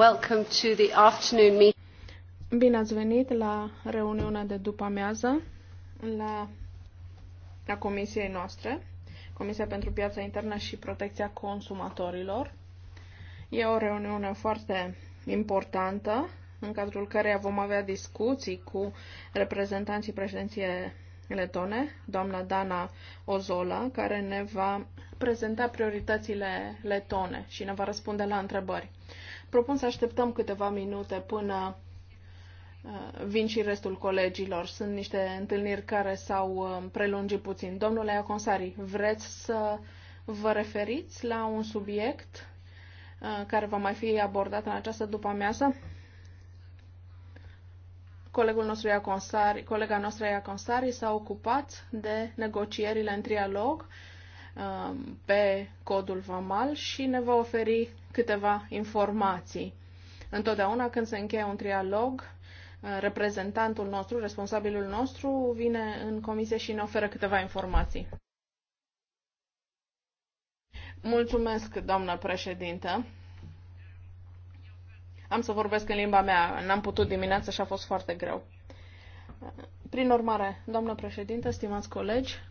Welcome to the afternoon meeting. Bine ați venit la reuniunea de după amiază la, la comisiei noastre, Comisia pentru Piața Internă și Protecția Consumatorilor. E o reuniune foarte importantă în cadrul căreia vom avea discuții cu reprezentanții președinției letone, doamna Dana Ozola, care ne va prezenta prioritățile letone și ne va răspunde la întrebări. Propun să așteptăm câteva minute până uh, vin și restul colegilor. Sunt niște întâlniri care s-au um, prelungit puțin. Domnule Aconsari, vreți să vă referiți la un subiect uh, care va mai fi abordat în această după-amiază? Colegul nostru Iaconsari, colega noastră Iaconsari s-a ocupat de negocierile în trialog um, pe codul VAMAL și ne va oferi câteva informații. Întotdeauna când se încheie un trialog, uh, reprezentantul nostru, responsabilul nostru, vine în comisie și ne oferă câteva informații. Mulțumesc, doamnă președintă. Am să vorbesc în limba mea. N-am putut dimineața și a fost foarte greu. Prin urmare, doamnă președintă, stimați colegi,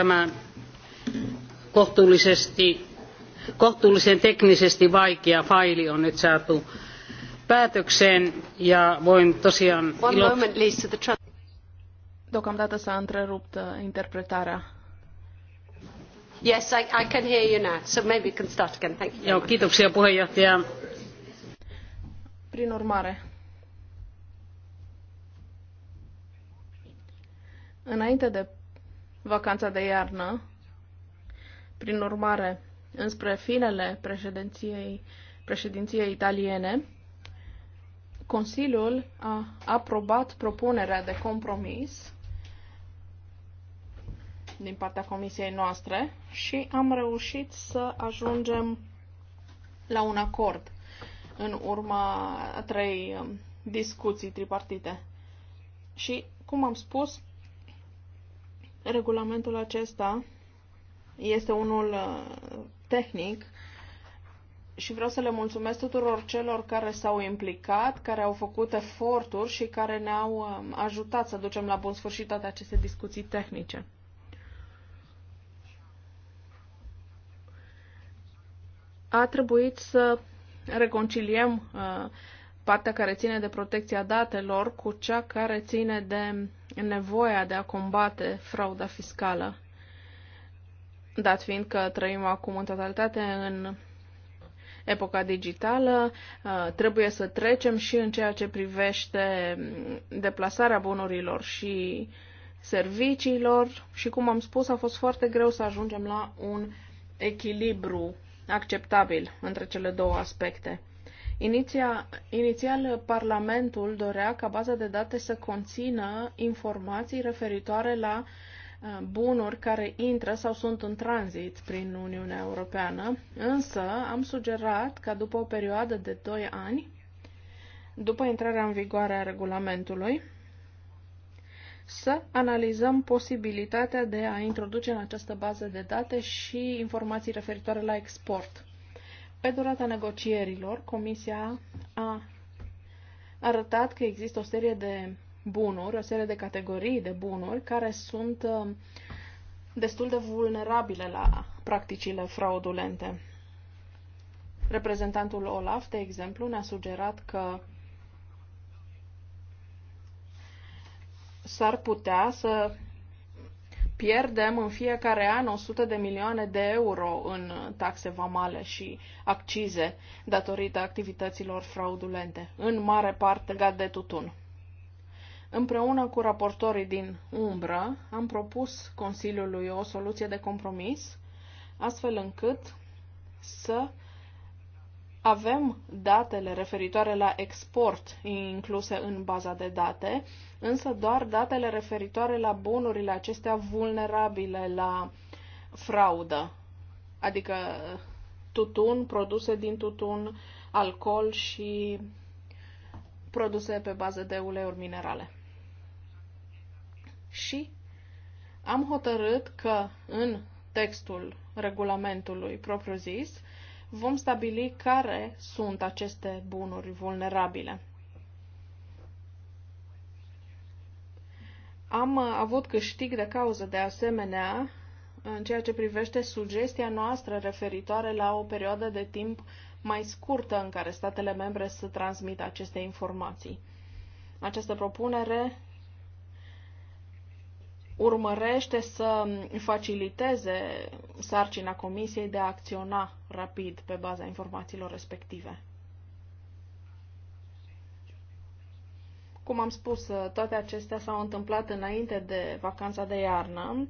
Tämä kohtuullisesti, kohtuullisen teknisesti vaikea faili on nyt saatu päätökseen ja voin tosiaan... One moment, Lisa, the Deocamdată s-a întrerupt uh, interpretarea. Yes, I, I can hear you now, so maybe we can start again. Thank you. Joo, kiitoksia puheenjohtaja. Prin urmare, înainte de vacanța de iarnă, prin urmare, înspre finele președinției, președinției italiene, Consiliul a aprobat propunerea de compromis din partea comisiei noastre și am reușit să ajungem la un acord în urma a trei um, discuții tripartite. Și, cum am spus, regulamentul acesta este unul uh, tehnic și vreau să le mulțumesc tuturor celor care s-au implicat, care au făcut eforturi și care ne-au um, ajutat să ducem la bun sfârșit toate aceste discuții tehnice. A trebuit să reconciliem uh, partea care ține de protecția datelor cu cea care ține de nevoia de a combate frauda fiscală dat fiind că trăim acum în totalitate în epoca digitală, uh, trebuie să trecem și în ceea ce privește mm, deplasarea bunurilor și serviciilor și, cum am spus, a fost foarte greu să ajungem la un echilibru acceptabil între cele două aspecte. Iniția, inițial, Parlamentul dorea ca baza de date să conțină informații referitoare la uh, Uh, bunuri care intră sau sunt în tranzit prin Uniunea Europeană, însă am sugerat ca după o perioadă de 2 ani, după intrarea în vigoare a regulamentului, să analizăm posibilitatea de a introduce în această bază de date și informații referitoare la export. Pe durata negocierilor, Comisia a arătat că există o serie de bunuri, o serie de categorii de bunuri care sunt uh, destul de vulnerabile la practicile fraudulente. Reprezentantul Olaf, de exemplu, ne-a sugerat că s-ar putea să pierdem în fiecare an 100 de milioane de euro în taxe vamale și accize datorită activităților fraudulente, în mare parte legat de tutun. Împreună cu raportorii din umbră, am propus Consiliului o soluție de compromis, astfel încât să avem datele referitoare la export incluse în baza de date, însă doar datele referitoare la bunurile acestea vulnerabile la fraudă, adică tutun, produse din tutun, alcool și produse pe bază de uleiuri minerale și am hotărât că în textul regulamentului propriu-zis vom stabili care sunt aceste bunuri vulnerabile. Am avut câștig de cauză de asemenea în ceea ce privește sugestia noastră referitoare la o perioadă de timp mai scurtă în care statele membre să transmită aceste informații. Această propunere urmărește să faciliteze sarcina Comisiei de a acționa rapid pe baza informațiilor respective. Cum am spus, toate acestea s-au întâmplat înainte de vacanța de iarnă.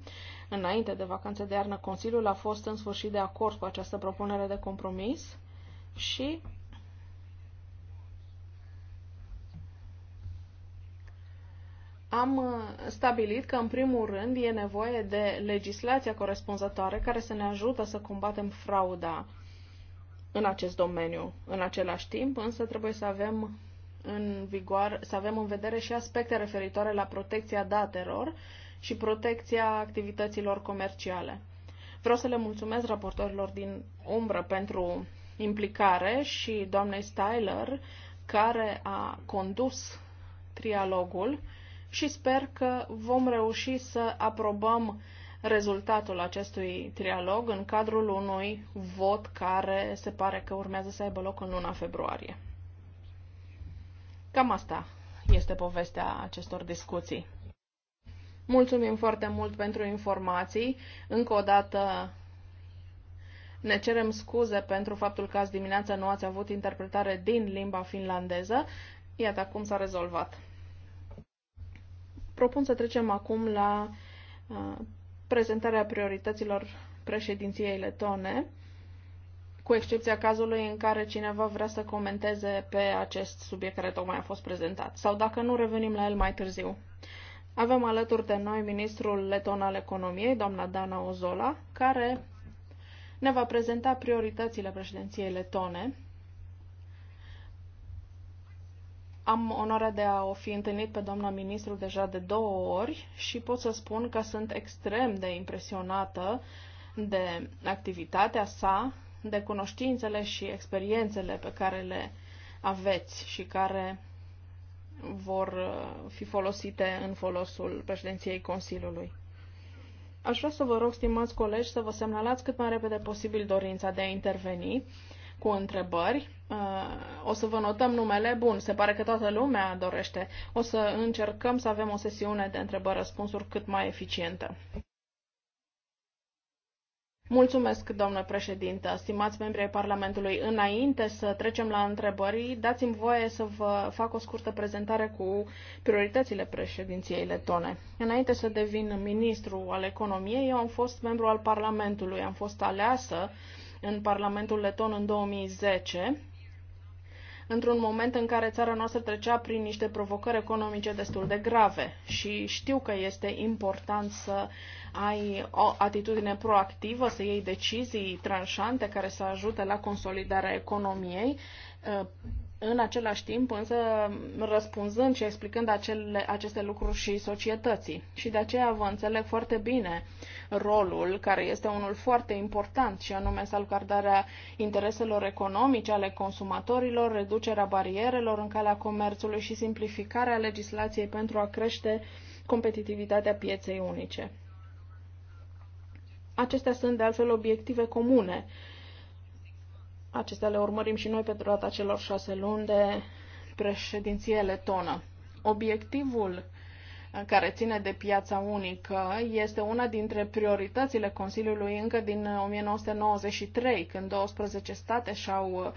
Înainte de vacanța de iarnă, Consiliul a fost în sfârșit de acord cu această propunere de compromis și am uh, stabilit că, în primul rând, e nevoie de legislația corespunzătoare care să ne ajută să combatem frauda în acest domeniu. În același timp, însă, trebuie să avem în vigoare, să avem în vedere și aspecte referitoare la protecția datelor și protecția activităților comerciale. Vreau să le mulțumesc raportorilor din umbră pentru implicare și doamnei Styler, care a condus trialogul și sper că vom reuși să aprobăm rezultatul acestui trialog în cadrul unui vot care se pare că urmează să aibă loc în luna februarie. Cam asta este povestea acestor discuții. Mulțumim foarte mult pentru informații. Încă o dată ne cerem scuze pentru faptul că azi dimineața nu ați avut interpretare din limba finlandeză. Iată cum s-a rezolvat. Propun să trecem acum la uh, prezentarea priorităților președinției letone, cu excepția cazului în care cineva vrea să comenteze pe acest subiect care tocmai a fost prezentat, sau dacă nu, revenim la el mai târziu. Avem alături de noi ministrul leton al economiei, doamna Dana Ozola, care ne va prezenta prioritățile președinției letone Am onoarea de a o fi întâlnit pe doamna ministru deja de două ori și pot să spun că sunt extrem de impresionată de activitatea sa, de cunoștințele și experiențele pe care le aveți și care vor uh, fi folosite în folosul președinției Consiliului. Aș vrea să vă rog, stimați colegi, să vă semnalați cât mai repede posibil dorința de a interveni cu întrebări. Uh, o să vă notăm numele. Bun, se pare că toată lumea dorește. O să încercăm să avem o sesiune de întrebări-răspunsuri cât mai eficientă. Mulțumesc, domnule președinte, stimați membri ai Parlamentului. Înainte să trecem la întrebări, dați-mi voie să vă fac o scurtă prezentare cu prioritățile președinției letone. Înainte să devin ministru al economiei, eu am fost membru al Parlamentului, am fost aleasă uh, în Parlamentul Leton în 2010, într-un moment în care țara noastră trecea prin niște provocări economice destul de grave și știu că este important să ai o atitudine proactivă, să iei decizii tranșante care să ajute la consolidarea economiei în același timp, însă, răspunzând și explicând acele, aceste lucruri și societății. Și de aceea vă înțeleg foarte bine rolul, care este unul foarte important, și anume salvgardarea intereselor economice ale consumatorilor, reducerea barierelor în calea comerțului și simplificarea legislației pentru a crește competitivitatea pieței unice. Acestea sunt, de altfel, obiective comune acestea le urmărim și noi pe durata celor șase luni de președinție letonă. Obiectivul care ține de piața unică este una dintre prioritățile Consiliului încă din 1993, uh, când 12 state și-au uh,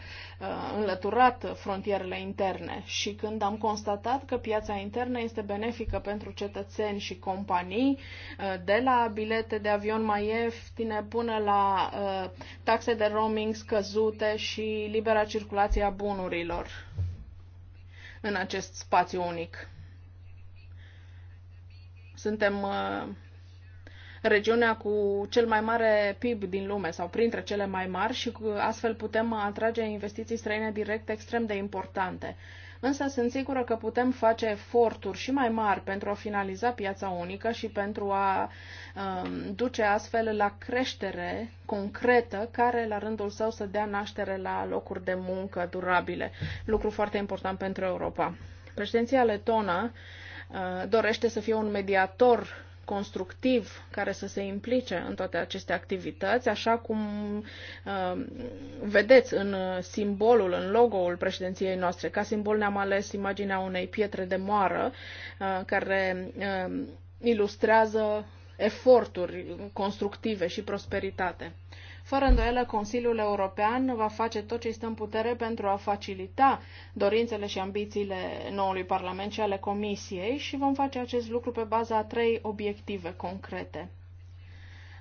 înlăturat frontierele interne și când am constatat că piața internă este benefică pentru cetățeni și companii, uh, de la bilete de avion mai ieftine până la taxe de roaming scăzute și libera circulație a bunurilor în acest spațiu unic. Suntem uh, regiunea cu cel mai mare PIB din lume sau printre cele mai mari și astfel putem atrage investiții străine direct extrem de importante. Însă sunt sigură că putem face eforturi și mai mari pentru a finaliza piața unică și pentru a um, duce astfel la creștere concretă care la rândul său să dea naștere la locuri de muncă durabile. Lucru foarte important pentru Europa. Președinția letonă Uh, dorește să fie un mediator constructiv care să se implice în toate aceste activități, așa cum uh, vedeți în simbolul, în logo-ul președinției noastre. Ca simbol ne-am ales imaginea unei pietre de moară uh, care ilustrează eforturi constructive și prosperitate. Fără îndoială, Consiliul European va face tot ce stă în putere pentru a facilita dorințele și ambițiile noului Parlament și ale Comisiei și vom face acest lucru pe baza a trei obiective concrete.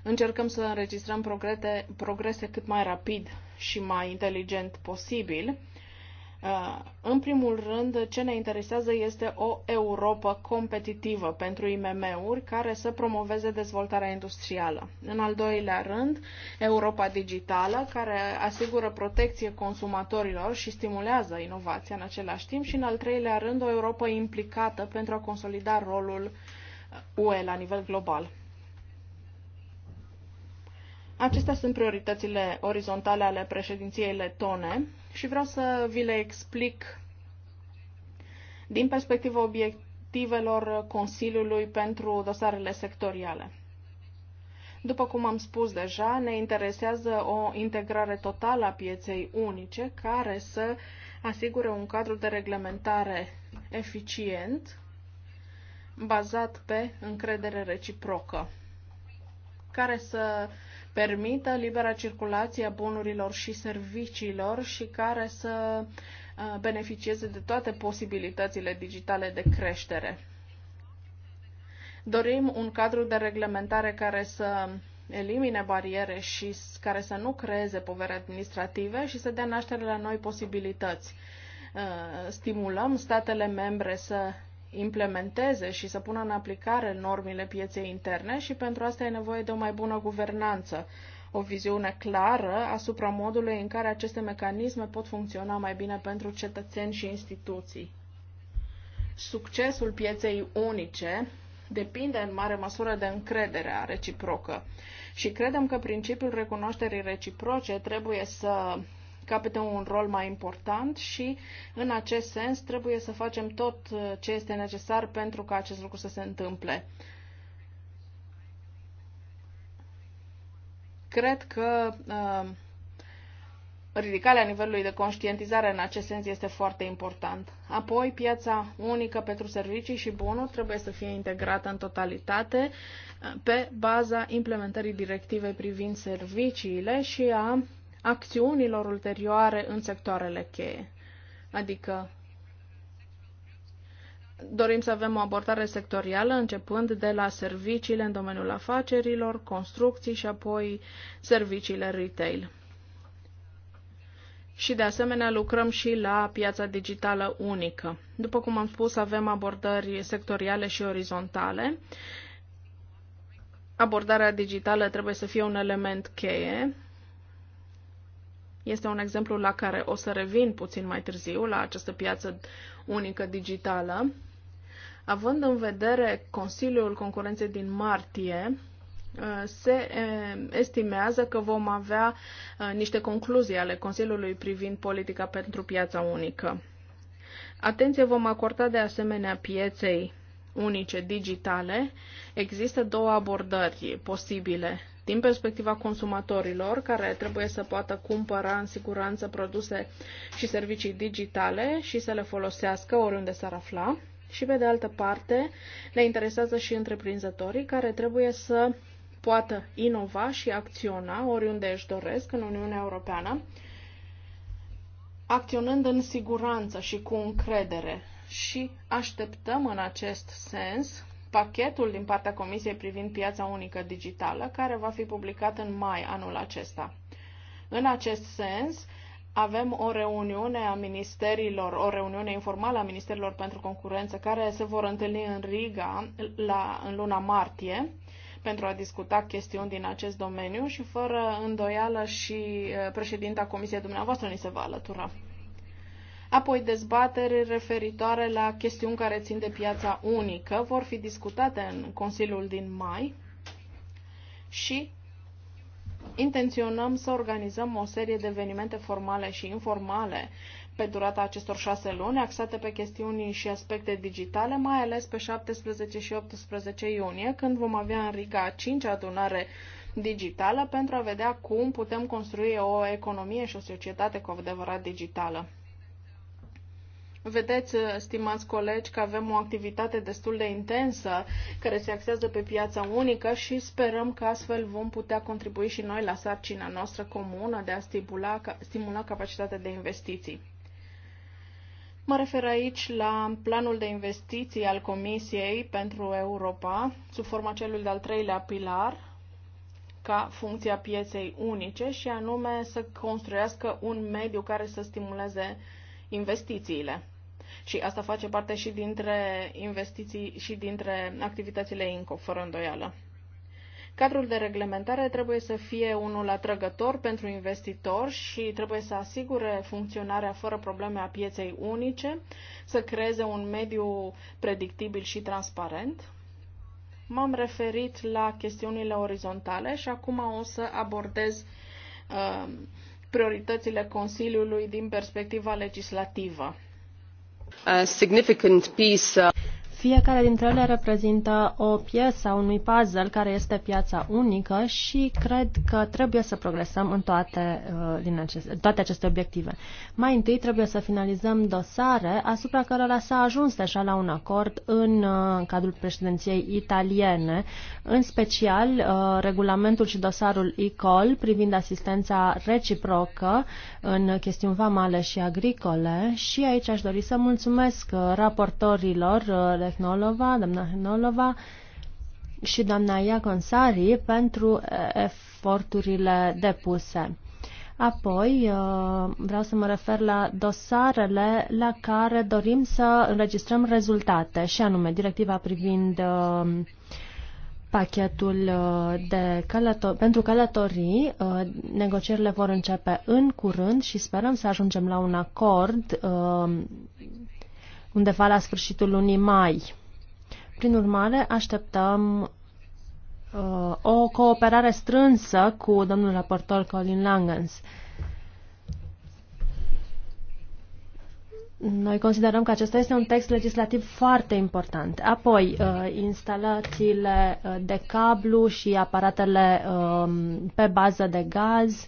Încercăm să înregistrăm progrese, progrese cât mai rapid și mai inteligent posibil Uh, în primul rând, ce ne interesează este o Europa competitivă pentru IMM-uri care să promoveze dezvoltarea industrială. În al doilea rând, Europa digitală care asigură protecție consumatorilor și stimulează inovația în același timp și în al treilea rând, o Europa implicată pentru a consolida rolul UE la nivel global. Acestea sunt prioritățile orizontale ale președinției letone și vreau să vi le explic din perspectiva obiectivelor Consiliului pentru dosarele sectoriale. După cum am spus deja, ne interesează o integrare totală a pieței unice care să asigure un cadru de reglementare eficient bazat pe încredere reciprocă, care să permită libera circulație a bunurilor și serviciilor și care să uh, beneficieze de toate posibilitățile digitale de creștere. Dorim un cadru de reglementare care să elimine bariere și care să nu creeze povere administrative și să dea naștere la noi posibilități. Uh, stimulăm statele membre să implementeze și să pună în aplicare normele pieței interne și pentru asta e nevoie de o mai bună guvernanță, o viziune clară asupra modului în care aceste mecanisme pot funcționa mai bine pentru cetățeni și instituții. Succesul pieței unice depinde în mare măsură de încrederea reciprocă și credem că principiul recunoașterii reciproce trebuie să capete un rol mai important și, în acest sens, trebuie să facem tot uh, ce este necesar pentru ca acest lucru să se întâmple. Cred că uh, ridicarea nivelului de conștientizare în acest sens este foarte important. Apoi, piața unică pentru servicii și bunuri trebuie să fie integrată în totalitate uh, pe baza implementării directivei privind serviciile și a acțiunilor ulterioare în sectoarele cheie. Adică dorim să avem o abordare sectorială începând de la serviciile în domeniul afacerilor, construcții și apoi serviciile retail. Și de asemenea lucrăm și la piața digitală unică. După cum am spus, avem abordări sectoriale și orizontale. Abordarea digitală trebuie să fie un element cheie este un exemplu la care o să revin puțin mai târziu, la această piață unică digitală. Având în vedere Consiliul Concurenței din martie, uh, se uh, estimează că vom avea uh, niște concluzii ale Consiliului privind politica pentru piața unică. Atenție vom acorda de asemenea pieței unice digitale. Există două abordări posibile din perspectiva consumatorilor, care trebuie să poată cumpăra în siguranță produse și servicii digitale și să le folosească oriunde s-ar afla. Și pe de altă parte, le interesează și întreprinzătorii care trebuie să poată inova și acționa oriunde își doresc în Uniunea Europeană, acționând în siguranță și cu încredere. Și așteptăm în acest sens pachetul din partea Comisiei privind piața unică digitală, care va fi publicat în mai anul acesta. În acest sens, avem o reuniune a ministerilor, o reuniune informală a ministerilor pentru concurență, care se vor întâlni în Riga la, în luna martie pentru a discuta chestiuni din acest domeniu și fără îndoială și eh, președinta comisiei dumneavoastră ni se va alătura. Apoi dezbateri referitoare la chestiuni care țin de piața unică vor fi discutate în Consiliul din mai și intenționăm să organizăm o serie de evenimente formale și informale pe durata acestor șase luni, axate pe chestiuni și aspecte digitale, mai ales pe 17 și 18 iunie, când vom avea în Riga a cincea adunare digitală pentru a vedea cum putem construi o economie și o societate cu adevărat digitală. Vedeți, uh, stimați colegi, că avem o activitate destul de intensă care se axează pe piața unică și sperăm că astfel vom putea contribui și noi la sarcina noastră comună de a stimula, stimula capacitatea de investiții. Mă refer aici la planul de investiții al Comisiei pentru Europa, sub forma celui de-al treilea pilar, ca funcția pieței unice și anume să construiască un mediu care să stimuleze investițiile. Și asta face parte și dintre investiții și dintre activitățile INCO, fără îndoială. Cadrul de reglementare trebuie să fie unul atrăgător pentru investitori și trebuie să asigure funcționarea fără probleme a pieței unice, să creeze un mediu predictibil și transparent. M-am referit la chestiunile orizontale și acum o să abordez uh, prioritățile Consiliului din perspectiva legislativă. A significant piece. Fiecare dintre ele reprezintă o piesă a unui puzzle care este piața unică și cred că trebuie să progresăm în toate, uh, din aceste, toate aceste obiective. Mai întâi trebuie să finalizăm dosare asupra cărora s-a ajuns deja la un acord în uh, cadrul președinției italiene, în special uh, regulamentul și dosarul ICOL privind asistența reciprocă în chestiuni vamale și agricole și aici aș dori să mulțumesc raportorilor, Hnolova, doamna Hnolova și doamna Sari pentru eforturile depuse. Apoi vreau să mă refer la dosarele la care dorim să înregistrăm rezultate, și anume directiva privind pachetul de călător- pentru călătorii. Negocierile vor începe în curând și sperăm să ajungem la un acord undeva la sfârșitul lunii mai. Prin urmare, așteptăm uh, o cooperare strânsă cu domnul raportor Colin Langens. Noi considerăm că acesta este un text legislativ foarte important. Apoi, uh, instalațiile uh, de cablu și aparatele um, pe bază de gaz,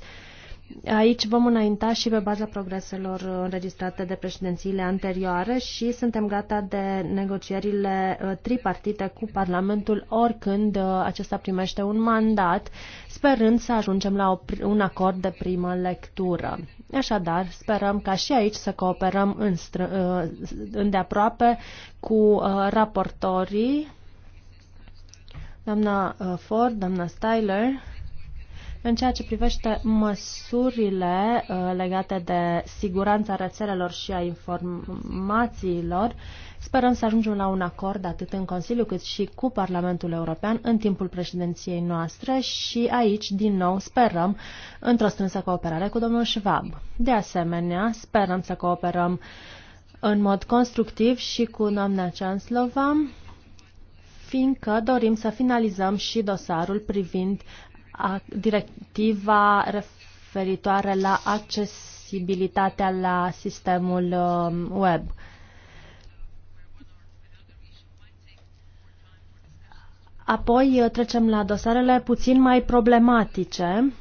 Aici vom înainta și pe baza progreselor înregistrate de președințiile anterioare și suntem gata de negocierile uh, tripartite cu Parlamentul oricând uh, acesta primește un mandat, sperând să ajungem la un acord de primă lectură. Așadar, sperăm ca și aici să cooperăm în uh, îndeaproape cu raportorii, doamna Ford, doamna Styler, în ceea ce privește măsurile uh, legate de siguranța rețelelor și a informațiilor, sperăm să ajungem la un acord atât în Consiliu cât și cu Parlamentul European în timpul președinției noastre și aici, din nou, sperăm într-o strânsă cooperare cu domnul Schwab. De asemenea, sperăm să cooperăm în mod constructiv și cu doamna Cianslova, fiindcă dorim să finalizăm și dosarul privind directiva referitoare la accesibilitatea la sistemul um, web. Apoi uh, trecem la dosarele puțin mai problematice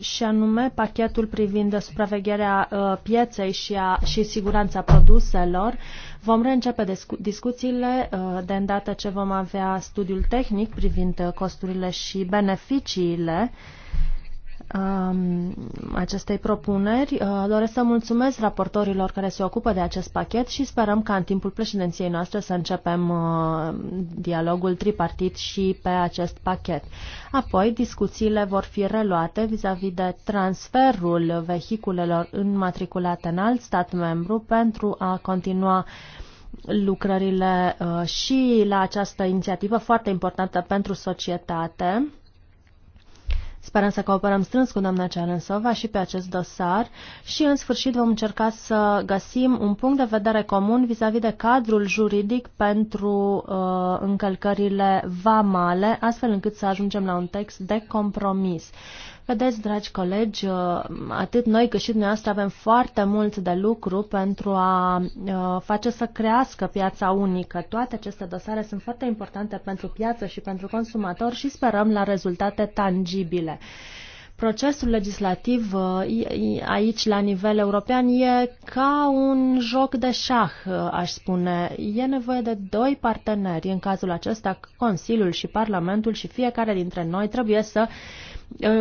și anume pachetul privind supravegherea uh, pieței și, a, și siguranța produselor. Vom reîncepe discu discuțiile uh, de îndată ce vom avea studiul tehnic privind uh, costurile și beneficiile acestei propuneri. Uh, doresc să mulțumesc raportorilor care se ocupă de acest pachet și sperăm ca în timpul președinției noastre să începem uh, dialogul tripartit și pe acest pachet. Apoi, discuțiile vor fi reluate vis-a-vis -vis de transferul vehiculelor înmatriculate în alt stat membru pentru a continua lucrările uh, și la această inițiativă foarte importantă pentru societate Sperăm să cooperăm strâns cu doamna Cerensova și pe acest dosar și în sfârșit vom încerca să găsim un punct de vedere comun vis-a-vis -vis de cadrul juridic pentru uh, încălcările vamale, astfel încât să ajungem la un text de compromis. Vedeți, dragi colegi, uh, atât noi cât și dumneavoastră avem foarte mult de lucru pentru a uh, face să crească piața unică. Toate aceste dosare sunt foarte importante pentru piață și pentru consumator și sperăm la rezultate tangibile. Procesul legislativ uh, aici, la nivel european, e ca un joc de șah, aș spune. E nevoie de doi parteneri. În cazul acesta, Consiliul și Parlamentul și fiecare dintre noi trebuie să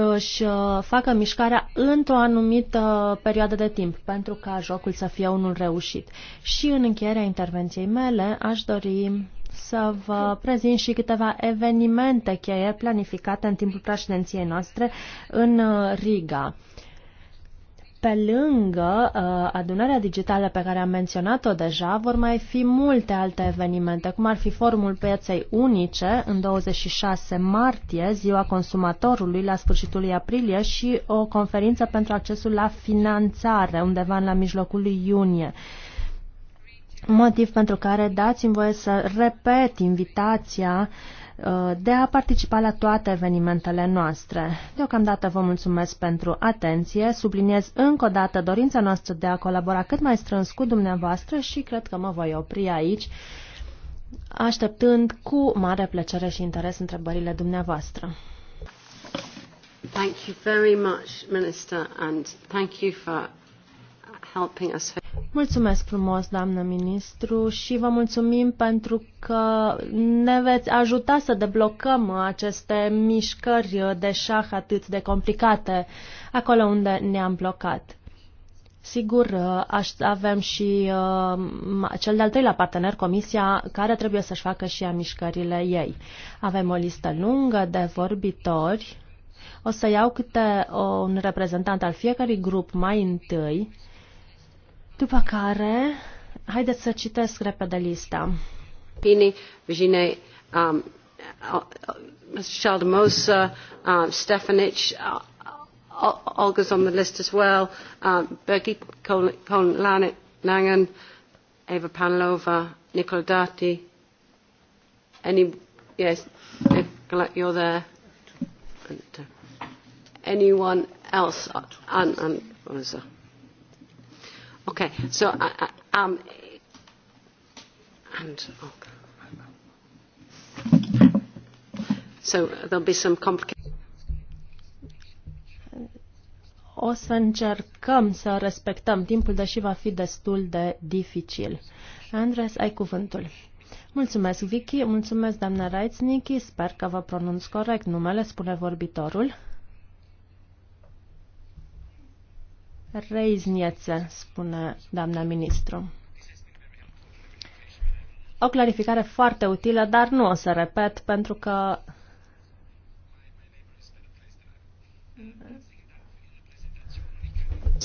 își uh, facă mișcarea într-o anumită perioadă de timp pentru ca jocul să fie unul reușit. Și în încheierea intervenției mele aș dori să vă prezint și câteva evenimente cheie planificate în timpul președinției noastre în uh, Riga. Pe lângă uh, adunarea digitală pe care am menționat-o deja, vor mai fi multe alte evenimente, cum ar fi Forumul Piaței Unice în 26 martie, Ziua Consumatorului la sfârșitul aprilie și o conferință pentru accesul la finanțare undeva în la mijlocul lui iunie. Uh, motiv pentru care dați-mi voie să repet invitația uh, de a participa la toate evenimentele noastre. Deocamdată vă mulțumesc pentru atenție, subliniez încă o dată dorința noastră de a colabora cât mai strâns cu dumneavoastră și cred că mă voi opri aici, așteptând cu mare plăcere și interes întrebările dumneavoastră. Thank you very much, Minister, and thank you for helping us. Mulțumesc frumos, doamnă ministru, și vă mulțumim pentru că ne veți ajuta să deblocăm aceste mișcări de șah atât de complicate, acolo unde ne-am blocat. Sigur, avem și uh, cel de-al treilea partener, Comisia, care trebuie să-și facă și ea mișcările ei. Avem o listă lungă de vorbitori. O să iau câte un reprezentant al fiecărui grup mai întâi după care, haideți să citesc repede lista. Pini, Vigine, um, uh, uh, Shaldemosa, um, Stefanic, uh, uh Olga's on the list as well, Bergi Kohn-Langen, Eva Panlova, Nicola Dati. Any, yes, Nicola, you're there. And, uh, anyone else? And, and, what was that? Okay, so uh, uh um, and oh, so uh, there'll be some O să încercăm să respectăm timpul, deși va fi destul de dificil. Andres, ai cuvântul. Mulțumesc, Vicky, mulțumesc, doamna Raitsniki, sper că vă pronunț corect numele, spune vorbitorul. Reizniețe, spune doamna ministru. O clarificare foarte utilă, dar nu o să repet pentru că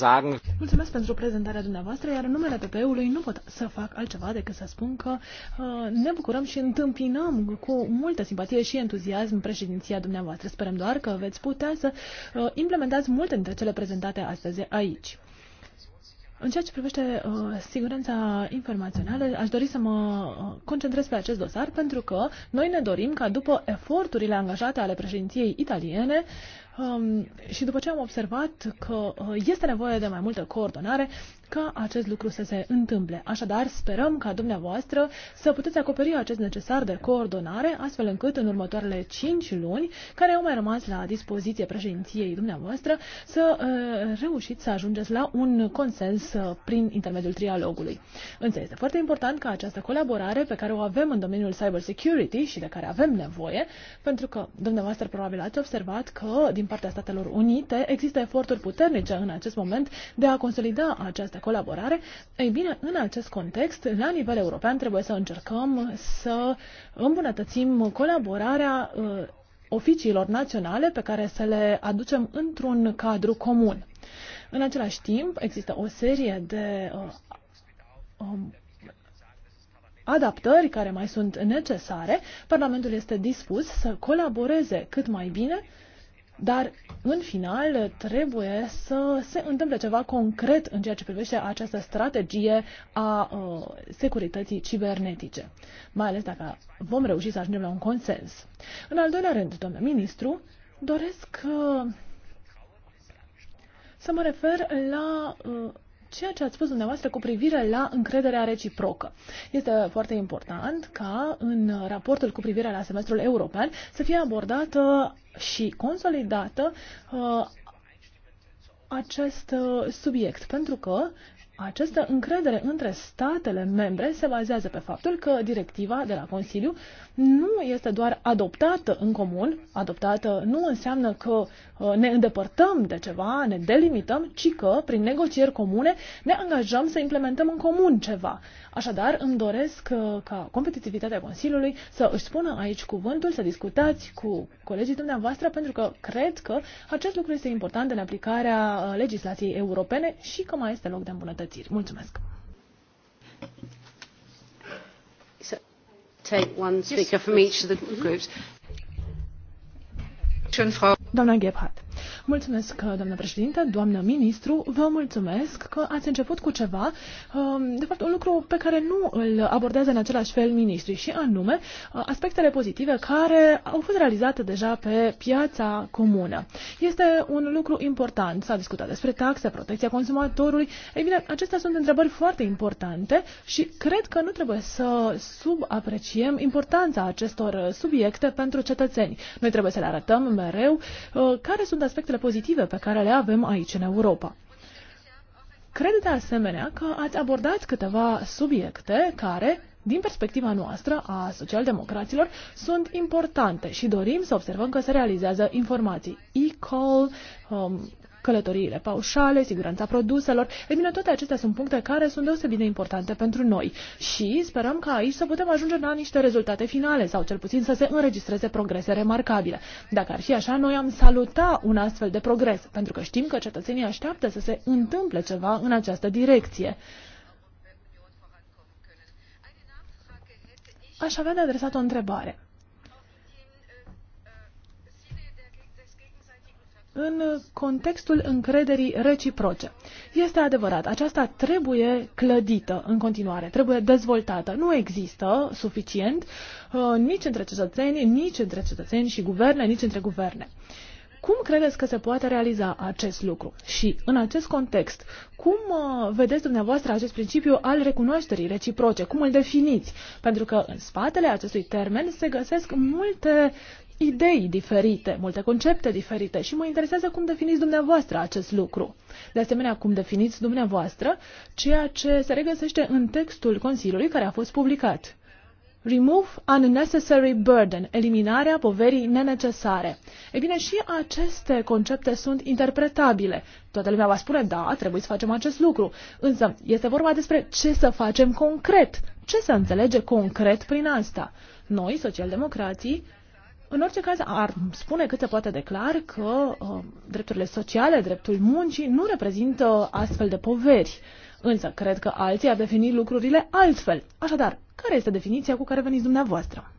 sagen. Mulțumesc pentru prezentarea dumneavoastră, iar în numele PP-ului nu pot să fac altceva decât să spun că uh, ne bucurăm și întâmpinăm cu multă simpatie și entuziasm președinția dumneavoastră. Sperăm doar că veți putea să uh, implementați multe dintre cele prezentate astăzi aici. În ceea ce privește uh, siguranța informațională, aș dori să mă uh, concentrez pe acest dosar pentru că noi ne dorim ca după eforturile angajate ale președinției italiene, Um, și după ce am observat că uh, este nevoie de mai multă coordonare ca acest lucru să se întâmple. Așadar, sperăm ca dumneavoastră să puteți acoperi acest necesar de coordonare, astfel încât în următoarele 5 luni, care au mai rămas la dispoziție președinției dumneavoastră, să uh, reușiți să ajungeți la un consens uh, prin intermediul trialogului. Însă este foarte important ca această colaborare pe care o avem în domeniul cyber security și de care avem nevoie, pentru că dumneavoastră probabil ați observat că din partea Statelor Unite. Există eforturi puternice în acest moment de a consolida această colaborare. Ei bine, în acest context, la nivel european, trebuie să încercăm să îmbunătățim colaborarea uh, oficiilor naționale pe care să le aducem într-un cadru comun. În același timp, există o serie de uh, um, adaptări care mai sunt necesare. Parlamentul este dispus să colaboreze cât mai bine uh, dar, în final, trebuie să se întâmple ceva concret în ceea ce privește această strategie a uh, securității cibernetice, mai ales dacă vom reuși să ajungem la un consens. În al doilea rând, domnule ministru, doresc uh, să mă refer la uh, ceea ce ați spus dumneavoastră cu privire la încrederea reciprocă. Este foarte important ca în raportul cu privire la semestrul european să fie abordată și consolidată uh, acest uh, subiect, pentru că această încredere între statele membre se bazează pe faptul că directiva de la Consiliu nu este doar adoptată în comun, adoptată nu înseamnă că uh, ne îndepărtăm de ceva, ne delimităm, ci că prin negocieri comune ne angajăm să implementăm în comun ceva. Așadar, îmi doresc uh, ca competitivitatea Consiliului să își spună aici cuvântul, să discutați cu colegii dumneavoastră, pentru că cred că acest lucru este important în aplicarea uh, legislației europene și că mai este loc de îmbunătățire îmbunătățiri. Mulțumesc! Doamna Gebhardt. Mulțumesc, doamnă președinte, doamnă ministru, vă mulțumesc că ați început cu ceva, um, de fapt un lucru pe care nu îl abordează în același fel ministrii, și anume uh, aspectele pozitive care au fost realizate deja pe piața comună. Este un lucru important, s-a discutat despre taxe, protecția consumatorului, ei bine, acestea sunt întrebări foarte importante și cred că nu trebuie să subapreciem importanța acestor subiecte pentru cetățeni. Noi trebuie să le arătăm mereu uh, care sunt aspectele pozitive pe care le avem aici în Europa. Cred de asemenea că ați abordat câteva subiecte care, din perspectiva noastră a socialdemocraților, sunt importante și dorim să observăm că se realizează informații. E-call, um, călătoriile paușale, siguranța produselor. Ei bine, toate acestea sunt puncte care sunt deosebit de importante pentru noi și sperăm ca aici să putem ajunge la niște rezultate finale sau cel puțin să se înregistreze progrese remarcabile. Dacă ar fi așa, noi am saluta un astfel de progres, pentru că știm că cetățenii așteaptă să se întâmple ceva în această direcție. Aș avea de adresat o întrebare. în contextul încrederii reciproce. Este adevărat, aceasta trebuie clădită în continuare, trebuie dezvoltată. Nu există suficient uh, nici între cetățeni, nici între cetățeni și guverne, nici între guverne. Cum credeți că se poate realiza acest lucru? Și în acest context, cum uh, vedeți dumneavoastră acest principiu al recunoașterii reciproce? Cum îl definiți? Pentru că în spatele acestui termen se găsesc multe idei diferite, multe concepte diferite și mă interesează cum definiți dumneavoastră acest lucru. De asemenea, cum definiți dumneavoastră ceea ce se regăsește în textul Consiliului care a fost publicat. Remove unnecessary burden, eliminarea poverii nenecesare. Ei bine, și aceste concepte sunt interpretabile. Toată lumea va spune, da, trebuie să facem acest lucru. Însă, este vorba despre ce să facem concret. Ce să înțelege concret prin asta? Noi, socialdemocrații, în orice caz, ar spune cât se poate declar că uh, drepturile sociale, dreptul muncii, nu reprezintă astfel de poveri. Însă, cred că alții ar defini lucrurile altfel. Așadar, care este definiția cu care veniți dumneavoastră?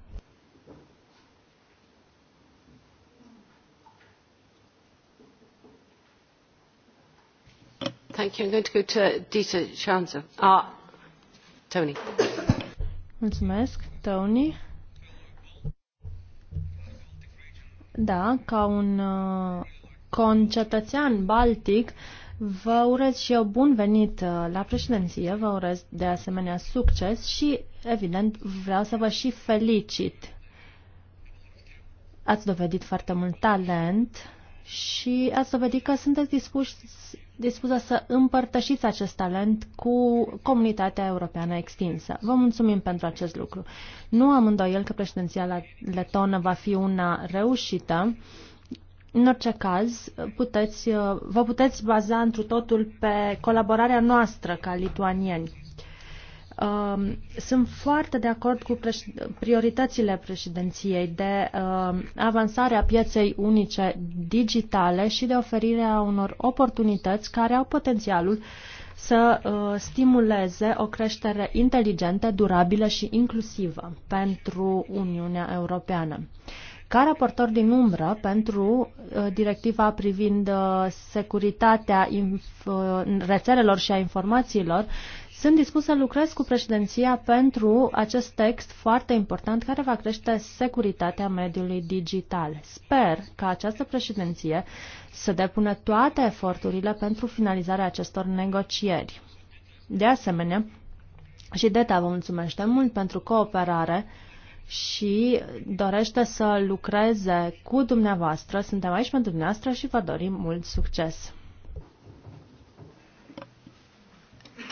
Thank you. I'm going to go to Dita Shanza. Ah, Tony. Mulțumesc, Tony. Da, ca un uh, concetățean baltic, vă urez și eu bun venit uh, la președinție, vă urez de asemenea succes și, evident, vreau să vă și felicit. Ați dovedit foarte mult talent și ați dovedit că sunteți dispuși dispusă să împărtășiți acest talent cu comunitatea europeană extinsă. Vă mulțumim pentru acest lucru. Nu am îndoiel că președinția letonă va fi una reușită. În orice caz, puteți, vă puteți baza întru totul pe colaborarea noastră ca lituanieni Um, sunt foarte de acord cu prioritățile președinției de um, avansarea pieței unice digitale și de oferirea unor oportunități care au potențialul să uh, stimuleze o creștere inteligentă, durabilă și inclusivă pentru Uniunea Europeană. Ca raportor din umbră pentru uh, directiva privind uh, securitatea rețelelor și a informațiilor, sunt dispus să lucrez cu președinția pentru acest text foarte important care va crește securitatea mediului digital. Sper ca această președinție să depună toate eforturile pentru finalizarea acestor negocieri. De asemenea, și DETA vă mulțumește mult pentru cooperare și dorește să lucreze cu dumneavoastră. Suntem aici pentru dumneavoastră și vă dorim mult succes!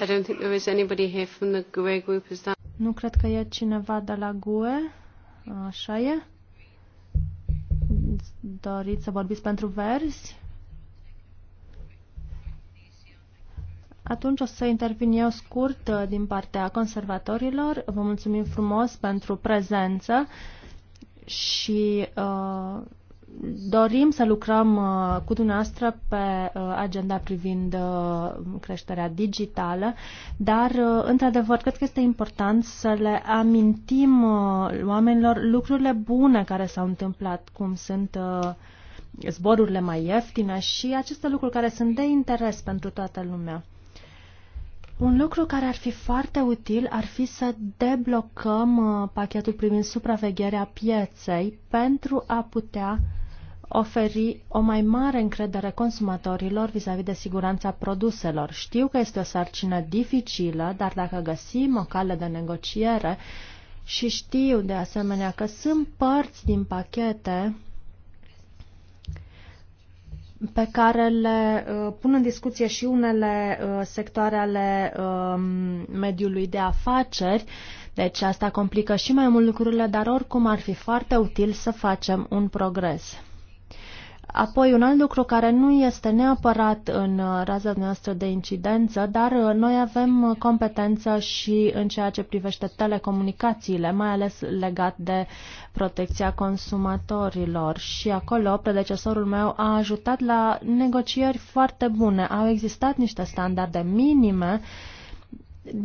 I don't think there is anybody here from the GUE group. Is that... Nu cred că e cineva de la GUE. Așa e. Doriți să vorbiți pentru verzi? Atunci o să intervin eu scurt uh, din partea conservatorilor. Vă mulțumim frumos pentru prezență și uh, dorim să lucrăm uh, cu dumneavoastră pe uh, agenda privind uh, creșterea digitală, dar, într-adevăr, cred că este important să le amintim oamenilor lucrurile bune care s-au întâmplat, cum sunt zborurile mai ieftine și aceste lucruri care sunt de interes pentru toată lumea. Un lucru care ar fi foarte util ar fi să deblocăm pachetul privind supravegherea pieței pentru a putea oferi o mai mare încredere consumatorilor vis-a-vis -vis de siguranța produselor. Știu că este o sarcină dificilă, dar dacă găsim o cale de negociere și știu de asemenea că sunt părți din pachete pe care le uh, pun în discuție și unele uh, sectoare ale uh, mediului de afaceri, deci asta complică și mai mult lucrurile, dar oricum ar fi foarte util să facem un progres. Apoi, un alt lucru care nu este neapărat în uh, raza noastră de incidență, dar uh, noi avem uh, competență și în ceea ce privește telecomunicațiile, mai ales legat de protecția consumatorilor. Și acolo, predecesorul meu a ajutat la negocieri foarte bune. Au existat niște standarde minime uh,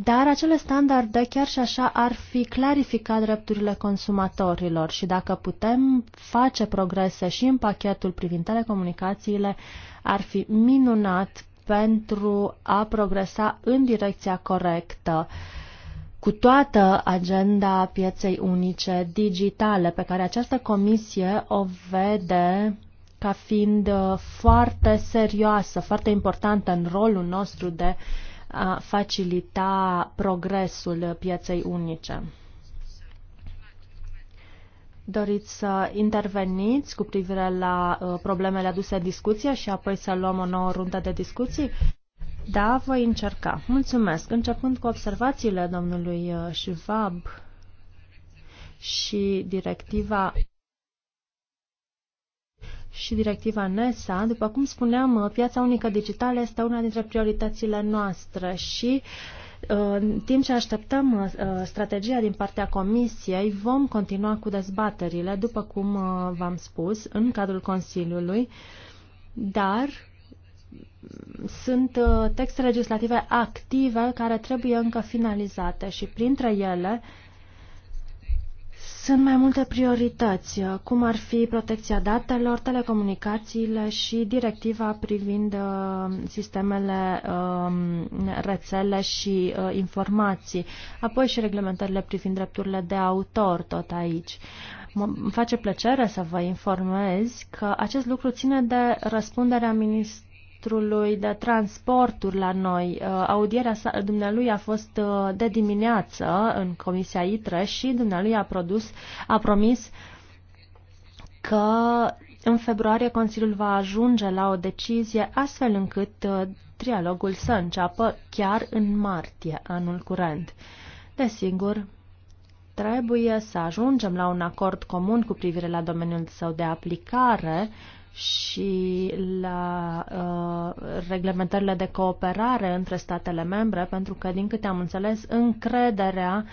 dar acele standarde chiar și așa ar fi clarificat drepturile consumatorilor și dacă putem face progrese și în pachetul privind telecomunicațiile, ar fi minunat pentru a progresa în direcția corectă cu toată agenda pieței unice digitale pe care această comisie o vede ca fiind foarte serioasă, foarte importantă în rolul nostru de uh, a facilita progresul pieței unice. Doriți să interveniți cu privire la uh, problemele aduse în discuție și apoi să luăm o nouă rundă de discuții? Da, voi încerca. Mulțumesc. Începând cu observațiile domnului uh, Schwab și directiva și directiva NESA, după cum spuneam, uh, piața unică digitală este una dintre prioritățile noastre și uh, în timp ce așteptăm uh, strategia din partea Comisiei, vom continua cu dezbaterile, după cum v-am spus, în cadrul Consiliului, dar sunt texte legislative active care trebuie încă finalizate și printre ele sunt mai multe priorități, uh, cum ar fi protecția datelor, telecomunicațiile și directiva privind uh, sistemele, uh, rețele și uh, informații, apoi și reglementările privind drepturile de autor tot aici. Îmi face plăcere să vă informez că acest lucru ține de răspunderea ministrului ministrului de transporturi la noi. Uh, audierea sa, dumnealui a fost uh, de dimineață în Comisia ITRE și dumnealui a, produs, a promis că în februarie Consiliul va ajunge la o decizie astfel încât uh, trialogul să înceapă chiar în martie anul curent. Desigur, trebuie să ajungem la un acord comun cu privire la domeniul său de aplicare, și la uh, reglementările de cooperare între statele membre, pentru că, din câte am înțeles, încrederea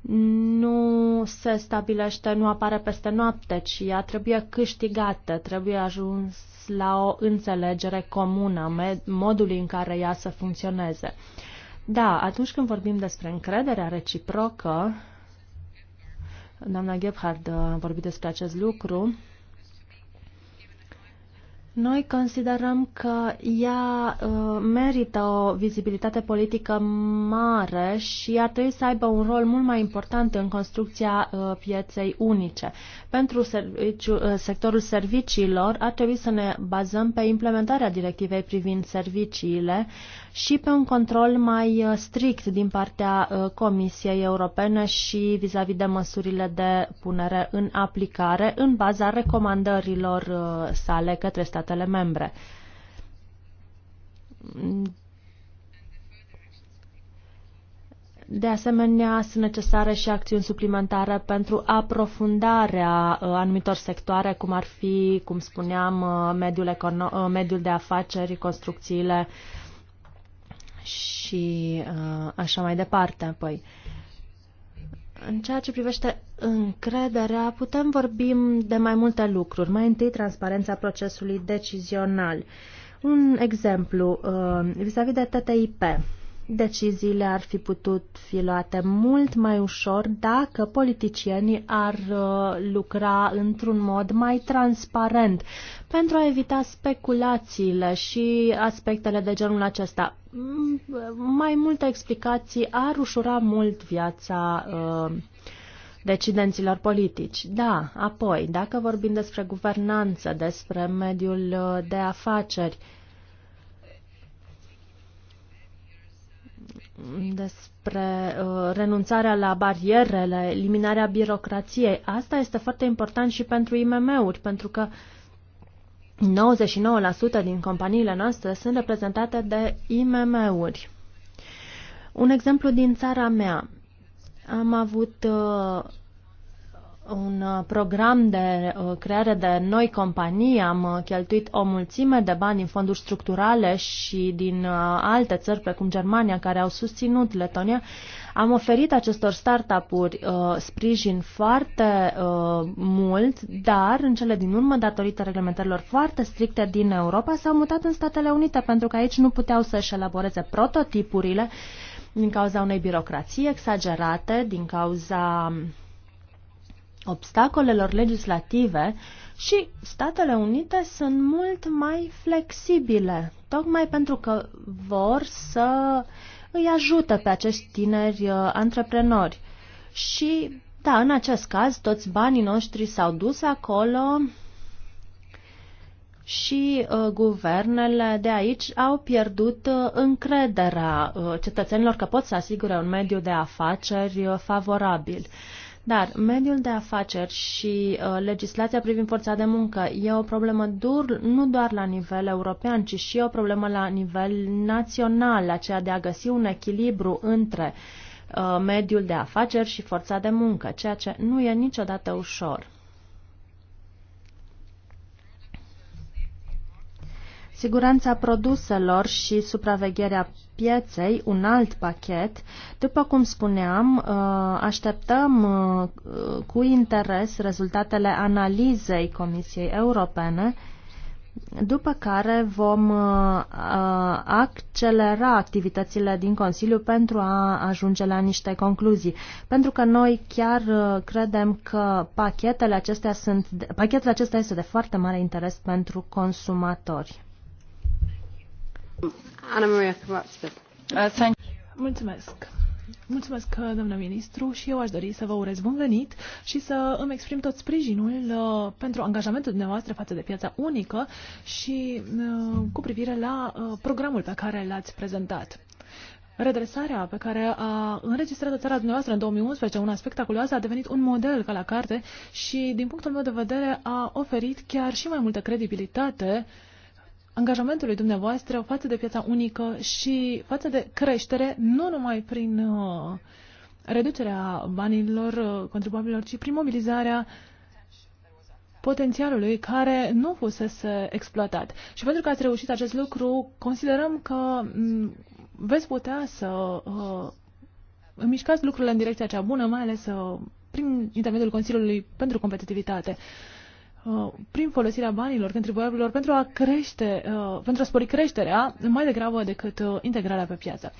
nu se stabilește, nu apare peste noapte, ci ea trebuie câștigată, trebuie ajuns la o înțelegere comună, modului în care ea să funcționeze. Da, atunci când vorbim despre încrederea reciprocă, doamna Gebhard a vorbit despre acest lucru, noi considerăm că ea uh, merită o vizibilitate politică mare și ar trebui să aibă un rol mult mai important în construcția uh, pieței unice. Pentru serviciu, uh, sectorul serviciilor ar trebui să ne bazăm pe implementarea directivei privind serviciile și pe un control mai strict din partea Comisiei Europene și vis-a-vis -vis de măsurile de punere în aplicare în baza recomandărilor sale către statele statele membre. De asemenea, sunt necesare și acțiuni suplimentare pentru aprofundarea uh, anumitor sectoare, cum ar fi, cum spuneam, uh, mediul, uh, mediul de afaceri, construcțiile și așa mai departe. păi. uh, în ceea ce privește încrederea, putem vorbi de mai multe lucruri. Mai întâi, transparența procesului decizional. Un exemplu, uh, vis-a-vis -vis de TTIP deciziile ar fi putut fi luate mult mai ușor dacă politicienii ar uh, lucra într-un mod mai transparent pentru a evita speculațiile și aspectele de genul acesta. Mm, mai multe explicații ar ușura mult viața uh, decidenților politici. Da, apoi, dacă vorbim despre guvernanță, despre mediul uh, de afaceri, uh, despre uh, renunțarea la barierele, eliminarea birocrației. Asta este foarte important și pentru IMM-uri, pentru că 99% din companiile noastre sunt reprezentate de IMM-uri. Un exemplu din țara mea. Am avut uh, un uh, program de uh, creare de noi companii. Am uh, cheltuit o mulțime de bani din fonduri structurale și din alte țări, precum Germania, care au susținut Letonia. Am oferit acestor startup-uri uh, sprijin foarte uh, mult, dar în cele din urmă, datorită reglementărilor foarte stricte din Europa, s-au mutat în Statele Unite, pentru că aici nu puteau să-și elaboreze prototipurile din cauza unei birocrații exagerate, din cauza uh, obstacolelor legislative și Statele Unite sunt mult mai flexibile, tocmai pentru că vor să îi ajute pe acești tineri uh, antreprenori. Și, da, în acest caz, toți banii noștri s-au dus acolo și uh, guvernele de aici au pierdut uh, încrederea uh, cetățenilor că pot să asigure un mediu de afaceri uh, favorabil. Uh, dar mediul de afaceri și uh, legislația privind forța de muncă e o problemă dur nu doar la nivel european, ci și o problemă la nivel național, aceea de a găsi un echilibru între uh, mediul de afaceri și forța de muncă, ceea ce nu e niciodată ușor. Siguranța produselor și supravegherea pieței un alt pachet. După cum spuneam, uh, așteptăm uh, cu interes rezultatele analizei Comisiei Europene după care vom uh, accelera activitățile din Consiliu pentru a ajunge la niște concluzii. Pentru că noi chiar credem că pachetele acestea sunt, pachetul acesta este de foarte mare interes pentru consumatori. Uh, Mulțumesc. Mulțumesc, uh, domnule ministru, și eu aș dori să vă urez bun venit și să îmi exprim tot sprijinul uh, pentru angajamentul dumneavoastră față de piața unică și uh, cu privire la uh, programul pe care l-ați prezentat. Redresarea pe care a înregistrat țara dumneavoastră în 2011, una spectaculoasă, a devenit un model ca la carte și, din punctul meu de vedere, a oferit chiar și mai multă credibilitate uh, angajamentului dumneavoastră față de piața unică și față de creștere, nu numai prin uh, reducerea banilor uh, contribuabililor, ci prin mobilizarea potențialului care nu fusese exploatat. Și pentru că ați reușit acest lucru, considerăm că mm, veți putea să uh, mișcați lucrurile în direcția cea bună, mai ales uh, prin intermediul Consiliului pentru Competitivitate. Uh, Uh, prin folosirea banilor contribuabililor pentru a crește, uh, pentru a spori creșterea mai degrabă decât uh, integrarea pe piață.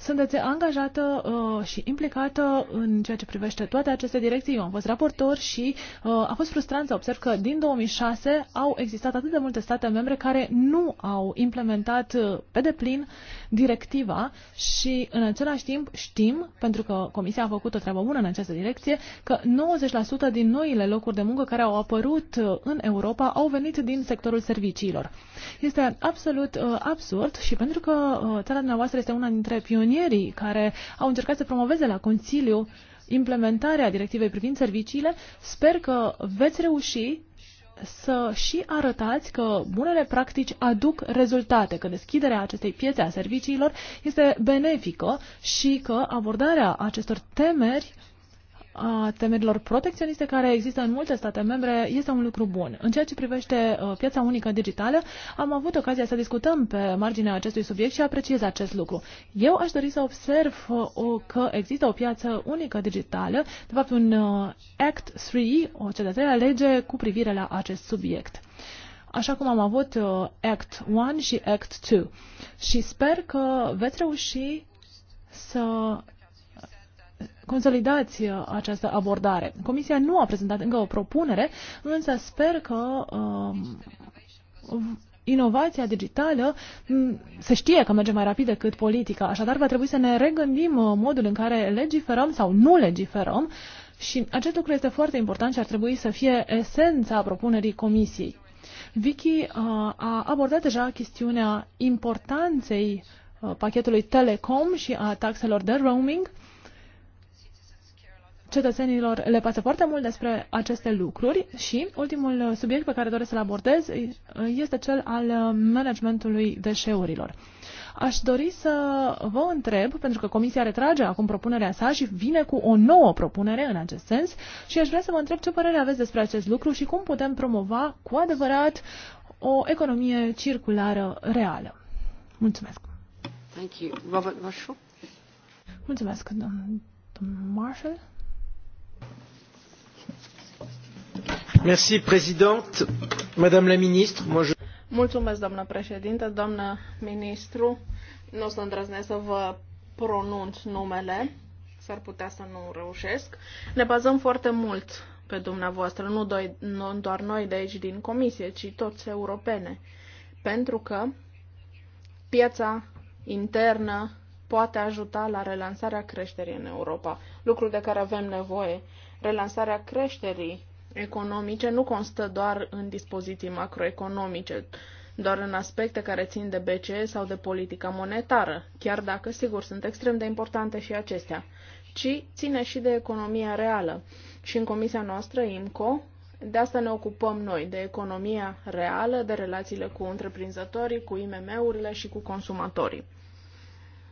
Sunteți angajată uh, și implicată în ceea ce privește toate aceste direcții. Eu am fost raportor și uh, a fost frustrant să observ că din 2006 au existat atât de multe state membre care nu au implementat uh, pe deplin directiva și în același timp știm, pentru că Comisia a făcut o treabă bună în această direcție, că 90% din noile locuri de muncă care au apărut uh, în Europa au venit din sectorul serviciilor. Este absolut uh, absurd și pentru că uh, țara dumneavoastră este una dintre pionieri fermierii care au încercat să promoveze la Consiliu implementarea directivei privind serviciile. Sper că veți reuși să și arătați că bunele practici aduc rezultate, că deschiderea acestei piețe a serviciilor este benefică și că abordarea acestor temeri a temerilor protecționiste care există în multe state membre este un lucru bun. În ceea ce privește uh, piața unică digitală, am avut ocazia să discutăm pe marginea acestui subiect și apreciez acest lucru. Eu aș dori să observ uh, că există o piață unică digitală, de fapt un uh, Act 3, o cea de treia lege cu privire la acest subiect așa cum am avut Act 1 și Act 2. Și sper că veți reuși să consolidați uh, această abordare. Comisia nu a prezentat încă o propunere, însă sper că uh, inovația digitală se știe că merge mai rapid decât politica, așadar va trebui să ne regândim uh, modul în care legiferăm sau nu legiferăm și acest lucru este foarte important și ar trebui să fie esența propunerii Comisiei. Vicky uh, a abordat deja chestiunea importanței pachetului Telecom și a taxelor de roaming cetățenilor le pasă foarte mult despre aceste lucruri și ultimul subiect pe care doresc să-l abordez este cel al managementului deșeurilor. Aș dori să vă întreb, pentru că Comisia retrage acum propunerea sa și vine cu o nouă propunere în acest sens și aș vrea să vă întreb ce părere aveți despre acest lucru și cum putem promova cu adevărat o economie circulară reală. Mulțumesc! Thank you. Robert Marshall. Mulțumesc, domnul Marshall. Mulțumesc, doamnă președintă, doamnă ministru. Nu o să îndrăznesc să vă pronunț numele, s-ar putea să nu reușesc. Ne bazăm foarte mult pe dumneavoastră, nu, doi, nu doar noi de aici din comisie, ci toți europene. Pentru că piața internă poate ajuta la relansarea creșterii în Europa, lucru de care avem nevoie. Relansarea creșterii economice nu constă doar în dispoziții macroeconomice, doar în aspecte care țin de BCE sau de politica monetară, chiar dacă, sigur, sunt extrem de importante și acestea, ci ține și de economia reală. Și în comisia noastră, IMCO, de asta ne ocupăm noi, de economia reală, de relațiile cu întreprinzătorii, cu IMM-urile și cu consumatorii.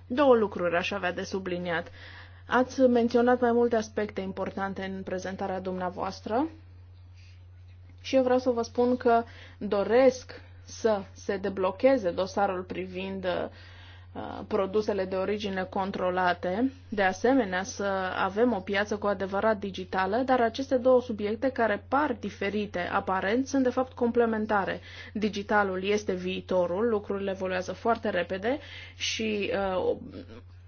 Două lucruri aș avea de subliniat. Ați menționat mai multe aspecte importante în prezentarea dumneavoastră. Și eu vreau să vă spun că doresc să se deblocheze dosarul privind uh, produsele de origine controlate, de asemenea să avem o piață cu adevărat digitală, dar aceste două subiecte care par diferite aparent sunt de fapt complementare. Digitalul este viitorul, lucrurile evoluează foarte repede și uh,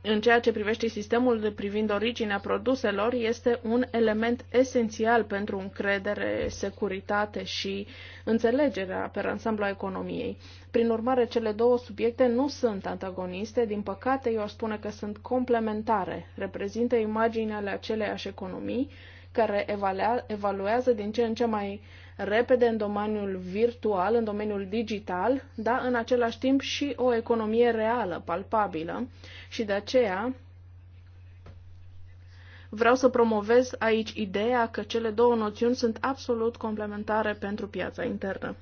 în ceea ce privește sistemul de privind originea produselor, este un element esențial pentru încredere, securitate și înțelegerea pe ansamblu a economiei. Prin urmare, cele două subiecte nu sunt antagoniste, din păcate eu aș spune că sunt complementare, reprezintă imaginea ale aceleiași economii care evaluează din ce în ce mai repede în domeniul virtual, în domeniul digital, dar în același timp și o economie reală, palpabilă. Și de aceea vreau să promovez aici ideea că cele două noțiuni sunt absolut complementare pentru piața internă.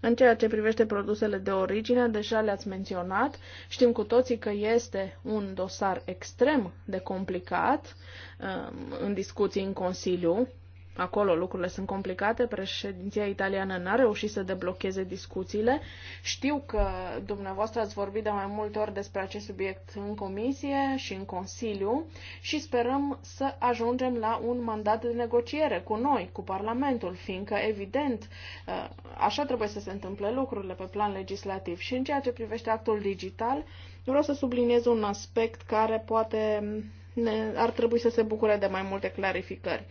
În ceea ce privește produsele de origine, deja le-ați menționat, știm cu toții că este un dosar extrem de complicat um, în discuții în Consiliu. Acolo lucrurile sunt complicate, președinția italiană n-a reușit să deblocheze discuțiile. Știu că dumneavoastră ați vorbit de mai multe ori despre acest subiect în comisie și în Consiliu și sperăm să ajungem la un mandat de negociere cu noi, cu Parlamentul, fiindcă, evident, uh, așa trebuie să se întâmple lucrurile pe plan legislativ. Și în ceea ce privește actul digital, vreau să subliniez un aspect care poate ne, ar trebui să se bucure de mai multe clarificări.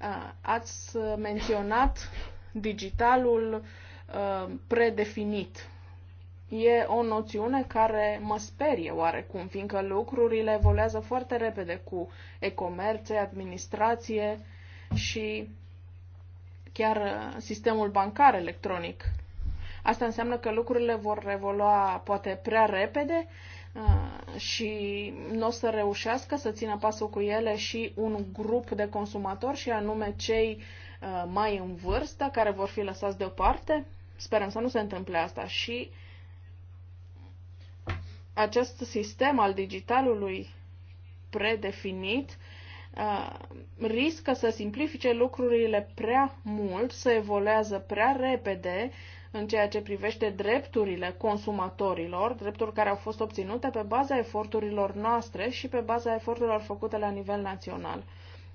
Uh, ați menționat digitalul uh, predefinit. E o noțiune care mă sperie oarecum, fiindcă lucrurile evoluează foarte repede cu e-comerțe, administrație și chiar uh, sistemul bancar electronic. Asta înseamnă că lucrurile vor evolua poate prea repede Uh, și nu o să reușească să țină pasul cu ele și un grup de consumatori și anume cei uh, mai în vârstă care vor fi lăsați deoparte? Sperăm să nu se întâmple asta și acest sistem al digitalului predefinit uh, riscă să simplifice lucrurile prea mult, să evoluează prea repede în ceea ce privește drepturile consumatorilor, drepturi care au fost obținute pe baza eforturilor noastre și pe baza eforturilor făcute la nivel național.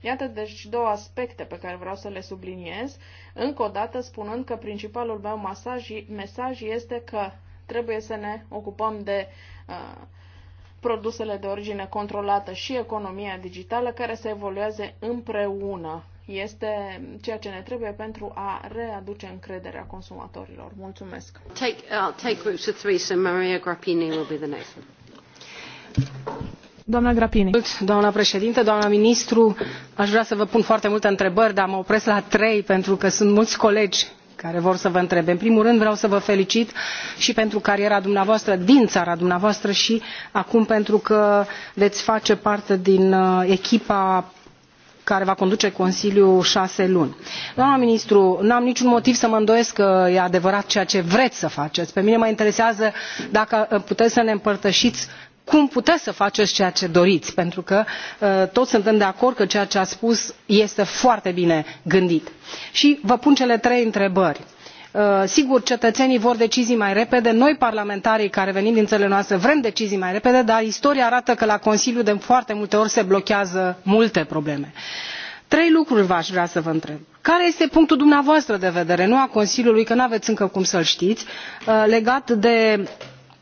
Iată deci două aspecte pe care vreau să le subliniez, încă o dată spunând că principalul meu masaj, mesaj este că trebuie să ne ocupăm de uh, produsele de origine controlată și economia digitală care să evoluează împreună este ceea ce ne trebuie pentru a readuce încrederea consumatorilor. Mulțumesc. Take, I'll uh, take groups of three, so Maria Grappini will be the next one. Doamna Grapini. Doamna președintă, doamna ministru, aș vrea să vă pun foarte multe întrebări, dar mă opresc la trei pentru că sunt mulți colegi care vor să vă întrebe. În primul rând vreau să vă felicit și pentru cariera dumneavoastră din țara dumneavoastră și acum pentru că veți face parte din uh, echipa care va conduce consiliul șase luni. doamnă ministru nu am niciun motiv să mă îndoiesc că e adevărat ceea ce vreți să faceți pe mine mă interesează dacă uh, puteți să ne împărtășiți cum puteți să faceți ceea ce doriți pentru că uh, toți suntem de acord că ceea ce ați spus este foarte bine gândit. și vă pun cele trei întrebări. Uh, sigur cetățenii vor decizii mai repede noi parlamentarii care venim din țările noastre vrem decizii mai repede dar istoria arată că la consiliu de foarte multe ori se blochează multe probleme trei lucruri v aș vrea să vă întreb care este punctul dumneavoastră de vedere nu al consiliului că nu aveți încă cum să l știți uh, legat de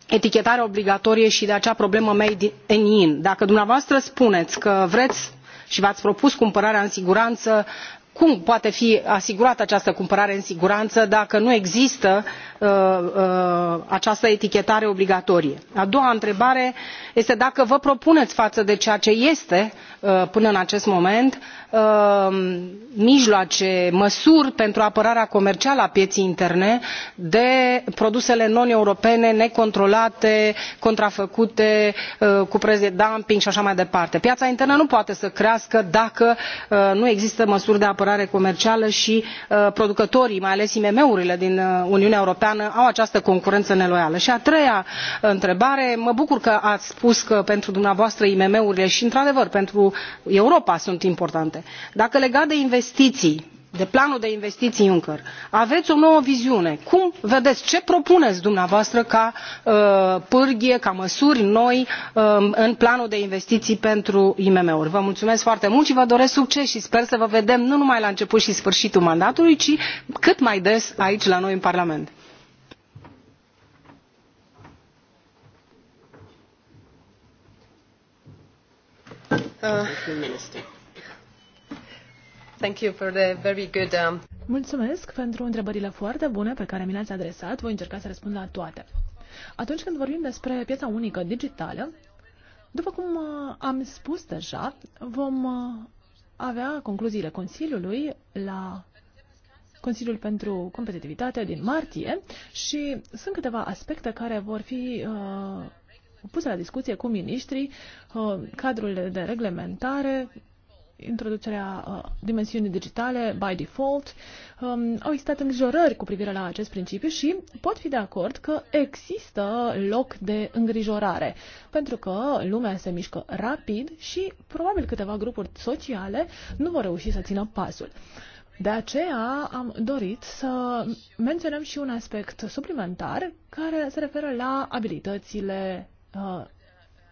etichetarea obligatorie și de acea problemă made in dacă dumneavoastră spuneți că vreți și v ați propus cumpărarea în siguranță cum poate fi asigurată această cumpărare în siguranță dacă nu există o Uh, uh, această etichetare obligatorie. a doua întrebare este dacă vă propuneți față de ceea ce este uh, până în acest moment mijloace măsuri pentru apărarea comercială a pieței interne de produsele non europene necontrolate contrafăcute cu preț de dumping și așa mai departe. piața internă nu poate să crească dacă nu există măsuri de apărare comercială și producătorii mai ales imm urile din uniunea europeană europeană au această concurență neloială. și a treia uh, întrebare mă bucur că ați spus că pentru dumneavoastră imm urile și într adevăr pentru europa sunt importante dacă legat de investiții de planul de investiții juncker aveți o nouă viziune cum vedeți ce propuneți dumneavoastră ca uh, pârghie ca măsuri noi uh, în planul de investiții pentru imm uri? vă mulțumesc foarte mult și vă doresc succes și sper să vă vedem nu numai la început și sfârșitul mandatului ci cât mai des aici la noi în parlament. Uh, um, Mulțumesc pentru întrebările foarte bune pe care mi le-ați adresat. Voi încerca să răspund la toate. Atunci când vorbim despre piața unică digitală, după cum uh, am spus deja, vom uh, avea concluziile Consiliului la Consiliul pentru Competitivitate din martie și sunt câteva aspecte care vor fi uh, pus la discuție cu miniștrii uh, cadrul de reglementare, introducerea uh, dimensiunii digitale by default. Um, au existat îngrijorări cu privire la acest principiu și pot fi de acord că există loc de îngrijorare, pentru că lumea se mișcă rapid și probabil câteva grupuri sociale nu vor reuși să țină pasul. De aceea am dorit să menționăm și un aspect suplimentar care se referă la abilitățile uh,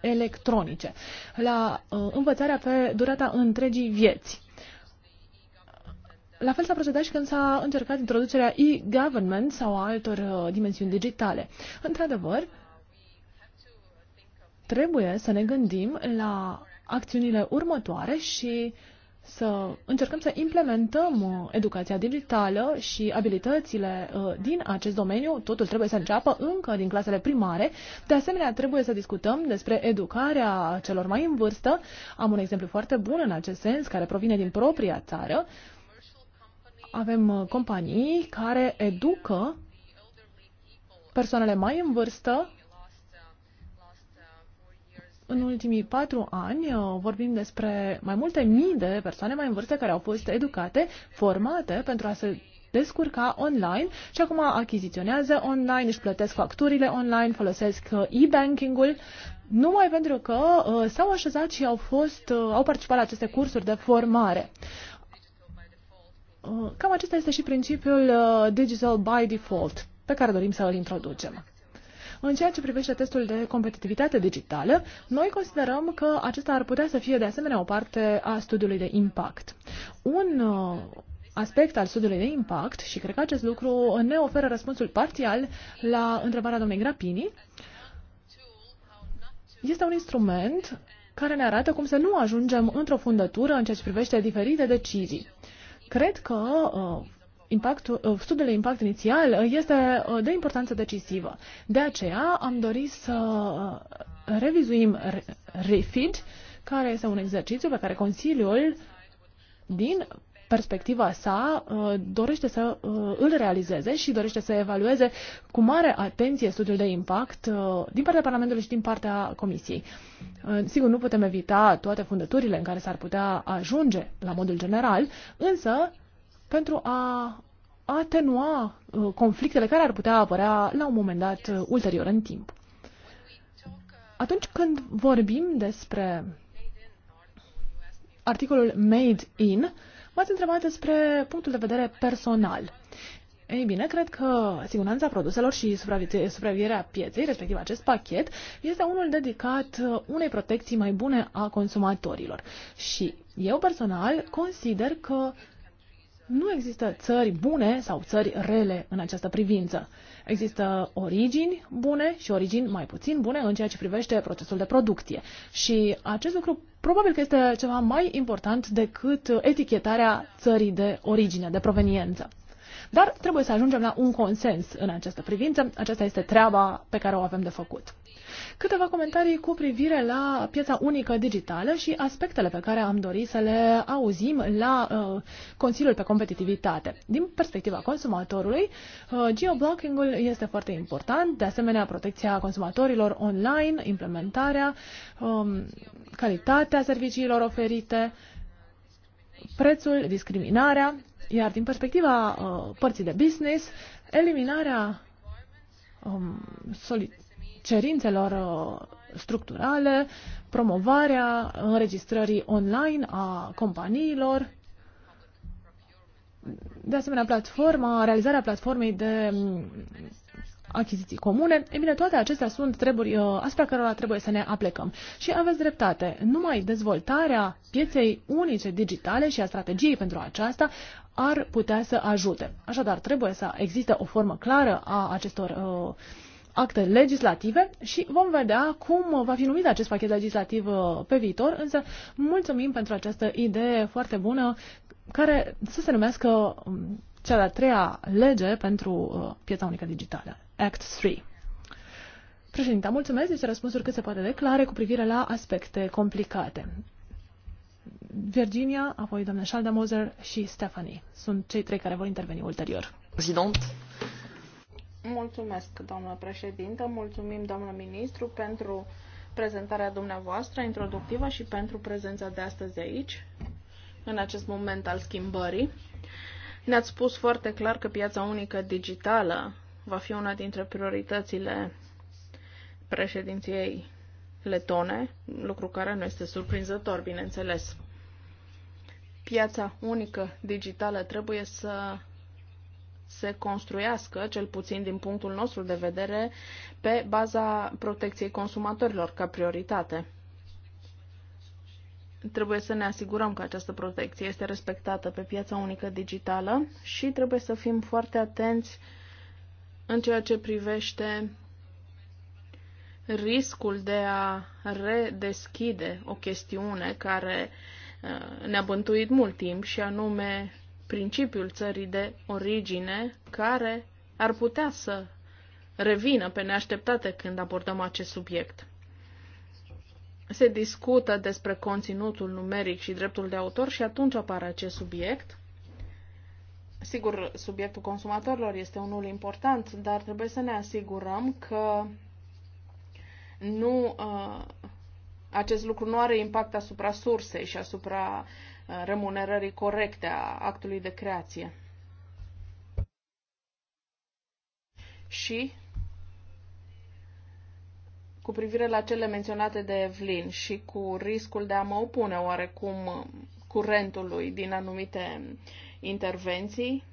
electronice, la uh, învățarea pe durata întregii vieți. La fel s-a procedat și când s-a încercat introducerea e-government sau a altor uh, dimensiuni digitale. Într-adevăr, trebuie să ne gândim la acțiunile următoare și uh, să încercăm să implementăm uh, educația digitală și abilitățile uh, din acest domeniu. Totul trebuie să înceapă încă din clasele primare. De asemenea, trebuie să discutăm despre educarea celor mai în vârstă. Am un exemplu foarte bun în acest sens, care provine din propria țară. Avem uh, companii care educă persoanele mai în vârstă în ultimii patru ani uh, vorbim despre mai multe mii de persoane mai în vârstă care au fost educate, formate pentru a se descurca online și acum achiziționează online, își plătesc facturile online, folosesc uh, e-banking-ul, numai pentru că uh, s-au așezat și au, fost, uh, au participat la aceste cursuri de formare. Uh, cam acesta este și principiul uh, Digital by Default pe care dorim să îl introducem. În ceea ce privește testul de competitivitate digitală, noi considerăm că acesta ar putea să fie de asemenea o parte a studiului de impact. Un uh, aspect al studiului de impact și cred că acest lucru ne oferă răspunsul parțial la întrebarea domnului Grapini. Este un instrument care ne arată cum să nu ajungem într-o fundătură în ceea ce privește diferite decizii. Cred că uh, impactul, uh, studiul de impact inițial uh, este uh, de importanță decisivă. De aceea am dorit să revizuim REFIT, care este un exercițiu pe care Consiliul, din perspectiva sa, dorește să îl realizeze și dorește să evalueze cu mare atenție studiul de impact din partea Parlamentului și din partea Comisiei. Sigur, nu putem evita toate fundăturile în care s-ar putea ajunge la modul general, însă pentru a atenua uh, conflictele care ar putea apărea la un moment dat uh, ulterior în timp. Atunci când vorbim despre articolul Made in, m-ați întrebat despre punctul de vedere personal. Ei bine, cred că siguranța produselor și supraviețuirea pieței, respectiv acest pachet, este unul dedicat uh, unei protecții mai bune a consumatorilor. Și eu personal consider că nu există țări bune sau țări rele în această privință. Există origini bune și origini mai puțin bune în ceea ce privește procesul de producție. Și acest lucru probabil că este ceva mai important decât etichetarea țării de origine, de proveniență. Dar trebuie să ajungem la un consens în această privință. Aceasta este treaba pe care o avem de făcut. Câteva comentarii cu privire la piața unică digitală și aspectele pe care am dorit să le auzim la uh, Consiliul pe competitivitate. Din perspectiva consumatorului, uh, geoblocking-ul este foarte important, de asemenea protecția consumatorilor online, implementarea, um, calitatea serviciilor oferite, prețul, discriminarea, iar din perspectiva uh, părții de business, eliminarea um, solicitării cerințelor uh, structurale, promovarea înregistrării online a companiilor, de asemenea platforma, realizarea platformei de mm, achiziții comune. E bine, toate acestea sunt treburi uh, asupra cărora trebuie să ne aplecăm. Și aveți dreptate. Numai dezvoltarea pieței unice digitale și a strategiei pentru aceasta ar putea să ajute. Așadar, trebuie să existe o formă clară a acestor uh, acte legislative și vom vedea cum va fi numit acest pachet legislativ uh, pe viitor, însă mulțumim pentru această idee foarte bună care să se numească um, cea de-a treia lege pentru uh, piața unică digitală, Act 3. Președinte, mulțumesc, deci răspunsuri cât se poate de clare cu privire la aspecte complicate. Virginia, apoi doamna Schalda Moser și Stephanie sunt cei trei care vor interveni ulterior. Președinte. Mulțumesc, doamnă președintă, mulțumim, doamnă ministru, pentru prezentarea dumneavoastră introductivă și pentru prezența de astăzi aici, în acest moment al schimbării. Ne-ați spus foarte clar că piața unică digitală va fi una dintre prioritățile președinției letone, lucru care nu este surprinzător, bineînțeles. Piața unică digitală trebuie să se construiască, cel puțin din punctul nostru de vedere, pe baza protecției consumatorilor ca prioritate. Trebuie să ne asigurăm că această protecție este respectată pe piața unică digitală și trebuie să fim foarte atenți în ceea ce privește riscul de a redeschide o chestiune care uh, ne-a bântuit mult timp și anume principiul țării de origine care ar putea să revină pe neașteptate când abordăm acest subiect. Se discută despre conținutul numeric și dreptul de autor și atunci apare acest subiect. Sigur, subiectul consumatorilor este unul important, dar trebuie să ne asigurăm că nu, uh, acest lucru nu are impact asupra sursei și asupra remunerării corecte a actului de creație. Și cu privire la cele menționate de Evelyn și cu riscul de a mă opune oarecum curentului din anumite intervenții,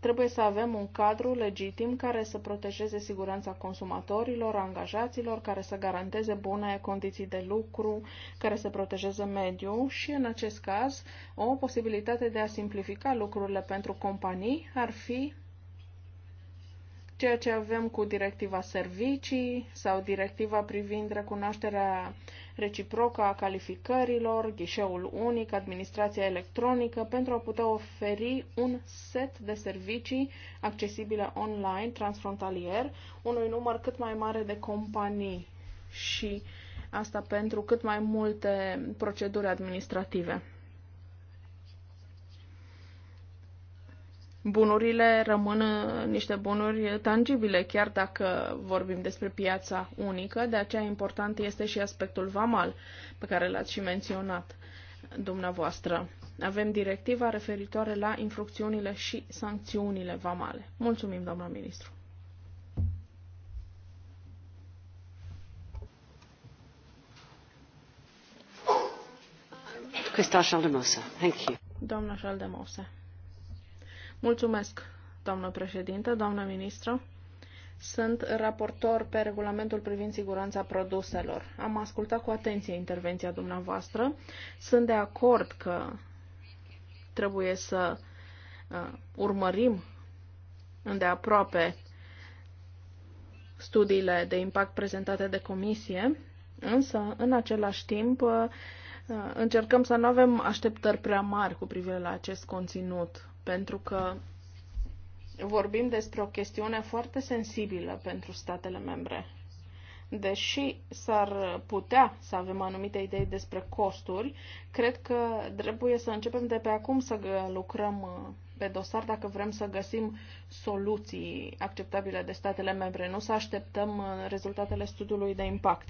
Trebuie să avem un cadru legitim care să protejeze siguranța consumatorilor, angajaților, care să garanteze bune condiții de lucru, care să protejeze mediul și, în acest caz, o posibilitate de a simplifica lucrurile pentru companii ar fi ceea ce avem cu directiva servicii sau directiva privind recunoașterea reciprocă a calificărilor, ghișeul unic, administrația electronică, pentru a putea oferi un set de servicii accesibile online, transfrontalier, unui număr cât mai mare de companii și asta pentru cât mai multe proceduri administrative. bunurile rămân niște bunuri tangibile, chiar dacă vorbim despre piața unică, de aceea important este și aspectul vamal, pe care l-ați și menționat dumneavoastră. Avem directiva referitoare la infracțiunile și sancțiunile vamale. Mulțumim, doamna ministru. Cristal Schaldemose, thank you. Doamna Schaldemose. Mulțumesc, doamnă președintă, doamnă ministră. Sunt raportor pe regulamentul privind siguranța produselor. Am ascultat cu atenție intervenția dumneavoastră. Sunt de acord că trebuie să uh, urmărim îndeaproape studiile de impact prezentate de comisie, însă, în același timp, uh, încercăm să nu avem așteptări prea mari cu privire la acest conținut pentru că vorbim despre o chestiune foarte sensibilă pentru statele membre. Deși s-ar putea să avem anumite idei despre costuri, cred că trebuie să începem de pe acum să lucrăm uh, pe dosar dacă vrem să găsim soluții acceptabile de statele membre, nu să așteptăm uh, rezultatele studiului de impact.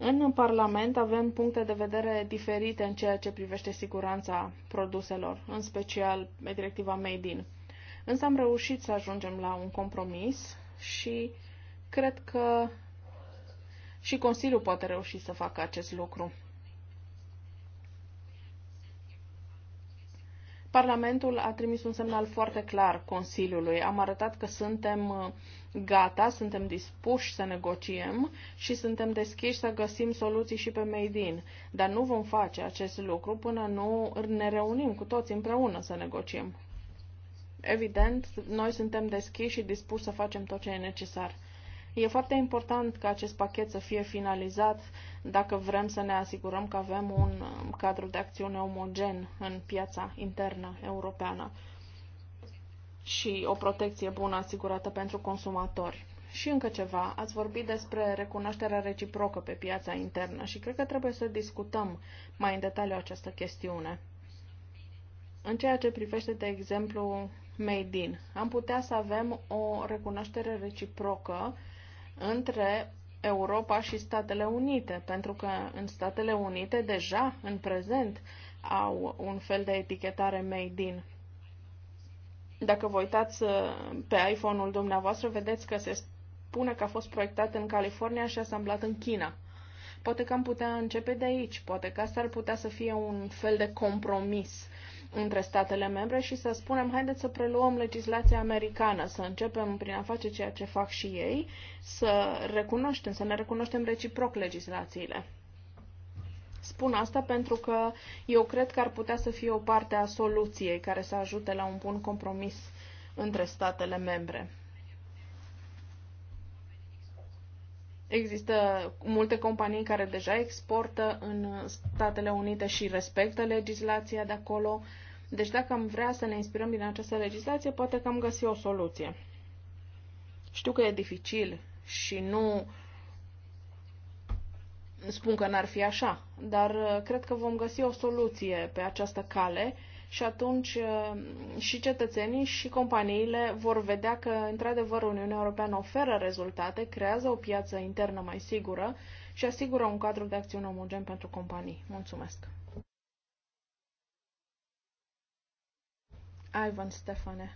În Parlament avem puncte de vedere diferite în ceea ce privește siguranța produselor, în special directiva Made in. Însă am reușit să ajungem la un compromis și cred că și Consiliul poate reuși să facă acest lucru. Parlamentul a trimis un semnal foarte clar Consiliului. Am arătat că suntem uh, gata, suntem dispuși să negociem și suntem deschiși să găsim soluții și pe Meidin. Dar nu vom face acest lucru până nu ne reunim cu toți împreună să negociem. Evident, noi suntem deschiși și dispuși să facem tot ce e necesar. E foarte important ca acest pachet să fie finalizat dacă vrem să ne asigurăm că avem un cadru de acțiune omogen în piața internă europeană și o protecție bună asigurată pentru consumatori. Și încă ceva, ați vorbit despre recunoașterea reciprocă pe piața internă și cred că trebuie să discutăm mai în detaliu această chestiune. În ceea ce privește, de exemplu, Made in, am putea să avem o recunoaștere reciprocă între Europa și Statele Unite, pentru că în Statele Unite deja, în prezent, au un fel de etichetare Made in dacă vă uitați uh, pe iPhone-ul dumneavoastră, vedeți că se spune că a fost proiectat în California și asamblat în China. Poate că am putea începe de aici, poate că asta ar putea să fie un fel de compromis între statele membre și să spunem, haideți să preluăm legislația americană, să începem prin a face ceea ce fac și ei, să recunoaștem, să ne recunoaștem reciproc legislațiile. Spun asta pentru că eu cred că ar putea să fie o parte a soluției care să ajute la un bun compromis între statele membre. Există multe companii care deja exportă în Statele Unite și respectă legislația de acolo. Deci dacă am vrea să ne inspirăm din această legislație, poate că am găsit o soluție. Știu că e dificil și nu spun că n-ar fi așa, dar uh, cred că vom găsi o soluție pe această cale și atunci uh, și cetățenii și companiile vor vedea că, într-adevăr, Uniunea Europeană oferă rezultate, creează o piață internă mai sigură și asigură un cadru de acțiune omogen pentru companii. Mulțumesc! Ivan Stefane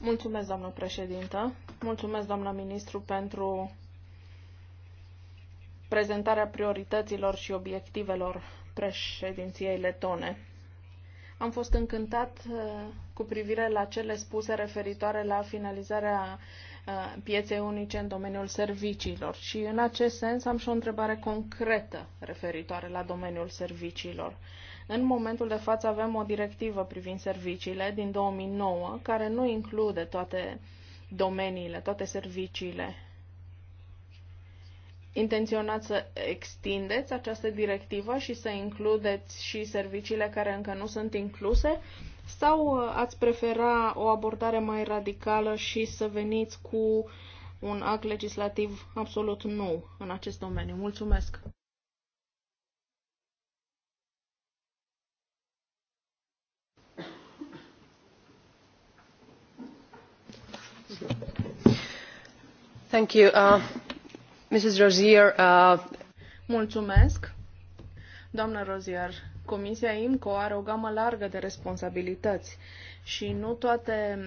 Mulțumesc, doamnă președintă. Mulțumesc, doamnă ministru, pentru prezentarea priorităților și obiectivelor președinției letone. Am fost încântat uh, cu privire la cele spuse referitoare la finalizarea uh, pieței unice în domeniul serviciilor și în acest sens am și o întrebare concretă referitoare la domeniul serviciilor. În momentul de față avem o directivă privind serviciile din 2009 care nu include toate domeniile, toate serviciile intenționați să extindeți această directivă și să includeți și serviciile care încă nu sunt incluse? Sau uh, ați prefera o abordare mai radicală și să veniți cu un act legislativ absolut nou în acest domeniu? Mulțumesc! Thank you. Uh... Mrs. Rozier, uh... Mulțumesc. Doamna Rozier, Comisia IMCO are o gamă largă de responsabilități și nu toate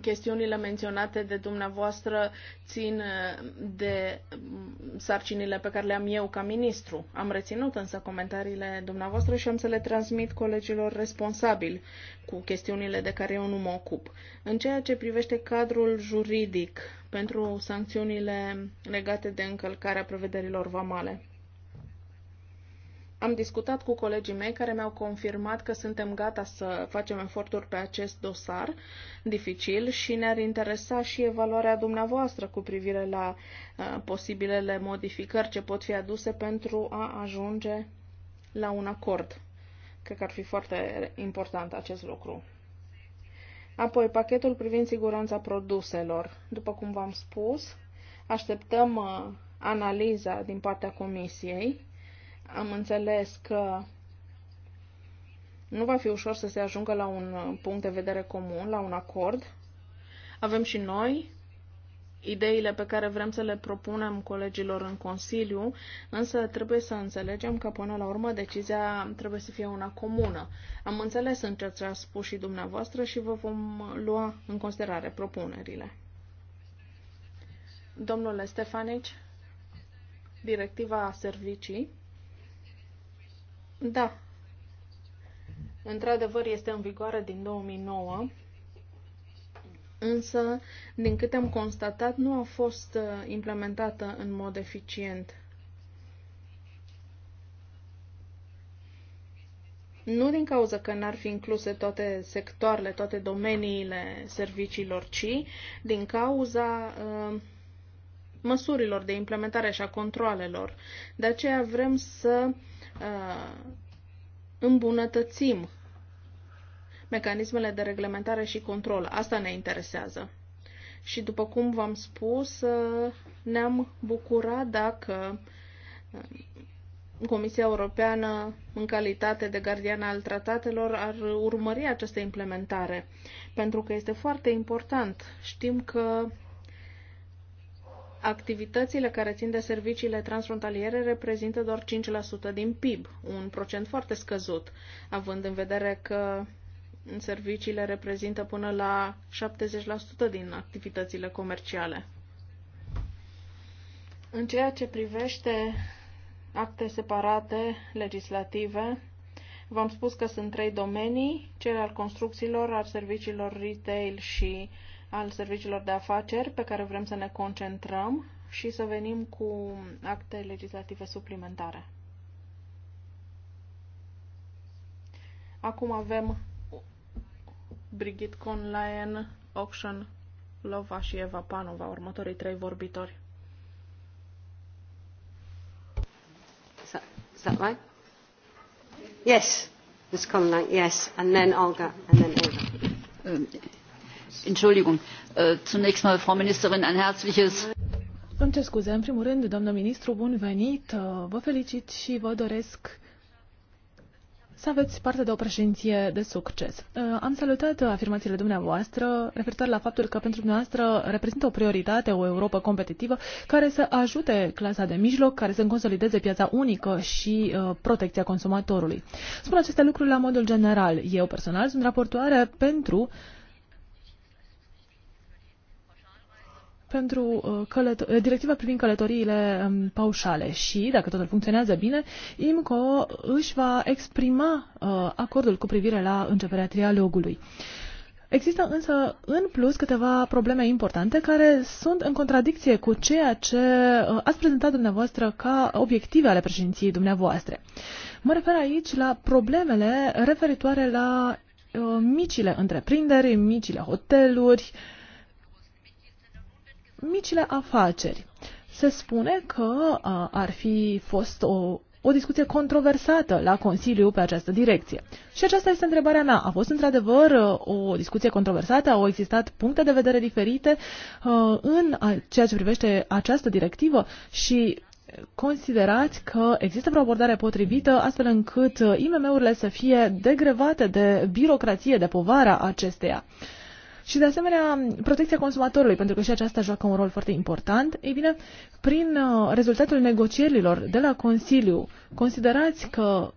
chestiunile menționate de dumneavoastră țin eh, de mm, sarcinile pe care le am eu ca ministru. Am reținut însă comentariile dumneavoastră și am să le transmit colegilor responsabili cu chestiunile de care eu nu mă ocup. În ceea ce privește cadrul juridic pentru sancțiunile legate de încălcarea prevederilor vamale. Am discutat cu colegii mei care mi-au confirmat că suntem gata să facem eforturi pe acest dosar dificil și ne-ar interesa și evaluarea dumneavoastră cu privire la uh, posibilele modificări ce pot fi aduse pentru a ajunge la un acord. Cred că ar fi foarte important acest lucru. Apoi, pachetul privind siguranța produselor. După cum v-am spus, așteptăm uh, analiza din partea Comisiei am înțeles că nu va fi ușor să se ajungă la un punct de vedere comun, la un acord. Avem și noi ideile pe care vrem să le propunem colegilor în Consiliu, însă trebuie să înțelegem că până la urmă decizia trebuie să fie una comună. Am înțeles în ce ați spus și dumneavoastră și vă vom lua în considerare propunerile. Domnule Stefanici, directiva servicii da. Într-adevăr, este în vigoare din 2009, însă, din câte am constatat, nu a fost uh, implementată în mod eficient. Nu din cauza că n-ar fi incluse toate sectoarele, toate domeniile serviciilor, ci din cauza uh, măsurilor de implementare și a controalelor. De aceea vrem să uh, Uh, îmbunătățim mecanismele de reglementare și control. Asta ne interesează. Și după cum v-am spus, uh, ne-am bucurat dacă uh, Comisia Europeană, în calitate de gardian al tratatelor, ar urmări această implementare, pentru că este foarte important. Știm că activitățile care țin de serviciile transfrontaliere reprezintă doar 5% din PIB, un procent foarte scăzut, având în vedere că serviciile reprezintă până la 70% din activitățile comerciale. În ceea ce privește acte separate legislative, v-am spus că sunt trei domenii, cele al construcțiilor, al serviciilor retail și al serviciilor de afaceri pe care vrem să ne concentrăm și să venim cu acte legislative suplimentare. Acum avem Brigitte Conlaen, Auction, Lova și Eva Panova, următorii trei vorbitori. Is that right? Yes, Ms. Conlaen, yes, and then Olga, and then Eva. Äh, zunächst mal, Frau Ministerin, ein herzliches. Îmi cer scuze, în primul rând, doamnă ministru, bun venit, äh, vă felicit și vă doresc să aveți parte de o președinție de succes. Äh, am salutat afirmațiile dumneavoastră referitor la faptul că pentru dumneavoastră reprezintă o prioritate o Europa competitivă care să ajute clasa de mijloc, care să consolideze piața unică și protecția consumatorului. Spun aceste lucruri la modul general. Eu personal sunt raportoare pentru pentru uh, călător- uh, directiva privind călătoriile um, paușale și, dacă totul funcționează bine, IMCO își va exprima uh, acordul cu privire la începerea trialogului. Există însă, în plus, câteva probleme importante care sunt în contradicție cu ceea ce ați prezentat dumneavoastră ca obiective ale președinției dumneavoastră. Mă refer aici la problemele referitoare la micile întreprinderi, micile hoteluri, uh, micile afaceri. Se spune că ar fi fost o, o discuție controversată la Consiliu pe această direcție. Și aceasta este întrebarea mea. A fost într-adevăr o discuție controversată? Au existat puncte de vedere diferite în ceea ce privește această directivă? Și considerați că există vreo abordare potrivită astfel încât IMM-urile să fie degrevate de birocrație, de povara acesteia? și, de asemenea, protecția consumatorului, pentru că și aceasta joacă un rol foarte important. Ei bine, prin uh, rezultatul negocierilor de la Consiliu, considerați că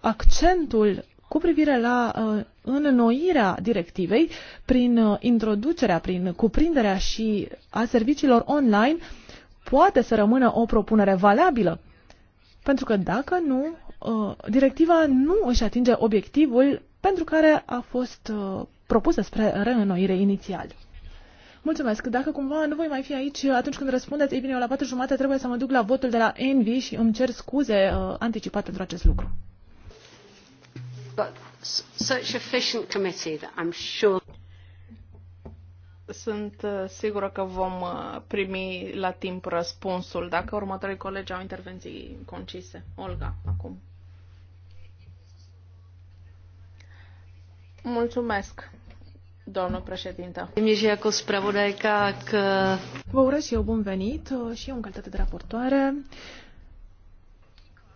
accentul cu privire la uh, înnoirea directivei prin uh, introducerea, prin cuprinderea și a serviciilor online poate să rămână o propunere valabilă. Pentru că dacă nu, uh, directiva nu își atinge obiectivul pentru care a fost uh, propuse spre reînnoire inițial. Mulțumesc. Dacă cumva nu voi mai fi aici atunci când răspundeți, ei bine, eu la patru jumate trebuie să mă duc la votul de la Envy și îmi cer scuze uh, anticipat pentru acest lucru. But such efficient committee that I'm sure sunt uh, sigură că vom uh, primi la timp răspunsul dacă următorii colegi au intervenții concise. Olga, acum. Mulțumesc. Doamnă președintă. Vă urez și eu bun venit uh, și eu în calitate de raportoare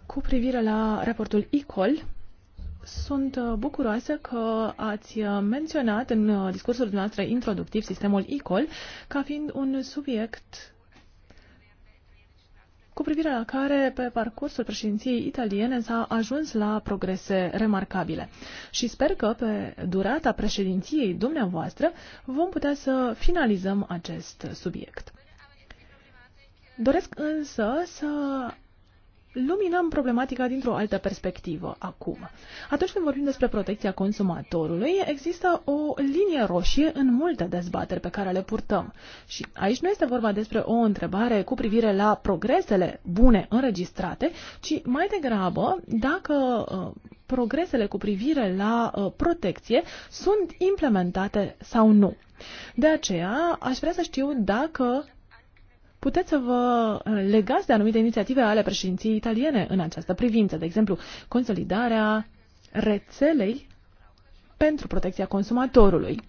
cu privire la raportul ICOL. Sunt uh, bucuroasă că ați uh, menționat în discursul dumneavoastră introductiv sistemul ICOL ca fiind un subiect cu privire la care pe parcursul președinției italiene s-a ajuns la progrese remarcabile. Și sper că pe durata președinției dumneavoastră vom putea să finalizăm acest subiect. Doresc însă să luminăm problematica dintr-o altă perspectivă acum. Atunci când vorbim despre protecția consumatorului, există o linie roșie în multe dezbateri pe care le purtăm. Și aici nu este vorba despre o întrebare cu privire la progresele bune înregistrate, ci mai degrabă dacă uh, progresele cu privire la uh, protecție sunt implementate sau nu. De aceea, aș vrea să știu dacă puteți să vă uh, legați de anumite inițiative ale președinției italiene în această privință, de exemplu, consolidarea rețelei pentru protecția consumatorului,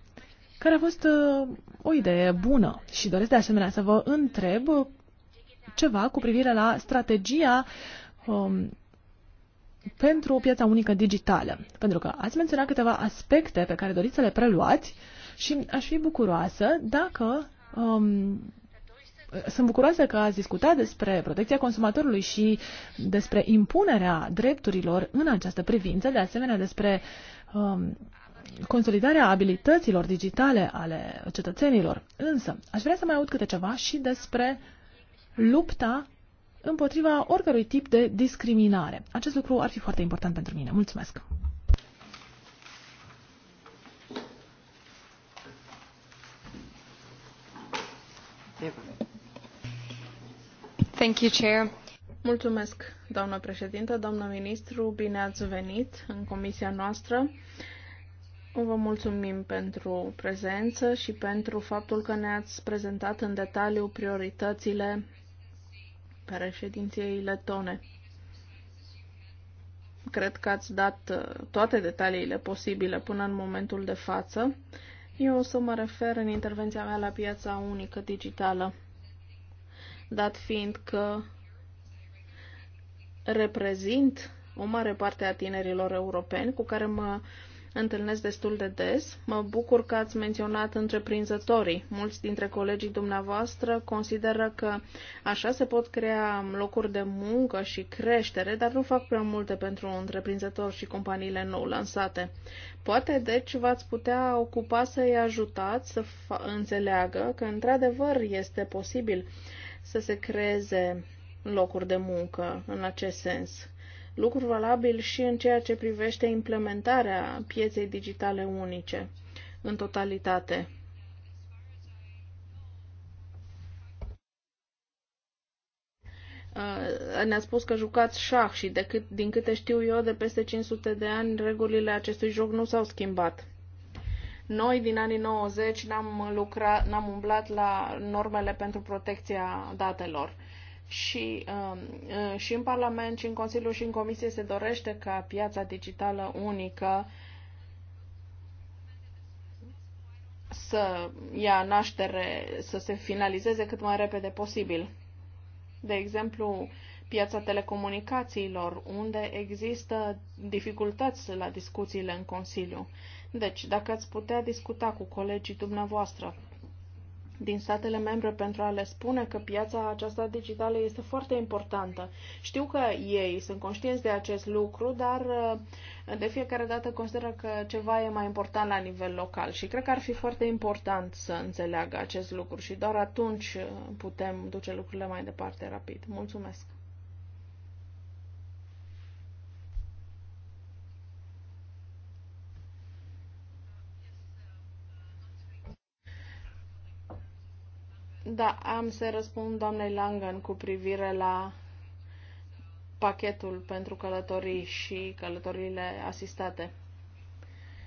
care a fost uh, o idee bună și doresc de asemenea să vă întreb uh, ceva cu privire la strategia um, pentru piața unică digitală. Pentru că ați menționat câteva aspecte pe care doriți să le preluați și aș fi bucuroasă dacă um, sunt bucuroasă că ați discutat despre protecția consumatorului și despre impunerea drepturilor în această privință, de asemenea despre um, consolidarea abilităților digitale ale cetățenilor. Însă, aș vrea să mai aud câte ceva și despre lupta împotriva oricărui tip de discriminare. Acest lucru ar fi foarte important pentru mine. Mulțumesc! you. Mulțumesc, doamnă președintă, doamnă ministru, bine ați venit în comisia noastră. Vă mulțumim pentru prezență și pentru faptul că ne-ați prezentat în detaliu prioritățile președinției letone. Cred că ați dat uh, toate detaliile posibile până în momentul de față. Eu o să mă refer în intervenția mea la piața unică digitală dat fiind că reprezint o mare parte a tinerilor europeni cu care mă întâlnesc destul de des. Mă bucur că ați menționat întreprinzătorii. Mulți dintre colegii dumneavoastră consideră că așa se pot crea locuri de muncă și creștere, dar nu fac prea multe pentru întreprinzători și companiile nou lansate. Poate, deci, v-ați putea ocupa să-i ajutați să înțeleagă că, într-adevăr, este posibil să se creeze locuri de muncă în acest sens. Lucru valabil și în ceea ce privește implementarea pieței digitale unice în totalitate. Uh, ne-a spus că jucați șah și de cât, din câte știu eu, de peste 500 de ani regulile acestui joc nu s-au schimbat. Noi din anii 90 n-am lucrat, n-am umblat la normele pentru protecția datelor. Și, um, uh, și în Parlament, și în Consiliu, și în Comisie se dorește ca piața digitală unică să ia naștere, să se finalizeze cât mai repede posibil. De exemplu, piața telecomunicațiilor, unde există dificultăți la discuțiile în Consiliu. Deci, dacă ați putea discuta cu colegii dumneavoastră din statele membre pentru a le spune că piața aceasta digitală este foarte importantă. Știu că ei sunt conștienți de acest lucru, dar uh, de fiecare dată consideră că ceva e mai important la nivel local și cred că ar fi foarte important să înțeleagă acest lucru și doar atunci uh, putem duce lucrurile mai departe rapid. Mulțumesc! Da, am să răspund doamnei Langan cu privire la pachetul pentru călătorii și călătorile asistate.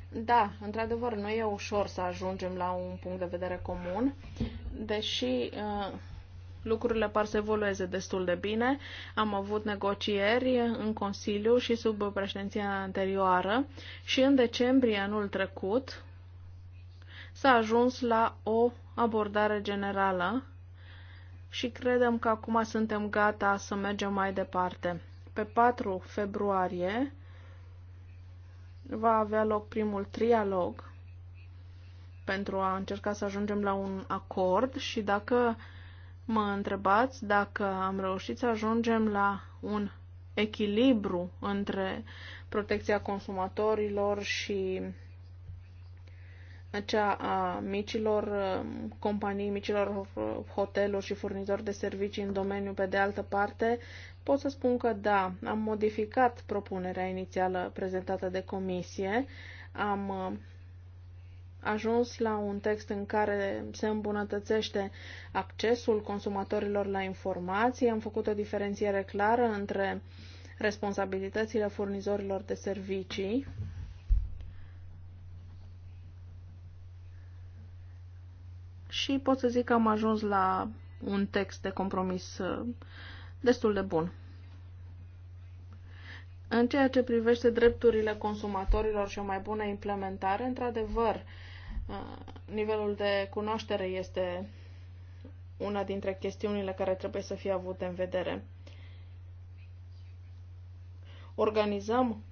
Da, într-adevăr, nu e ușor să ajungem la un punct de vedere comun, deși uh, lucrurile par să evolueze destul de bine. Am avut negocieri în Consiliu și sub președinția anterioară și în decembrie anul trecut s-a ajuns la o abordare generală și credem că acum suntem gata să mergem mai departe. Pe 4 februarie va avea loc primul trialog pentru a încerca să ajungem la un acord și dacă mă întrebați dacă am reușit să ajungem la un echilibru între protecția consumatorilor și acea a micilor uh, companii, micilor uh, hoteluri și furnizori de servicii în domeniu, pe de altă parte, pot să spun că da, am modificat propunerea inițială prezentată de comisie, am uh, ajuns la un text în care se îmbunătățește accesul consumatorilor la informații, am făcut o diferențiere clară între responsabilitățile furnizorilor de servicii și pot să zic că am ajuns la un text de compromis uh, destul de bun. În ceea ce privește drepturile consumatorilor și o mai bună implementare, într-adevăr, uh, nivelul de cunoaștere este una dintre chestiunile care trebuie să fie avute în vedere. Organizăm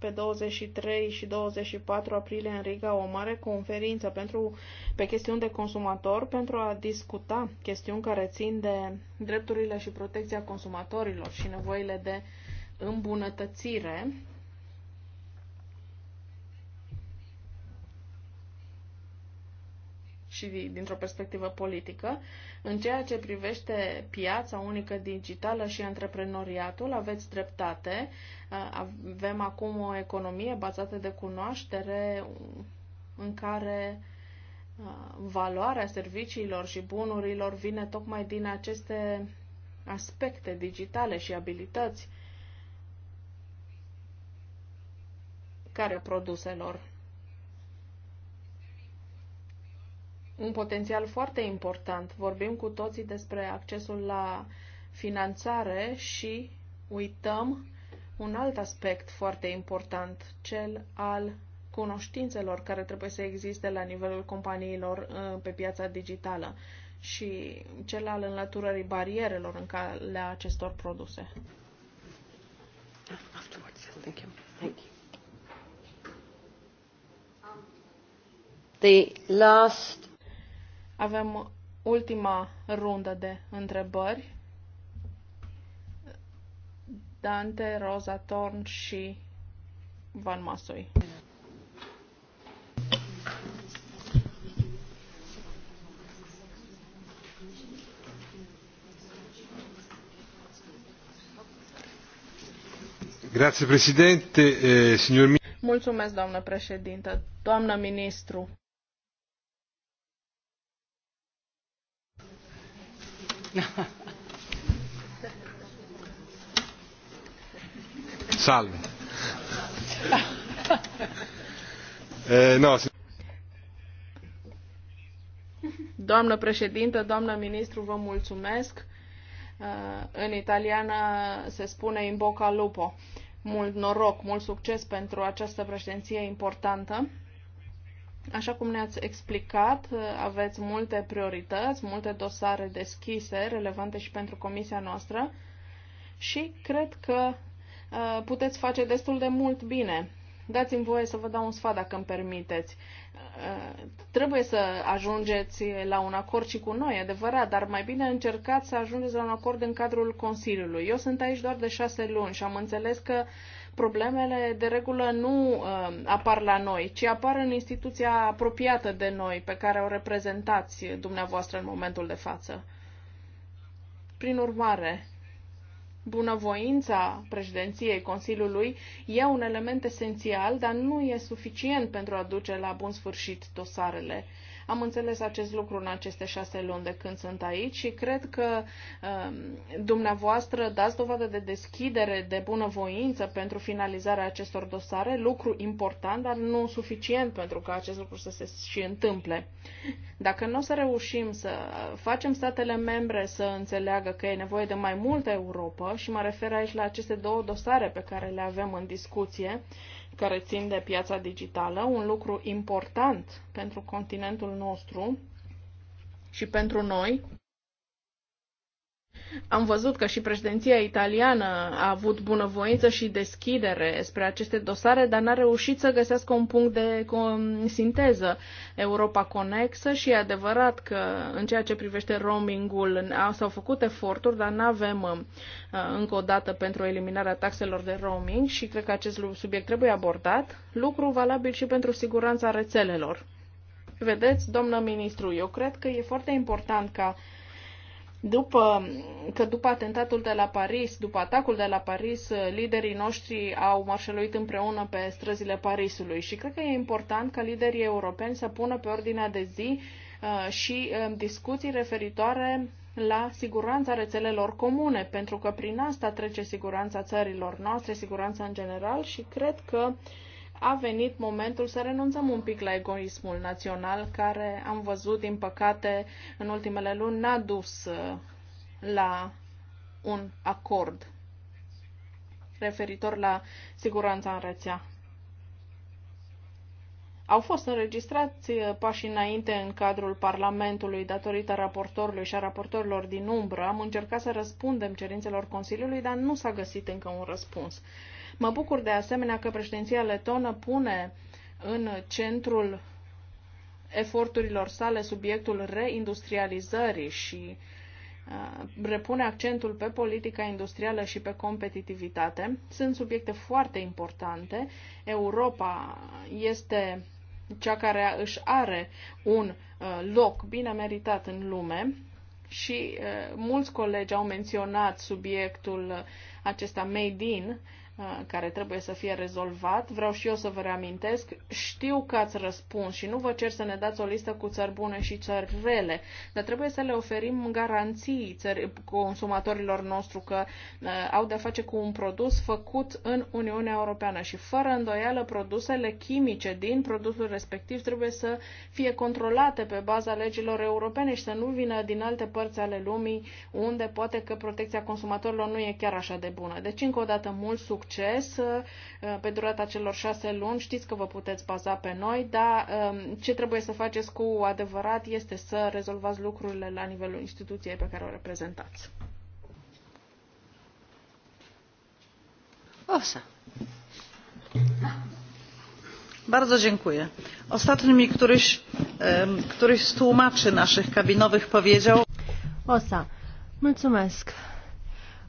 pe 23 și 24 aprilie în Riga o mare conferință pentru, pe chestiuni de consumator pentru a discuta chestiuni care țin de drepturile și protecția consumatorilor și nevoile de îmbunătățire și dintr-o perspectivă politică. În ceea ce privește piața unică digitală și antreprenoriatul, aveți dreptate. Avem acum o economie bazată de cunoaștere în care valoarea serviciilor și bunurilor vine tocmai din aceste aspecte digitale și abilități care produselor. un potențial foarte important. Vorbim cu toții despre accesul la finanțare și uităm un alt aspect foarte important, cel al cunoștințelor care trebuie să existe la nivelul companiilor uh, pe piața digitală și cel al înlăturării barierelor în calea acestor produse. The last avem ultima rundă de întrebări. Dante, Rosa Torn și Van Masoi. Grazie, Presidente. Eh, signor... Mulțumesc, doamnă președintă. Doamnă ministru, Salve. Eh, no. Doamnă președintă, doamnă ministru, vă mulțumesc. Eh, în italiană se spune in bocca lupo. Mult noroc, mult succes pentru această președinție importantă. Așa cum ne-ați explicat, aveți multe priorități, multe dosare deschise, relevante și pentru comisia noastră și cred că uh, puteți face destul de mult bine. Dați-mi voie să vă dau un sfat, dacă îmi permiteți. Uh, trebuie să ajungeți la un acord și cu noi, adevărat, dar mai bine încercați să ajungeți la un acord în cadrul Consiliului. Eu sunt aici doar de șase luni și am înțeles că uh, Problemele de regulă nu uh, apar la noi, ci apar în instituția apropiată de noi, pe care o reprezentați dumneavoastră în momentul de față. Prin urmare, bunăvoința președinției Consiliului e un element esențial, dar nu e suficient pentru a duce la bun sfârșit dosarele am înțeles acest lucru în aceste șase luni de când sunt aici și cred că um, dumneavoastră dați dovadă de deschidere, de bunăvoință pentru finalizarea acestor dosare, lucru important, dar nu suficient pentru ca acest lucru să se și întâmple. Dacă nu o să reușim să facem statele membre să înțeleagă că e nevoie de mai multă Europa, și mă refer aici la aceste două dosare pe care le avem în discuție, care țin de piața digitală, un lucru important pentru continentul nostru și pentru noi, am văzut că și președinția italiană a avut bunăvoință și deschidere spre aceste dosare, dar n-a reușit să găsească un punct de sinteză. Europa conexă și e adevărat că în ceea ce privește roamingul s-au făcut eforturi, dar nu avem uh, încă o dată pentru eliminarea taxelor de roaming și cred că acest subiect trebuie abordat, lucru valabil și pentru siguranța rețelelor. Vedeți, domnă ministru, eu cred că e foarte important ca după că după atentatul de la Paris, după atacul de la Paris, liderii noștri au marșăluit împreună pe străzile Parisului și cred că e important ca liderii europeni să pună pe ordinea de zi uh, și um, discuții referitoare la siguranța rețelelor comune, pentru că prin asta trece siguranța țărilor noastre, siguranța în general și cred că uh, a venit momentul să renunțăm un pic la egoismul național, care am văzut, din păcate, în ultimele luni n-a dus uh, la un acord referitor la siguranța în rețea. Au fost înregistrați uh, pași înainte în cadrul Parlamentului datorită raportorului și a raportorilor din umbră. Am încercat să răspundem cerințelor Consiliului, dar nu s-a găsit încă un răspuns. Mă bucur de asemenea că președinția letonă pune în centrul eforturilor sale subiectul reindustrializării și repune accentul pe politica industrială și pe competitivitate. Sunt subiecte foarte importante. Europa este cea care își are un loc bine meritat în lume și mulți colegi au menționat subiectul acesta made in Eh, care trebuie să fie rezolvat. Vreau și eu să vă reamintesc, știu că ați răspuns și nu vă cer să ne dați o listă cu țări bune și țări rele, dar trebuie să le oferim garanții țări, consumatorilor nostru că uh, au de-a face cu un produs făcut în Uniunea Europeană și fără îndoială produsele chimice din produsul respectiv trebuie să fie controlate pe baza legilor europene și să nu vină din alte părți ale lumii unde poate că protecția consumatorilor nu e chiar așa de bună. Deci, încă o dată, mult succes! succes uh, pe durata celor șase luni. Știți că vă puteți baza pe noi, dar um, ce trebuie să faceți cu adevărat este să rezolvați lucrurile la nivelul instituției pe care o reprezentați. Osa. Bardzo dziękuję. Ostatnim któryś, któryś z tłumaczy naszych kabinowych powiedział... Osa, mulțumesc.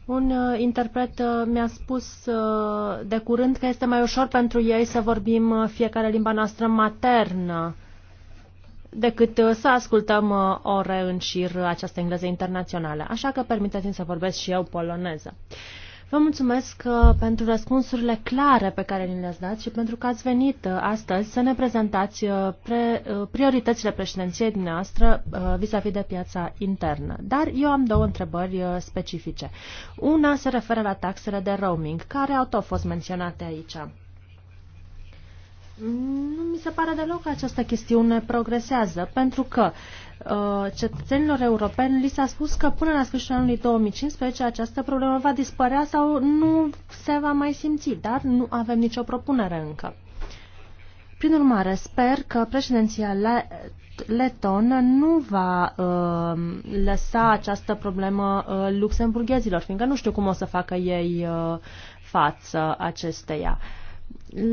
Un uh, interpret uh, mi-a spus uh, de curând că este mai ușor pentru ei să vorbim uh, fiecare limba noastră maternă decât uh, să ascultăm uh, ore în șir această engleză internațională. Așa că permiteți-mi să vorbesc și eu poloneză. Uh, Vă mulțumesc uh, pentru răspunsurile clare pe care ni le-ați dat și pentru că ați venit uh, astăzi să ne prezentați uh, pre, prioritățile președinției noastre vis-a-vis -vis de piața internă. Dar eu am două întrebări specifice. Una se referă la taxele de roaming, care au tot fost menționate aici. Nu mi se pare deloc că această chestiune progresează, pentru că uh, cetățenilor europeni li s-a spus că până la sfârșitul anului 2015 această problemă va dispărea sau nu se va mai simți, dar nu avem nicio propunere încă. Prin urmare, sper că președinția Leton nu va uh, lăsa această problemă uh, luxemburghezilor, fiindcă nu știu cum o să facă ei uh, față acesteia. Uh,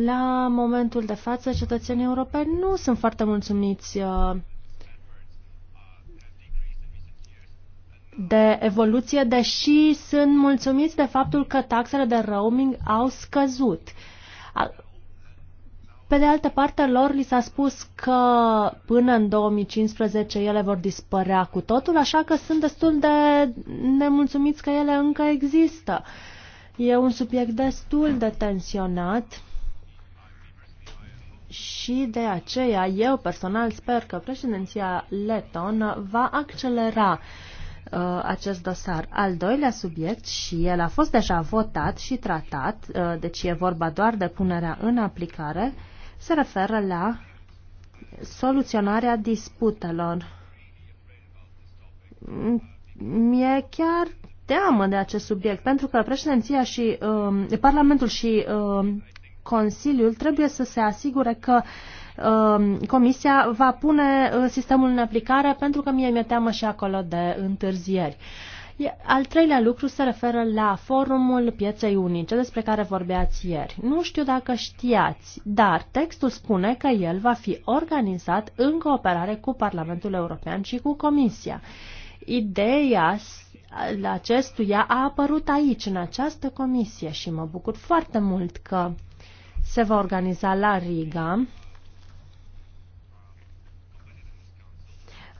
la momentul de față, cetățenii europeni nu sunt foarte mulțumiți uh, de evoluție, deși sunt mulțumiți de faptul că taxele de roaming au scăzut. Pe de altă parte, lor li s-a spus că până în 2015 ele vor dispărea cu totul, așa că sunt destul de nemulțumiți că ele încă există. E un subiect destul de tensionat și de aceea eu personal sper că președinția Leton va accelera uh, acest dosar. Al doilea subiect și el a fost deja votat și tratat, uh, deci e vorba doar de punerea în aplicare, se referă la soluționarea disputelor. Mm, mi-e chiar teamă de acest subiect, pentru că președinția și uh, Parlamentul și uh, Consiliul trebuie să se asigure că um, Comisia va pune uh, sistemul în aplicare pentru că mie mi-e teamă și acolo de întârzieri. Al treilea lucru se referă la forumul pieței unice despre care vorbeați ieri. Nu știu dacă știați, dar textul spune că el va fi organizat în cooperare cu Parlamentul European și cu Comisia. Ideea acestuia a apărut aici, în această comisie și mă bucur foarte mult că se va organiza la Riga,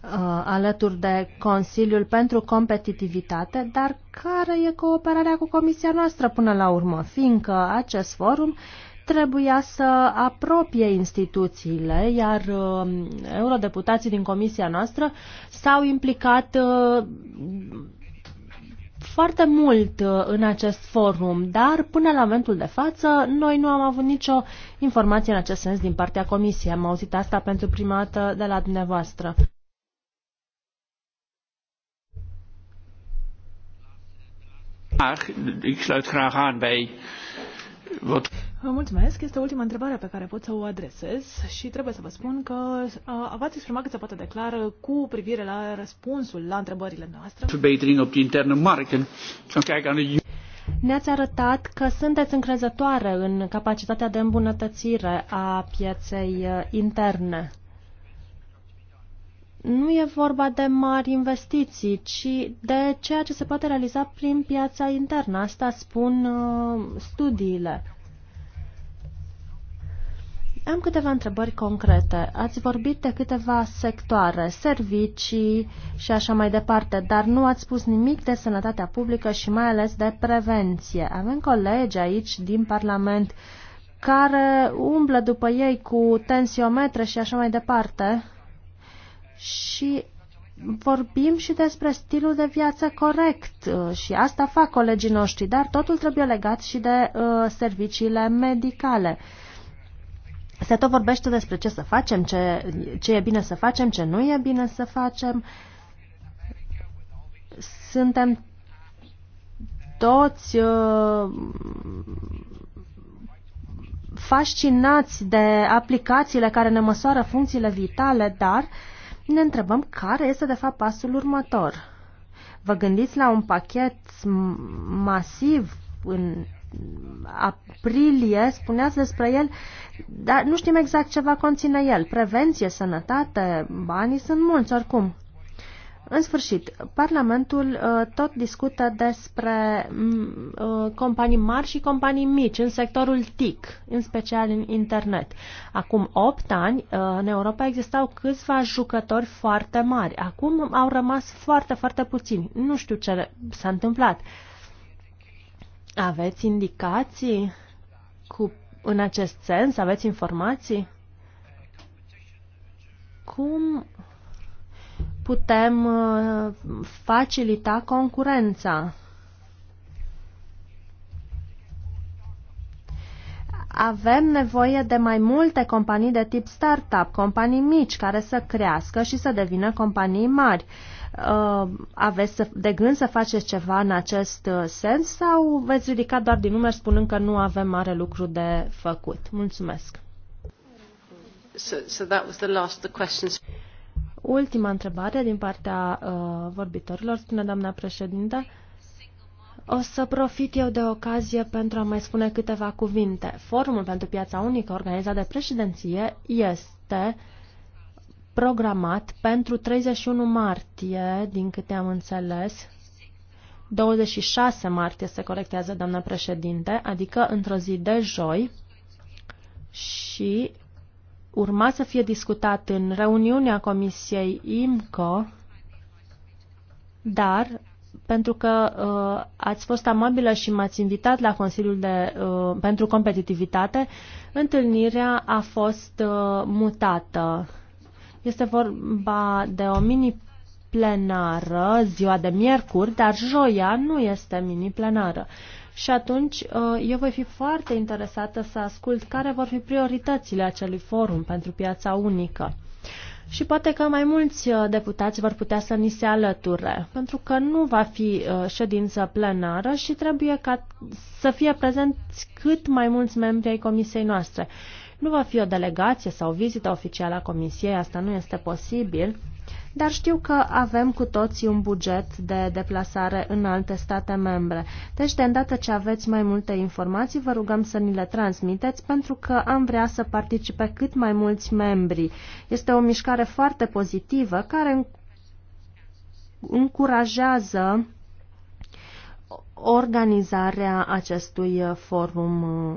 uh, alături de Consiliul pentru Competitivitate, dar care e cooperarea cu Comisia noastră până la urmă, fiindcă acest forum trebuia să apropie instituțiile, iar uh, eurodeputații din Comisia noastră s-au implicat uh, foarte mult uh, în acest forum, dar până la momentul de față noi nu am avut nicio informație în acest sens din partea Comisiei. Am auzit asta pentru prima dată de la dumneavoastră. Ik sluit graag aan bij wat. Vă mulțumesc. Este ultima întrebare pe care pot să o adresez și trebuie să vă spun că uh, v-ați exprimat cât se poate declară cu privire la răspunsul la întrebările noastre. interne Ne-ați arătat că sunteți încrezătoare în capacitatea de îmbunătățire a pieței interne. Nu e vorba de mari investiții, ci de ceea ce se poate realiza prin piața internă. Asta spun uh, studiile. Am câteva întrebări concrete. Ați vorbit de câteva sectoare, servicii și așa mai departe, dar nu ați spus nimic de sănătatea publică și mai ales de prevenție. Avem colegi aici din Parlament care umblă după ei cu tensiometre și așa mai departe. Și vorbim și despre stilul de viață corect uh, și asta fac colegii noștri, dar totul trebuie legat și de uh, serviciile medicale. Uh, se tot vorbește despre ce să facem, ce, ce e bine să facem, ce nu e bine să facem. Suntem toți uh, fascinați de aplicațiile care ne măsoară funcțiile vitale, dar ne întrebăm care este de fapt pasul următor. Vă gândiți la un pachet masiv în aprilie, spuneați despre el, dar nu știm exact ce va conține el. Prevenție, sănătate, banii sunt mulți oricum. În sfârșit, Parlamentul uh, tot discută despre mm, uh, companii mari și companii mici în sectorul TIC, în special în internet. Acum 8 ani, uh, în Europa existau câțiva jucători foarte mari. Acum au rămas foarte, foarte puțini. Nu știu ce s-a întâmplat. Aveți indicații cu, în acest sens? Aveți informații? Cum putem uh, facilita concurența? avem nevoie de mai multe companii de tip startup, companii mici care să crească și să devină companii mari. Uh, uh, aveți de gând să faceți ceva în acest uh, sens sau veți ridica doar din numeri spunând că nu avem mare lucru de făcut? Mulțumesc. So, so that was the last the questions. Ultima întrebare din partea uh, vorbitorilor, spune doamna președintă. O să profit eu de ocazie pentru a mai spune câteva cuvinte. Forumul pentru piața unică organizat de președinție este uh, programat pentru 31 martie, din câte am înțeles, 26 martie se corectează, doamna președinte, adică într-o zi de joi și urma să fie discutat în reuniunea Comisiei IMCO, dar pentru că uh, ați fost amabilă și m-ați invitat la Consiliul de, uh, pentru Competitivitate, întâlnirea a fost uh, mutată. Este vorba de o mini-plenară ziua de miercuri, dar joia nu este mini-plenară. Și atunci uh, eu voi fi foarte interesată să ascult care vor fi prioritățile acelui forum pentru piața unică. Și poate că mai mulți uh, deputați vor putea să ni se alăture, pentru că nu va fi uh, ședință plenară și trebuie ca să fie prezenți cât mai mulți membri ai comisiei noastre. Nu va fi o delegație sau vizită oficială a Comisiei, asta nu este posibil, dar știu că avem cu toții un buget de deplasare în alte state membre. Deci, de îndată ce aveți mai multe informații, vă rugăm să ni le transmiteți, pentru că am vrea să participe cât mai mulți membri. Este o mișcare foarte pozitivă care încurajează organizarea acestui uh, forum uh,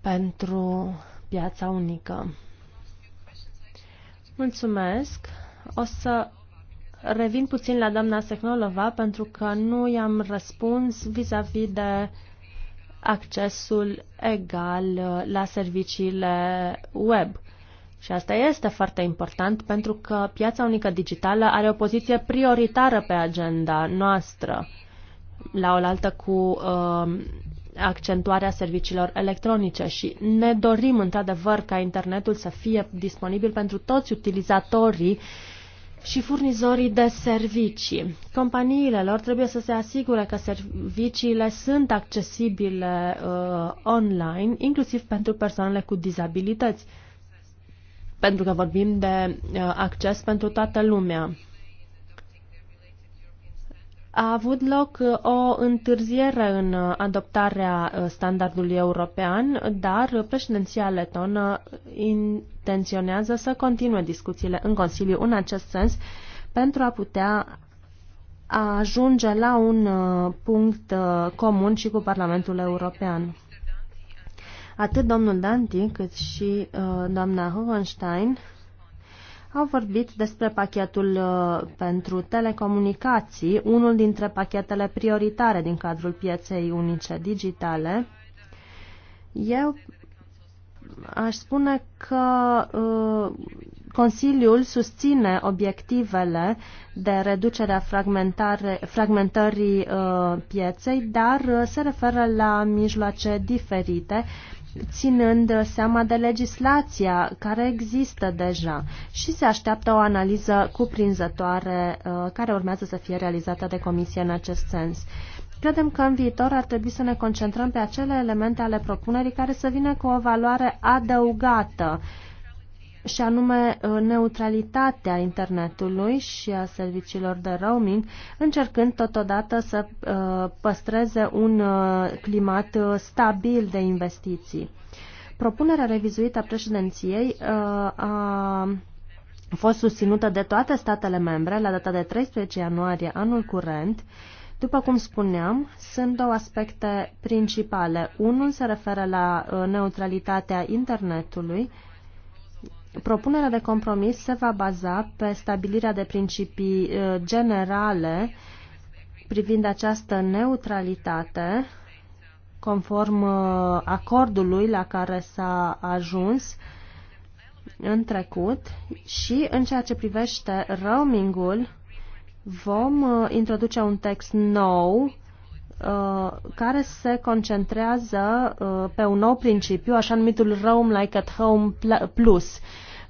pentru piața unică. Mulțumesc. O să revin puțin la doamna Sehnolova pentru că nu i-am răspuns vis-a-vis -vis de accesul egal la serviciile web. Și asta este foarte important pentru că piața unică digitală are o poziție prioritară pe agenda noastră la oaltă cu uh, accentuarea serviciilor electronice și ne dorim într-adevăr ca internetul să fie disponibil pentru toți utilizatorii și furnizorii de servicii. Companiile lor trebuie să se asigure că serviciile sunt accesibile uh, online, inclusiv pentru persoanele cu dizabilități, pentru că vorbim de uh, acces pentru toată lumea a avut loc uh, o întârziere în uh, adoptarea uh, standardului european, dar președinția letonă intenționează să continue discuțiile în Consiliu în acest sens pentru a putea ajunge la un punct comun și cu Parlamentul European. Atât domnul Danti cât și doamna Hohenstein au vorbit despre pachetul uh, pentru telecomunicații, unul dintre pachetele prioritare din cadrul pieței unice digitale. Eu aș spune că uh, Consiliul susține obiectivele de reducere a fragmentării uh, pieței, dar se referă la mijloace diferite ținând seama de legislația care există deja și se așteaptă o analiză cuprinzătoare uh, care urmează să fie realizată de Comisie în acest sens. Credem că în viitor ar trebui să ne concentrăm pe acele elemente ale propunerii care să vină cu o valoare adăugată și anume uh, neutralitatea internetului și a serviciilor de roaming, încercând totodată să uh, păstreze un uh, climat stabil de investiții. Propunerea revizuită a președinției a fost susținută de toate statele membre la data de 13 ianuarie anul curent. După cum spuneam, sunt două aspecte principale. Unul se referă la neutralitatea internetului, Propunerea de compromis se va baza pe stabilirea de principii uh, generale privind această neutralitate conform uh, acordului la care s-a ajuns în trecut și în ceea ce privește roamingul vom uh, introduce un text nou Uh, care se concentrează uh, pe un nou principiu, așa numitul Roam Like at Home Plus,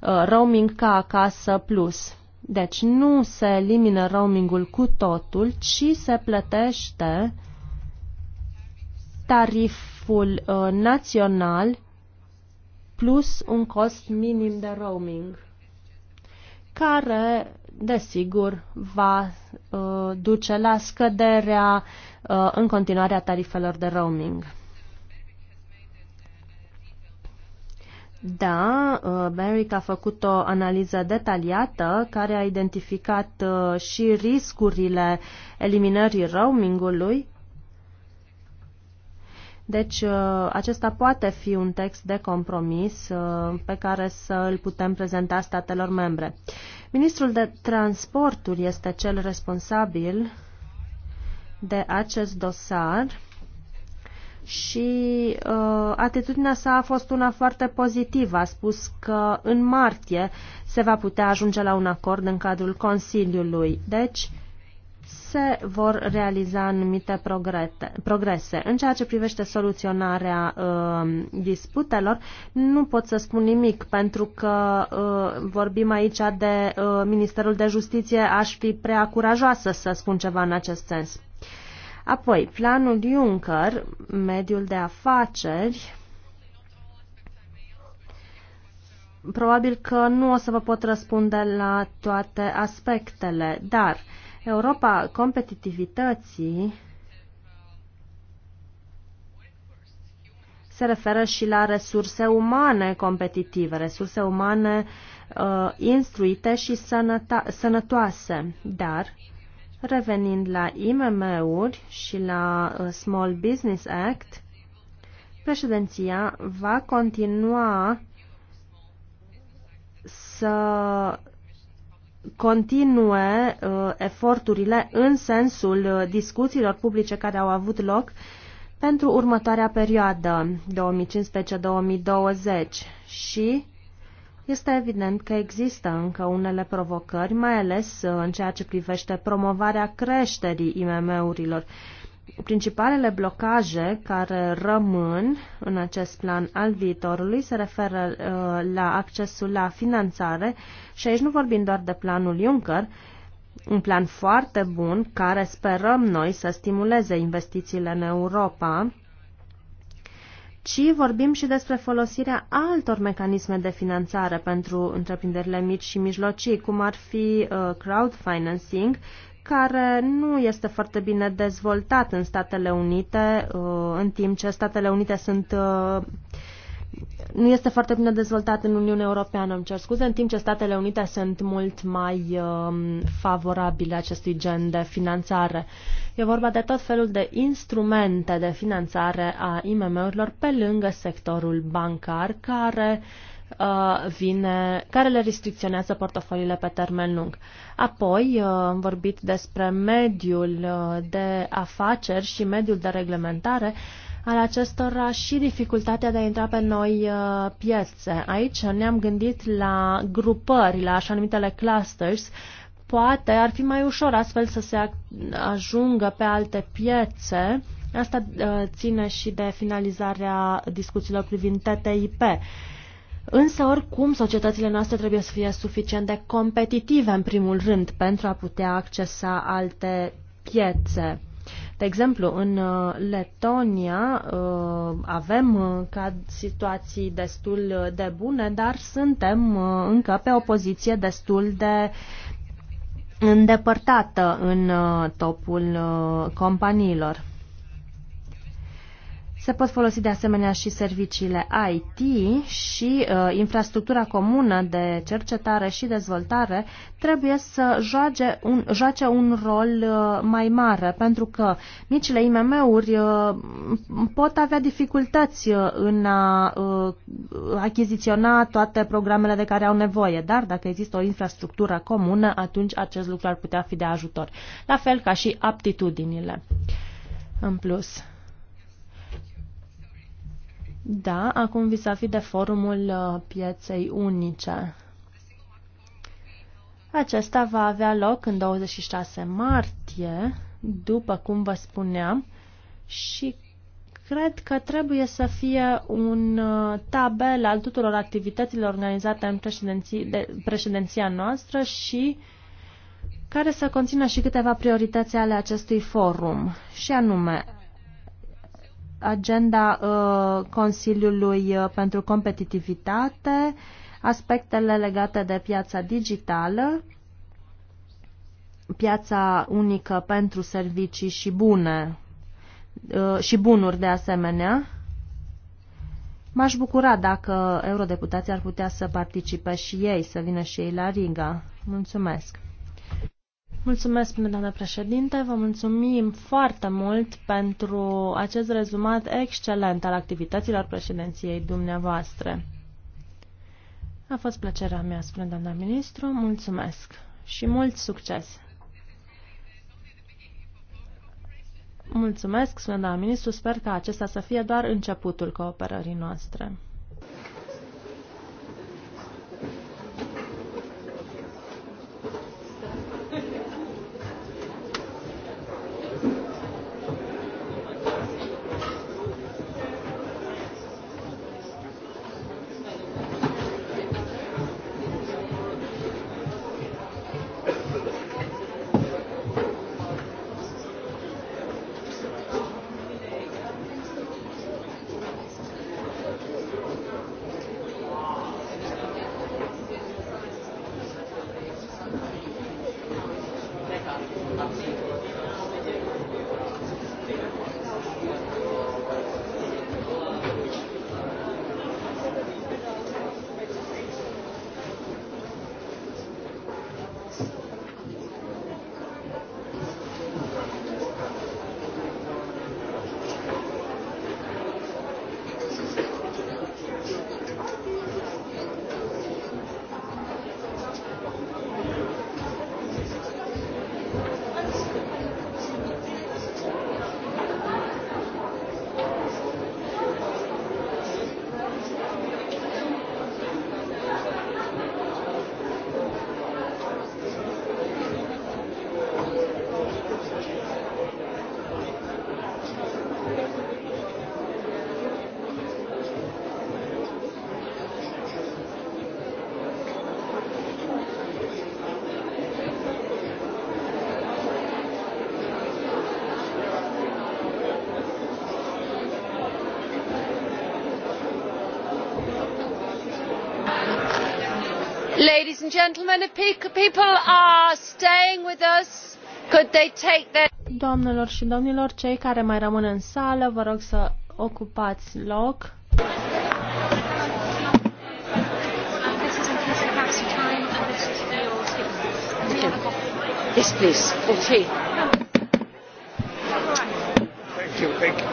uh, roaming ca acasă plus. Deci nu se elimină roamingul cu totul, ci se plătește tariful național plus un cost minim de roaming care, desigur, va uh, duce la scăderea uh, în continuare a tarifelor de roaming. Da, uh, Beric a făcut o analiză detaliată care a identificat uh, și riscurile eliminării roamingului deci uh, acesta poate fi un text de compromis uh, pe care să îl putem prezenta statelor membre. Ministrul de Transporturi este cel responsabil de acest dosar și uh, atitudinea sa a fost una foarte pozitivă. A spus că în martie se va putea ajunge la un acord în cadrul Consiliului. Deci, se vor realiza anumite progrese. În ceea ce privește soluționarea uh, disputelor, nu pot să spun nimic, pentru că uh, vorbim aici de uh, Ministerul de Justiție, aș fi prea curajoasă să spun ceva în acest sens. Apoi, planul Juncker, mediul de afaceri, Probabil că nu o să vă pot răspunde la toate aspectele, dar Europa competitivității se referă și la resurse umane competitive, resurse umane uh, instruite și sănăta- sănătoase. Dar, revenind la IMM-uri și la uh, Small Business Act, președinția va continua să continue uh, eforturile în sensul uh, discuțiilor publice care au avut loc pentru următoarea perioadă 2015-2020 și este evident că există încă unele provocări, mai ales uh, în ceea ce privește promovarea creșterii IMM-urilor Principalele blocaje care rămân în acest plan al viitorului se referă uh, la accesul la finanțare și aici nu vorbim doar de planul Juncker, un plan foarte bun care sperăm noi să stimuleze investițiile în Europa, ci vorbim și despre folosirea altor mecanisme de finanțare pentru întreprinderile mici și mijlocii, cum ar fi uh, crowdfinancing care nu este foarte bine dezvoltat în Statele Unite, uh, în timp ce Statele Unite sunt uh, nu este foarte bine dezvoltat în Uniunea Europeană, îmi cer scuze, în timp ce Statele Unite sunt mult mai um, favorabile acestui gen de finanțare. E vorba de tot felul de instrumente de finanțare a IMM-urilor pe lângă sectorul bancar, care uh, Uh, vine, care le restricționează portofoliile pe termen lung. Apoi uh, am vorbit despre mediul uh, de afaceri și mediul de reglementare al acestora și dificultatea de a intra pe noi piețe. Aici ne-am gândit la grupări, la așa numitele clusters, poate ar fi mai ușor astfel să se ajungă pe alte piețe. Asta ține și de finalizarea discuțiilor privind TTIP. Însă, oricum, societățile noastre trebuie să fie suficient de competitive, în primul rând, pentru a putea accesa alte piețe. De exemplu, în uh, Letonia uh, avem uh, ca situații destul de bune, dar suntem încă pe o poziție destul de îndepărtată în topul companiilor. Se pot folosi de asemenea și serviciile IT și uh, infrastructura comună de cercetare și dezvoltare trebuie să joace un, joace un rol uh, mai mare, pentru că micile IMM-uri uh, pot avea dificultăți uh, în a uh, achiziționa toate programele de care au nevoie, dar dacă există o infrastructură comună, atunci acest lucru ar putea fi de ajutor, la fel ca și aptitudinile. În plus. Da, acum vis-a-vis de forumul uh, pieței unice. Acesta va avea loc în 26 martie, după cum vă spuneam, și cred că trebuie să fie un uh, tabel al tuturor activităților organizate în de președinția noastră și care să conțină și câteva priorități ale acestui forum, și anume agenda uh, Consiliului uh, pentru Competitivitate, aspectele legate de piața digitală, piața unică pentru servicii și bune uh, și bunuri de asemenea. M-aș bucura dacă eurodeputații ar putea să participe și ei, să vină și ei la Riga. Mulțumesc! Mulțumesc, doamna președinte. Vă mulțumim foarte mult pentru acest rezumat excelent al activităților președinției dumneavoastră. A fost plăcerea mea, spune doamna ministru. Mulțumesc și mult succes! Mulțumesc, spune doamna ministru. Sper că acesta să fie doar începutul cooperării noastre. gentlemen, if people are staying with us, could they take their... Doamnelor și domnilor, cei care mai rămân în sală, vă rog să ocupați loc. Yes, please. For Thank you. Thank you.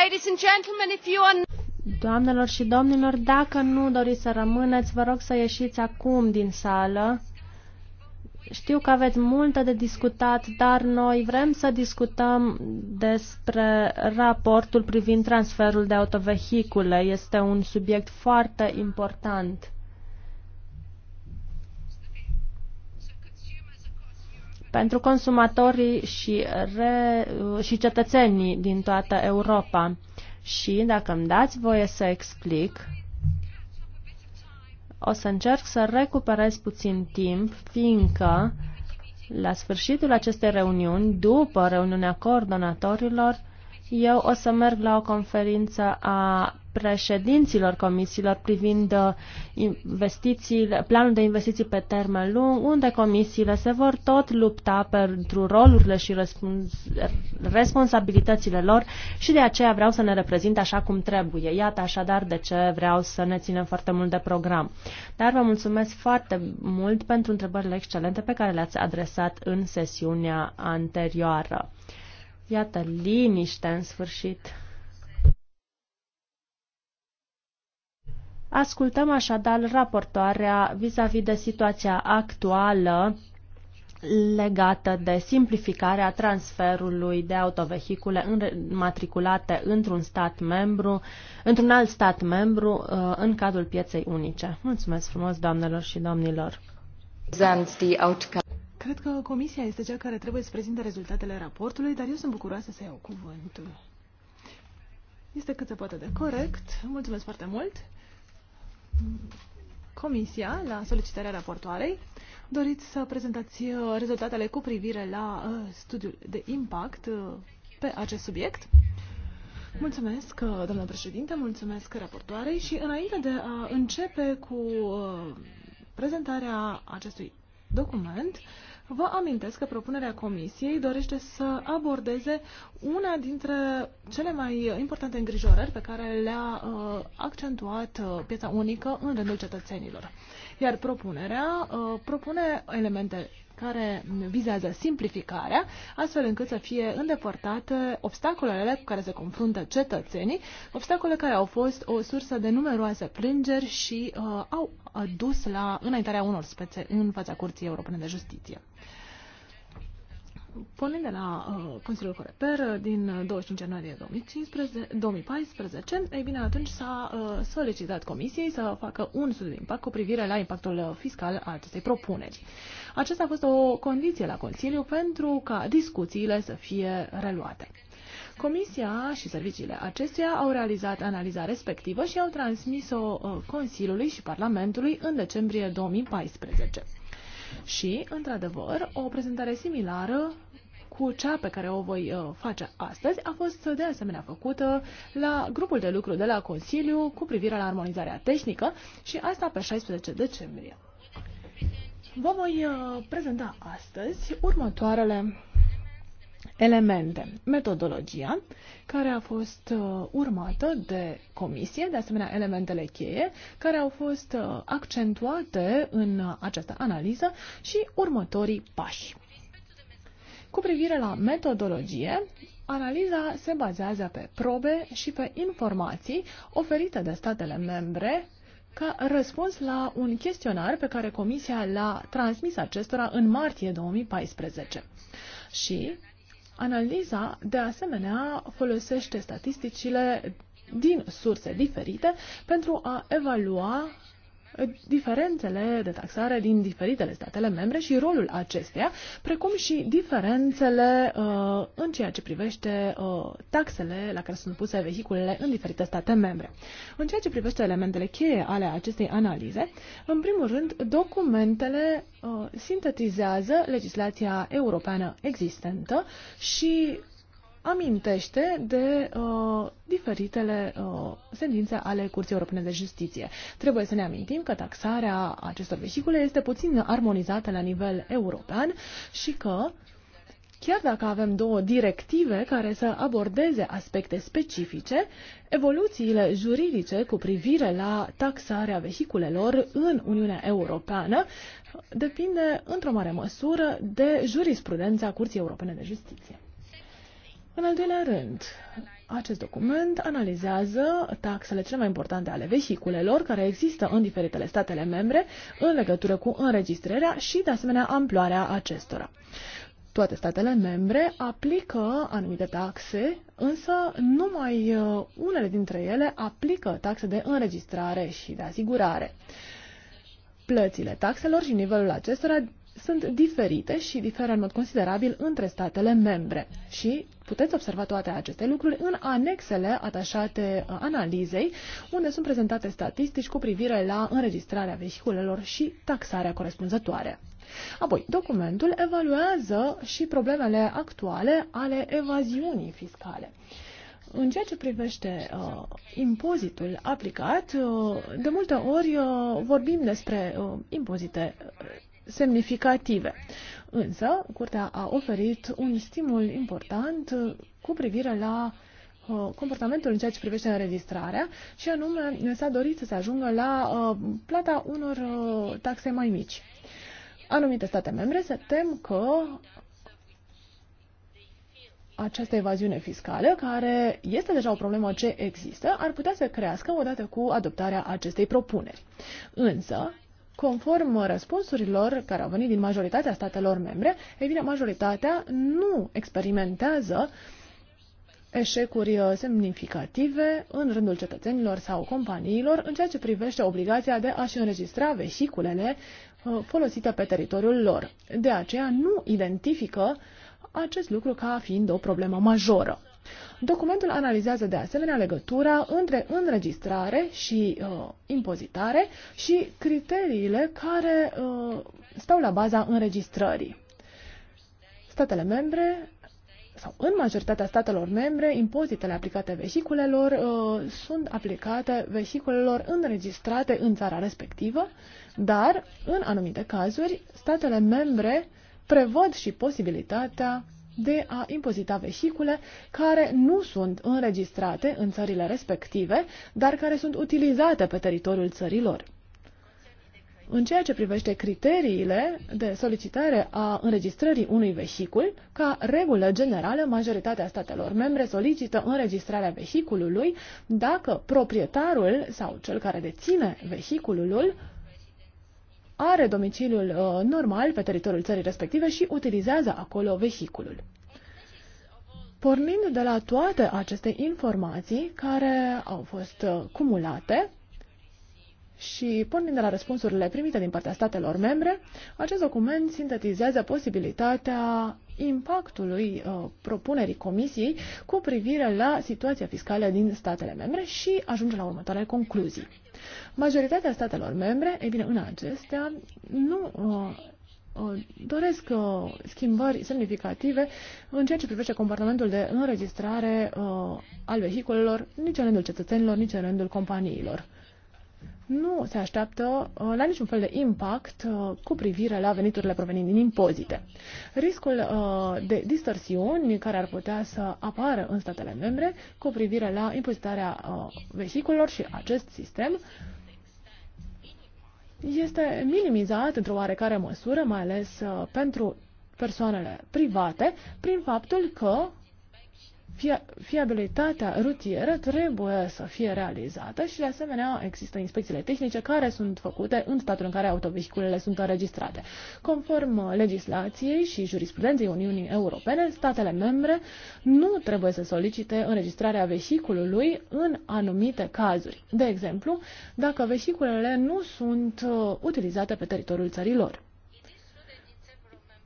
Ladies and gentlemen, if you are Doamnelor și domnilor, dacă nu doriți să rămâneți, vă rog să ieșiți acum din sală. Știu că aveți multe de discutat, dar noi vrem să discutăm despre raportul privind transferul de autovehicule. Este un subiect foarte important. pentru consumatorii și, re, și cetățenii din toată Europa și, dacă îmi dați voie să explic, o să încerc să recuperez puțin timp, fiindcă la sfârșitul acestei reuniuni, după reuniunea coordonatorilor, eu o să merg la o conferință a președinților comisiilor privind uh, investițiile, planul de investiții pe termen lung, unde comisiile se vor tot lupta pentru rolurile și responsabilitățile lor și de aceea vreau să ne reprezint așa cum trebuie. Iată așadar de ce vreau să ne ținem foarte mult de program. Dar vă mulțumesc foarte mult pentru întrebările excelente pe care le-ați adresat în sesiunea anterioară. Iată, liniște în sfârșit. Ascultăm așadar raportoarea vis-a-vis -vis de situația actuală legată de simplificarea transferului de autovehicule matriculate într-un stat membru, într-un alt stat membru, uh, în cadrul pieței unice. Mulțumesc frumos, doamnelor și domnilor! Cred că comisia este cea care trebuie să prezinte rezultatele raportului, dar eu sunt bucuroasă să iau cuvântul. Este cât se poate de corect. Mulțumesc foarte mult. Comisia, la solicitarea raportoarei, doriți să prezentați uh, rezultatele cu privire la uh, studiul de impact uh, pe acest subiect. Mulțumesc, doamnă președinte, mulțumesc raportoarei și înainte de a începe cu prezentarea acestui document, Vă amintesc că propunerea Comisiei dorește să abordeze una dintre cele mai importante îngrijorări pe care le-a uh, accentuat uh, piața unică în rândul cetățenilor. Iar propunerea uh, propune elemente care vizează simplificarea, astfel încât să fie îndepărtate obstacolele cu care se confruntă cetățenii, obstacole care au fost o sursă de numeroase plângeri și uh, au dus la înaintarea unor spețe în fața Curții Europene de Justiție pornind de la uh, Consiliul Coreper uh, din 25 uh, ianuarie 2015, 2014, ei bine, atunci s-a uh, solicitat Comisiei să facă un studiu de impact cu privire la impactul uh, fiscal al acestei propuneri. Aceasta a fost o condiție la Consiliu pentru ca discuțiile să fie reluate. Comisia și serviciile acesteia au realizat analiza respectivă și au transmis-o Consiliului și Parlamentului în decembrie 2014 și, într-adevăr, o prezentare similară cu cea pe care o voi uh, face astăzi a fost de asemenea făcută la grupul de lucru de la Consiliu cu privire la armonizarea tehnică și asta pe 16 decembrie. Vă voi uh, prezenta astăzi următoarele elemente. Metodologia care a fost uh, urmată de comisie, de asemenea elementele cheie care au fost uh, accentuate în această analiză și următorii pași. Cu privire la metodologie, analiza se bazează pe probe și pe informații oferite de statele membre ca răspuns la un chestionar pe care Comisia l-a transmis acestora în martie 2014. Și Analiza, de asemenea, folosește statisticile din surse diferite pentru a evalua diferențele de taxare din diferitele statele membre și rolul acesteia, precum și diferențele uh, în ceea ce privește uh, taxele la care sunt puse vehiculele în diferite state membre. În ceea ce privește elementele cheie ale acestei analize, în primul rând, documentele uh, sintetizează legislația europeană existentă și amintește de uh, diferitele uh, sentințe ale Curții Europene de Justiție. Trebuie să ne amintim că taxarea acestor vehicule este puțin armonizată la nivel european și că Chiar dacă avem două directive care să abordeze aspecte specifice, evoluțiile juridice cu privire la taxarea vehiculelor în Uniunea Europeană depinde într-o mare măsură de jurisprudența Curții Europene de Justiție. În al doilea rând, acest document analizează taxele cele mai importante ale vehiculelor care există în diferitele statele membre în legătură cu înregistrarea și, de asemenea, amploarea acestora. Toate statele membre aplică anumite taxe, însă numai uh, unele dintre ele aplică taxe de înregistrare și de asigurare. Plățile taxelor și nivelul acestora sunt diferite și diferă în mod considerabil între statele membre. Și puteți observa toate aceste lucruri în anexele atașate uh, analizei, unde sunt prezentate statistici cu privire la înregistrarea vehiculelor și taxarea corespunzătoare. Apoi, documentul evaluează și problemele actuale ale evaziunii fiscale. În ceea ce privește uh, impozitul aplicat, uh, de multe ori uh, vorbim despre uh, impozite uh, semnificative. Însă, Curtea a oferit un stimul important uh, cu privire la uh, comportamentul în ceea ce privește înregistrarea și anume s-a dorit să se ajungă la uh, plata unor taxe mai mici. Anumite state membre se tem că această evaziune fiscală, care este deja o problemă ce există, ar putea să crească odată cu adoptarea acestei propuneri. Însă, Conform răspunsurilor care au venit din majoritatea statelor membre, ei bine, majoritatea nu experimentează eșecuri uh, semnificative în rândul cetățenilor sau companiilor în ceea ce privește obligația de a-și înregistra vehiculele uh, folosite pe teritoriul lor. De aceea nu identifică acest lucru ca fiind o problemă majoră. Documentul analizează de asemenea legătura între înregistrare și uh, impozitare și criteriile care uh, stau la baza înregistrării. Statele membre sau în majoritatea statelor membre, impozitele aplicate vehiculelor uh, sunt aplicate vehiculelor înregistrate în țara respectivă, dar în anumite cazuri statele membre prevăd și posibilitatea de a impozita vehicule care nu sunt înregistrate în țările respective, dar care sunt utilizate pe teritoriul țărilor. În ceea ce privește criteriile de solicitare a înregistrării unui vehicul, ca regulă generală, majoritatea statelor membre solicită înregistrarea vehiculului dacă proprietarul sau cel care deține vehiculul are domiciliul uh, normal pe teritoriul țării respective și utilizează acolo vehiculul. Pornind de la toate aceste informații care au fost uh, cumulate, și pornind de la răspunsurile primite din partea statelor membre, acest document sintetizează posibilitatea impactului uh, propunerii Comisiei cu privire la situația fiscală din statele membre și ajunge la următoarele concluzii. Majoritatea statelor membre, e bine, în acestea, nu uh, uh doresc uh, schimbări semnificative în ceea ce privește comportamentul de înregistrare uh, al vehiculelor, nici în rândul cetățenilor, nici în rândul companiilor nu se așteaptă uh, la niciun fel de impact uh, cu privire la veniturile provenind din impozite. Riscul uh, de distorsiuni care ar putea să apară în statele membre cu privire la impozitarea vehiculor și acest sistem este minimizat într-o oarecare măsură, mai ales pentru persoanele private, prin faptul că fiabilitatea rutieră trebuie să fie realizată și, de asemenea, există inspecțiile tehnice care sunt făcute în statul în care autovehiculele sunt înregistrate. Conform legislației și jurisprudenței Uniunii Europene, statele membre nu trebuie să solicite înregistrarea vehiculului în anumite cazuri. De exemplu, dacă vehiculele nu sunt uh, utilizate pe teritoriul țărilor.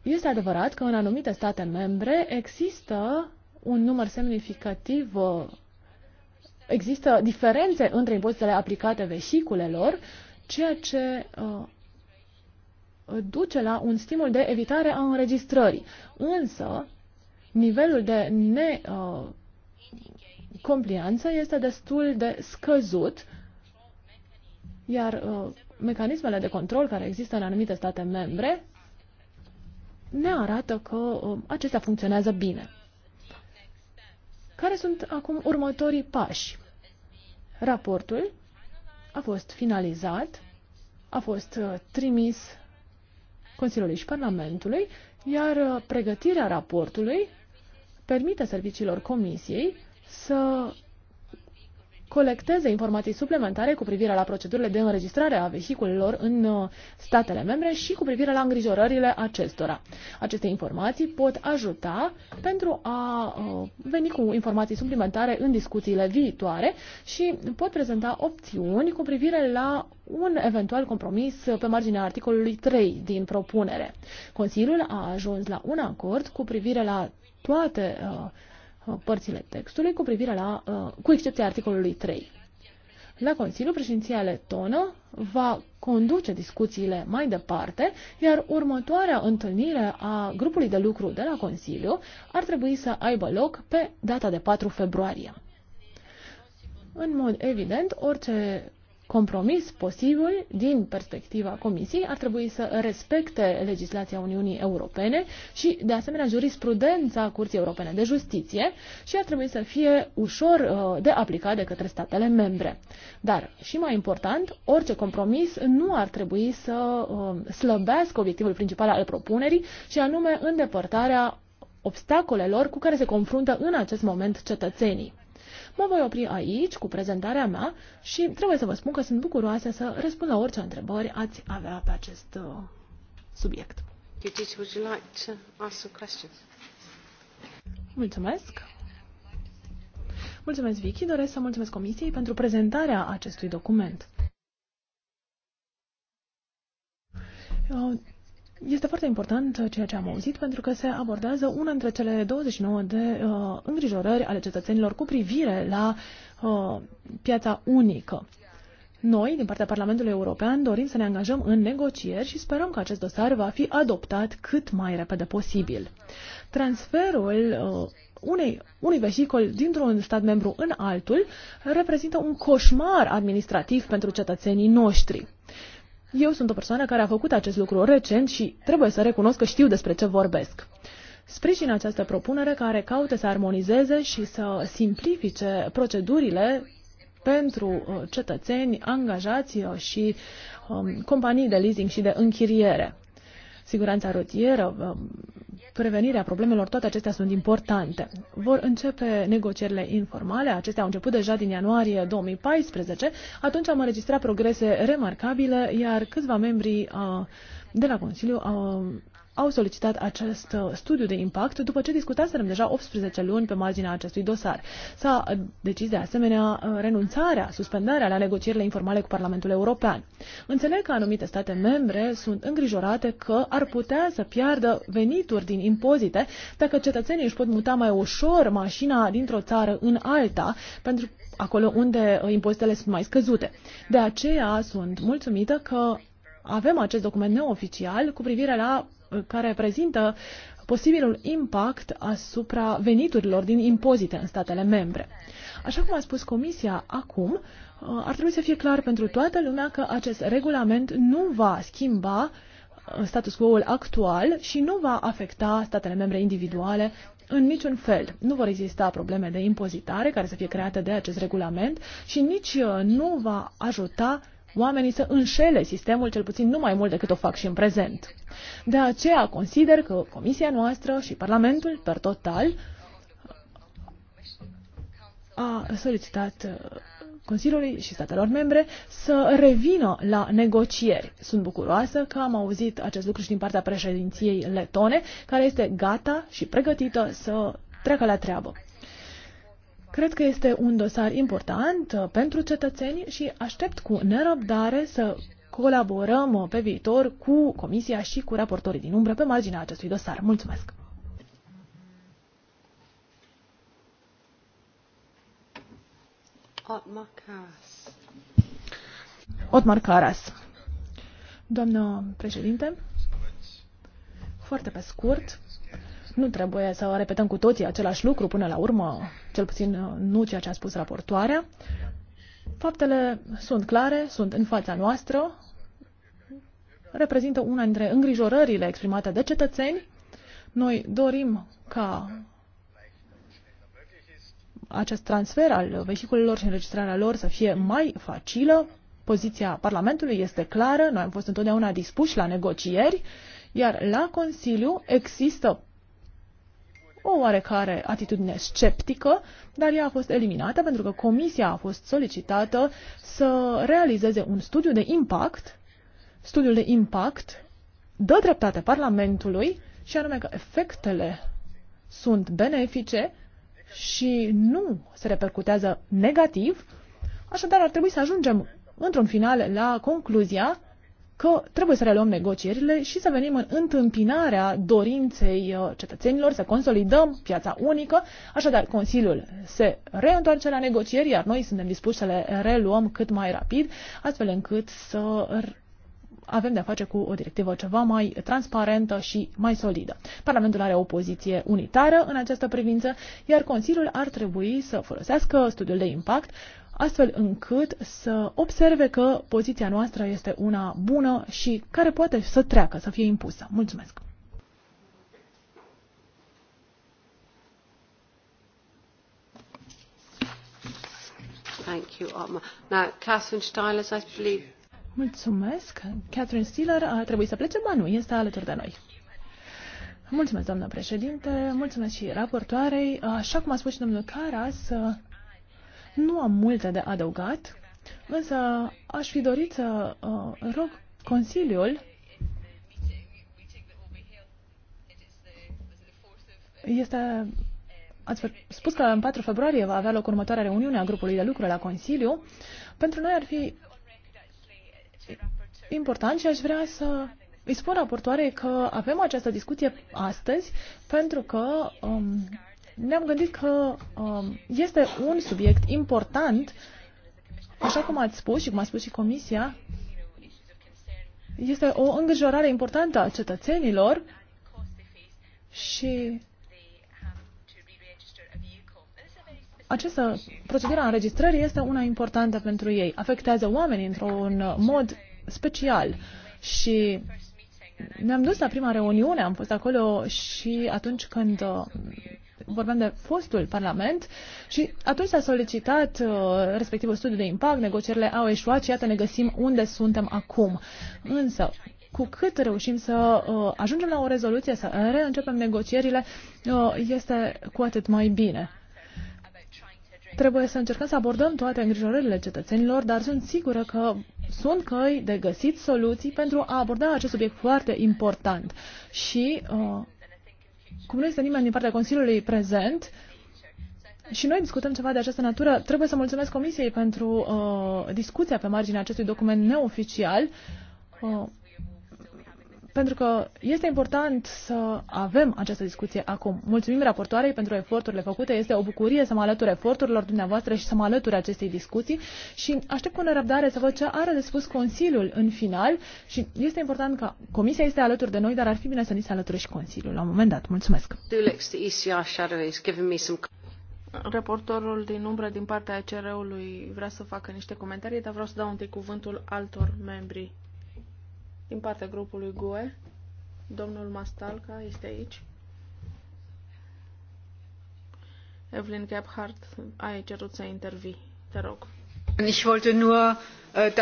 Este adevărat că în anumite state membre există un număr semnificativ uh, există diferențe între impozitele aplicate vehiculelor, ceea ce uh, duce la un stimul de evitare a înregistrării. Însă, nivelul de necomplianță uh, este destul de scăzut, iar mecanismele de control care există în anumite state membre ne arată că acestea funcționează bine. Care sunt acum următorii pași? Raportul a fost finalizat, a fost uh, trimis Consiliului și Parlamentului, iar uh, pregătirea raportului permite serviciilor Comisiei să colecteze informații suplimentare cu privire la procedurile de înregistrare a vehiculelor în uh, statele membre și cu privire la îngrijorările acestora. Aceste informații pot ajuta pentru a uh, veni cu informații suplimentare în discuțiile viitoare și pot prezenta opțiuni cu privire la un eventual compromis pe marginea articolului 3 din propunere. Consiliul a ajuns la un acord cu privire la toate uh, Uh, părțile textului cu privire la, uh, cu excepția articolului 3. La Consiliu, președinția letonă va conduce discuțiile mai departe, iar următoarea întâlnire a grupului de lucru de la Consiliu ar trebui să aibă loc pe data de 4 februarie. În mod evident, orice compromis posibil din perspectiva Comisiei ar trebui să respecte legislația Uniunii Europene și, de asemenea, jurisprudența Curții Europene de Justiție și ar trebui să fie ușor uh, de aplicat de către statele membre. Dar, și mai important, orice compromis nu ar trebui să um, slăbească obiectivul principal al propunerii și anume îndepărtarea obstacolelor cu care se confruntă în acest moment cetățenii. Mă voi opri aici cu prezentarea mea și trebuie să vă spun că sunt bucuroasă să răspund la orice întrebări ați avea pe acest uh, subiect. Mulțumesc! Mulțumesc, Vicky. Doresc să mulțumesc Comisiei pentru prezentarea acestui document. Este foarte important uh, ceea ce am auzit pentru că se abordează una dintre cele 29 de uh, îngrijorări ale cetățenilor cu privire la uh, piața unică. Noi, din partea Parlamentului European, dorim să ne angajăm în negocieri și sperăm că acest dosar va fi adoptat cât mai repede posibil. Transferul uh, unei, unui vehicul dintr-un stat membru în altul reprezintă un coșmar administrativ pentru cetățenii noștri. Eu sunt o persoană care a făcut acest lucru recent și trebuie să recunosc că știu despre ce vorbesc. Sprijin această propunere care caută să armonizeze și să simplifice procedurile pentru uh, cetățeni, angajați uh, și um, companii de leasing și de închiriere. Siguranța rutieră, um, prevenirea problemelor, toate acestea sunt importante. Vor începe negocierile informale, acestea au început deja din ianuarie 2014, atunci am înregistrat progrese remarcabile, iar câțiva membri de la Consiliu au solicitat acest uh, studiu de impact după ce discutaserăm deja 18 luni pe marginea acestui dosar. S-a uh, decis de asemenea uh, renunțarea, suspendarea la negocierile informale cu Parlamentul European. Înțeleg că anumite state membre sunt îngrijorate că ar putea să piardă venituri din impozite dacă cetățenii își pot muta mai ușor mașina dintr-o țară în alta, pentru acolo unde impozitele sunt mai scăzute. De aceea sunt mulțumită că avem acest document neoficial cu privire la care prezintă posibilul impact asupra veniturilor din impozite în statele membre. Așa cum a spus Comisia acum, uh, ar trebui să fie clar pentru toată lumea că acest regulament nu va schimba uh, status quo-ul actual și nu va afecta statele membre individuale în niciun fel. Nu vor exista probleme de impozitare care să fie create de acest regulament și nici uh, nu va ajuta uh, oamenii să înșele sistemul, cel puțin nu mai mult decât o fac și în prezent. De aceea consider că Comisia noastră și Parlamentul, per total, a solicitat uh, Consiliului și statelor membre să revină la negocieri. Sunt bucuroasă că am auzit acest lucru și din partea președinției letone, care este gata și pregătită să treacă la treabă. Cred că este un dosar important uh, pentru cetățeni și aștept cu nerăbdare să colaborăm uh, pe viitor cu Comisia și cu raportorii din umbră pe marginea acestui dosar. Mulțumesc! Otmar Caras. Otmar Doamnă președinte, foarte pe scurt, nu trebuie să repetăm cu toții același lucru până la urmă, cel puțin uh, nu ceea ce a spus raportoarea. Faptele sunt clare, sunt în fața noastră, reprezintă una dintre îngrijorările exprimate de cetățeni. Noi dorim ca acest transfer al vehiculelor și înregistrarea lor să fie mai facilă. Poziția Parlamentului este clară, noi am fost întotdeauna dispuși la negocieri, iar la Consiliu există o oarecare atitudine sceptică, dar ea a fost eliminată pentru că comisia a fost solicitată să realizeze un studiu de impact. Studiul de impact dă dreptate Parlamentului și anume că efectele sunt benefice și nu se repercutează negativ, așadar ar trebui să ajungem într-un final la concluzia că trebuie să reluăm negocierile și să venim în întâmpinarea dorinței uh, cetățenilor să consolidăm piața unică. Așadar, Consiliul se reîntoarce la negocieri, iar noi suntem dispuși să le reluăm cât mai rapid, astfel încât să avem de-a face cu o directivă ceva mai transparentă și mai solidă. Parlamentul are o poziție unitară în această privință, iar Consiliul ar trebui să folosească studiul de impact astfel încât să observe că poziția noastră este una bună și care poate să treacă, să fie impusă. Mulțumesc! Thank you, Otmar. Now, Catherine Styler, I believe, Mulțumesc. Catherine Stiller a trebuit să plece, ba nu, este alături de noi. Mulțumesc, doamnă președinte, mulțumesc și raportoarei. Așa cum a spus și domnul Caras, nu am multe de adăugat, însă aș fi dorit să uh, rog Consiliul este ați spus că în 4 februarie va avea loc următoarea reuniune a grupului de lucru la Consiliu. Pentru noi ar fi important și aș vrea să îi spun raportoarei că avem această discuție astăzi pentru că um, ne-am gândit că um, este un subiect important, așa cum ați spus și cum a spus și Comisia, este o îngrijorare importantă a cetățenilor și această procedură a înregistrării este una importantă pentru ei. Afectează oamenii într-un mod special și ne-am dus la prima reuniune, am fost acolo și atunci când uh, vorbeam de fostul Parlament și atunci s-a solicitat uh, respectivul studiu de impact, negocierile au eșuat și iată ne găsim unde suntem acum. Însă, cu cât reușim să uh, ajungem la o rezoluție, să reîncepem negocierile, uh, este cu atât mai bine. Trebuie să încercăm să abordăm toate îngrijorările cetățenilor, dar sunt sigură că sunt căi de găsit soluții pentru a aborda acest subiect foarte important. Și uh, cum nu este nimeni din partea Consiliului prezent, și noi discutăm ceva de această natură. Trebuie să mulțumesc Comisiei pentru uh, discuția pe marginea acestui document neoficial. Uh, pentru că este important să avem această discuție acum. Mulțumim raportoarei pentru eforturile făcute. Este o bucurie să mă alătur eforturilor dumneavoastră și să mă alătur acestei discuții și aștept cu nerăbdare să văd ce are de spus Consiliul în final și este important ca Comisia este alături de noi, dar ar fi bine să ni se alăture și Consiliul la un moment dat. Mulțumesc! Reportorul din umbră din partea CR-ului vrea să facă niște comentarii, dar vreau să dau întâi cuvântul altor membri din partea grupului GUE. Domnul Mastalca este aici. Evelyn Gebhardt, ai cerut să intervii. Te rog. Uh, uh,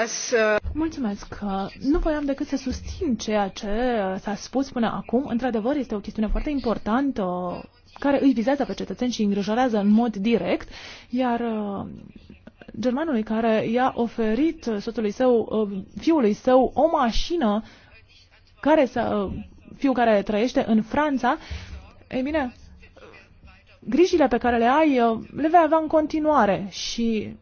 Mulțumesc. Nu voiam decât să susțin ceea ce s-a spus până acum. Într-adevăr, este o chestiune foarte importantă care îi vizează pe cetățeni și îi îngrijorează în mod direct, iar uh, germanului care i-a oferit soțului său, uh, fiului său o mașină care să, uh, fiul care trăiește în Franța, ei bine, grijile pe care le ai uh, le vei avea în continuare și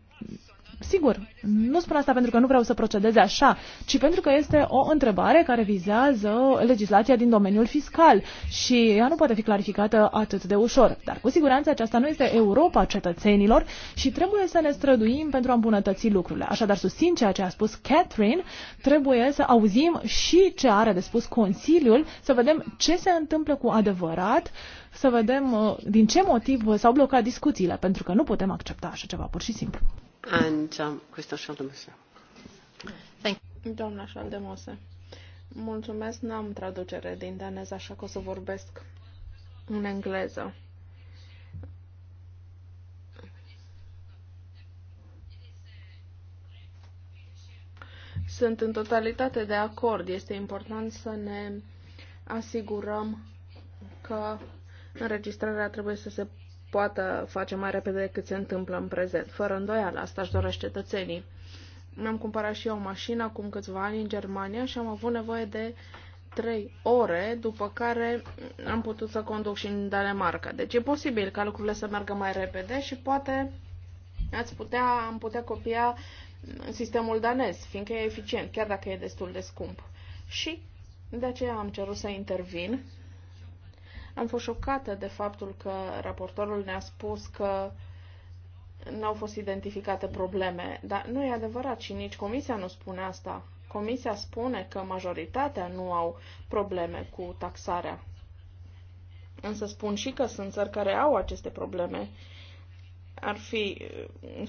Sigur, nu spun asta pentru că nu vreau să procedeze așa, ci pentru că este o întrebare care vizează legislația din domeniul fiscal și ea nu poate fi clarificată atât de ușor. Dar cu siguranță aceasta nu este Europa cetățenilor și trebuie să ne străduim pentru a îmbunătăți lucrurile. Așadar, susțin ceea ce a spus Catherine, trebuie să auzim și ce are de spus Consiliul, să vedem ce se întâmplă cu adevărat, să vedem uh, din ce motiv s-au blocat discuțiile, pentru că nu putem accepta așa ceva pur și simplu. And um, Schaldemose. Thank you. Mulțumesc, n-am traducere din daneză, așa că o să vorbesc în engleză. Sunt în totalitate de acord. Este important să ne asigurăm că înregistrarea trebuie să se poată face mai repede decât se întâmplă în prezent. Fără îndoială, asta își doresc cetățenii. Mi-am cumpărat și eu o mașină acum câțiva ani în Germania și am avut nevoie de 3 ore, după care am putut să conduc și în Danemarca. Deci e posibil ca lucrurile să meargă mai repede și poate ați putea, am putea copia sistemul danez, fiindcă e eficient, chiar dacă e destul de scump. Și de aceea am cerut să intervin am fost șocată de faptul că raportorul ne-a spus că n-au fost identificate probleme, dar nu e adevărat și nici comisia nu spune asta. Comisia spune că majoritatea nu au probleme cu taxarea. Însă spun și că sunt țări care au aceste probleme. Ar fi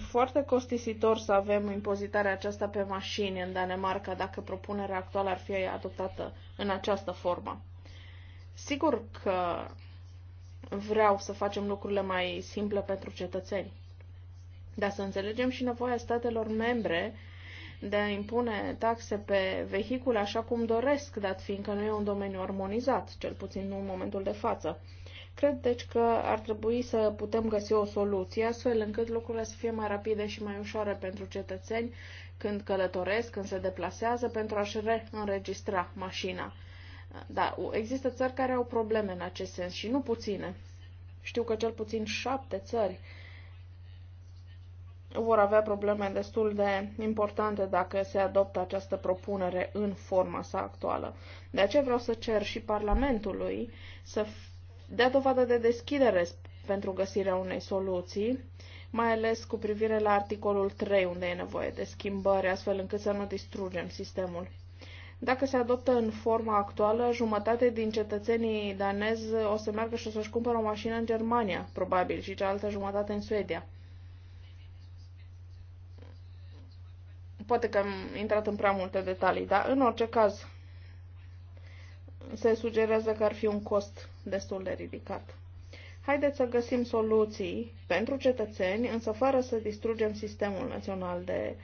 foarte costisitor să avem impozitarea aceasta pe mașini în Danemarca dacă propunerea actuală ar fi adoptată în această formă. Sigur că vreau să facem lucrurile mai simple pentru cetățeni, dar să înțelegem și nevoia statelor membre de a impune taxe pe vehicule așa cum doresc, dat fiindcă nu e un domeniu armonizat, cel puțin nu în momentul de față. Cred deci că ar trebui să putem găsi o soluție astfel încât lucrurile să fie mai rapide și mai ușoare pentru cetățeni când călătoresc, când se deplasează pentru a-și reînregistra mașina. Da, există țări care au probleme în acest sens și nu puține. Știu că cel puțin șapte țări vor avea probleme destul de importante dacă se adoptă această propunere în forma sa actuală. De aceea vreau să cer și Parlamentului să dea dovadă de deschidere pentru găsirea unei soluții, mai ales cu privire la articolul 3, unde e nevoie de schimbări, astfel încât să nu distrugem sistemul. Dacă se adoptă în forma actuală, jumătate din cetățenii danezi o să meargă și o să-și cumpără o mașină în Germania, probabil, și cealaltă jumătate în Suedia. Poate că am intrat în prea multe detalii, dar în orice caz se sugerează că ar fi un cost destul de ridicat. Haideți să găsim soluții pentru cetățeni, însă fără să distrugem sistemul național de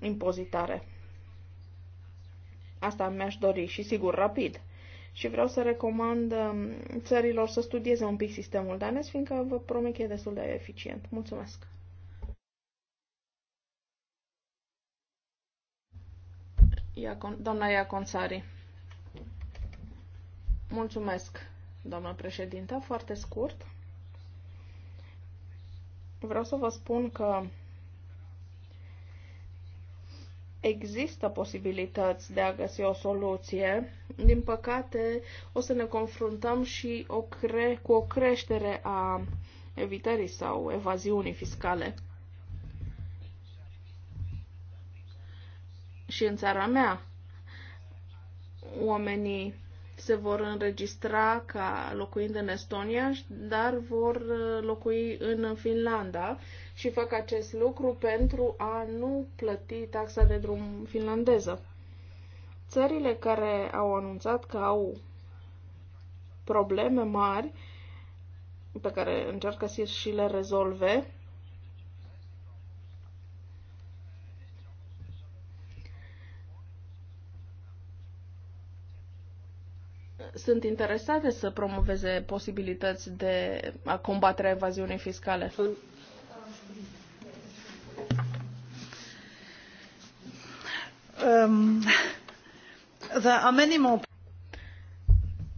impozitare. Asta mi-aș dori și sigur rapid. Și vreau să recomand um, țărilor să studieze un pic sistemul danez, fiindcă vă promit că e destul de eficient. Mulțumesc! Iacon, doamna Iaconțari. Mulțumesc, doamna președintă. Foarte scurt. Vreau să vă spun că există posibilități de a găsi o soluție. Din păcate, o să ne confruntăm și o cre- cu o creștere a evitării sau evaziunii fiscale. Și în țara mea, oamenii se vor înregistra ca locuind în Estonia, dar vor locui în Finlanda și fac acest lucru pentru a nu plăti taxa de drum finlandeză. Țările care au anunțat că au probleme mari pe care încearcă să și le rezolve, sunt interesate să promoveze posibilități de a combate evaziunii fiscale. Um, there are many more...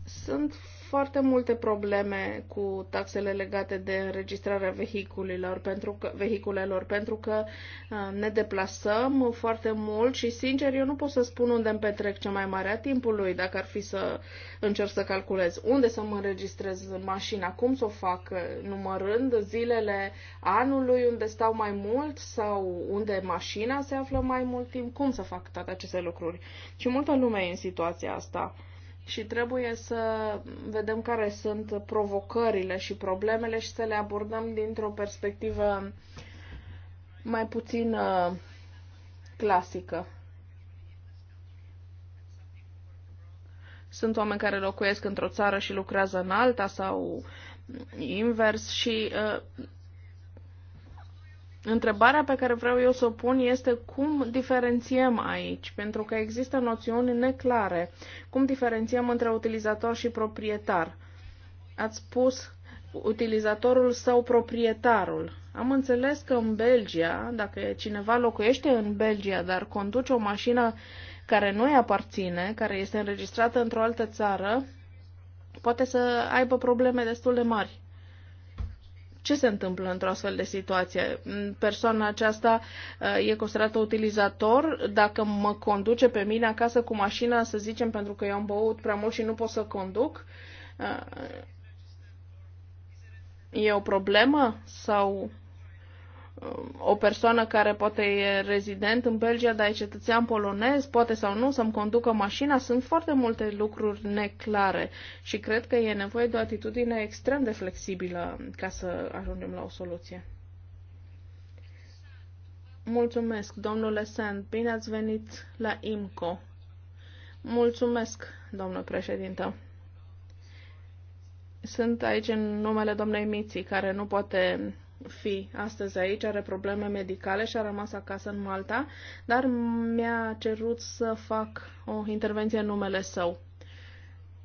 Sunt foarte multe probleme cu taxele legate de înregistrarea vehiculelor pentru că, vehiculelor, pentru că uh, ne deplasăm foarte mult și, sincer, eu nu pot să spun unde îmi petrec cea mai mare a timpului, dacă ar fi să încerc să calculez unde să mă înregistrez mașina, cum să o fac, uh, numărând zilele anului unde stau mai mult sau unde mașina se află mai mult timp, cum să fac toate aceste lucruri. Și multă lume e în situația asta și trebuie să vedem care sunt provocările și problemele și să le abordăm dintr-o perspectivă mai puțin uh, clasică. Sunt oameni care locuiesc într-o țară și lucrează în alta sau invers și uh, Întrebarea pe care vreau eu să o pun este cum diferențiem aici, pentru că există noțiuni neclare. Cum diferențiem între utilizator și proprietar? Ați spus utilizatorul sau proprietarul. Am înțeles că în Belgia, dacă cineva locuiește în Belgia, dar conduce o mașină care nu i aparține, care este înregistrată într-o altă țară, poate să aibă probleme destul de mari. Ce se întâmplă într-o astfel de situație? Mm, Persoana aceasta uh, e considerată utilizator dacă mă conduce pe mine acasă cu mașina, să zicem, pentru că eu am băut prea mult și nu pot să conduc. Uh, e o problemă sau o persoană care poate e rezident în Belgia, dar e cetățean polonez, poate sau nu să-mi conducă mașina, sunt foarte multe lucruri neclare și cred că e nevoie de o atitudine extrem de flexibilă ca să ajungem la o soluție. Mulțumesc, domnule Sand. Bine ați venit la IMCO. Mulțumesc, domnule președinte. Sunt aici în numele domnei Miții, care nu poate fi astăzi aici, are probleme medicale și a rămas acasă în Malta, dar mi-a cerut să fac o intervenție în numele său.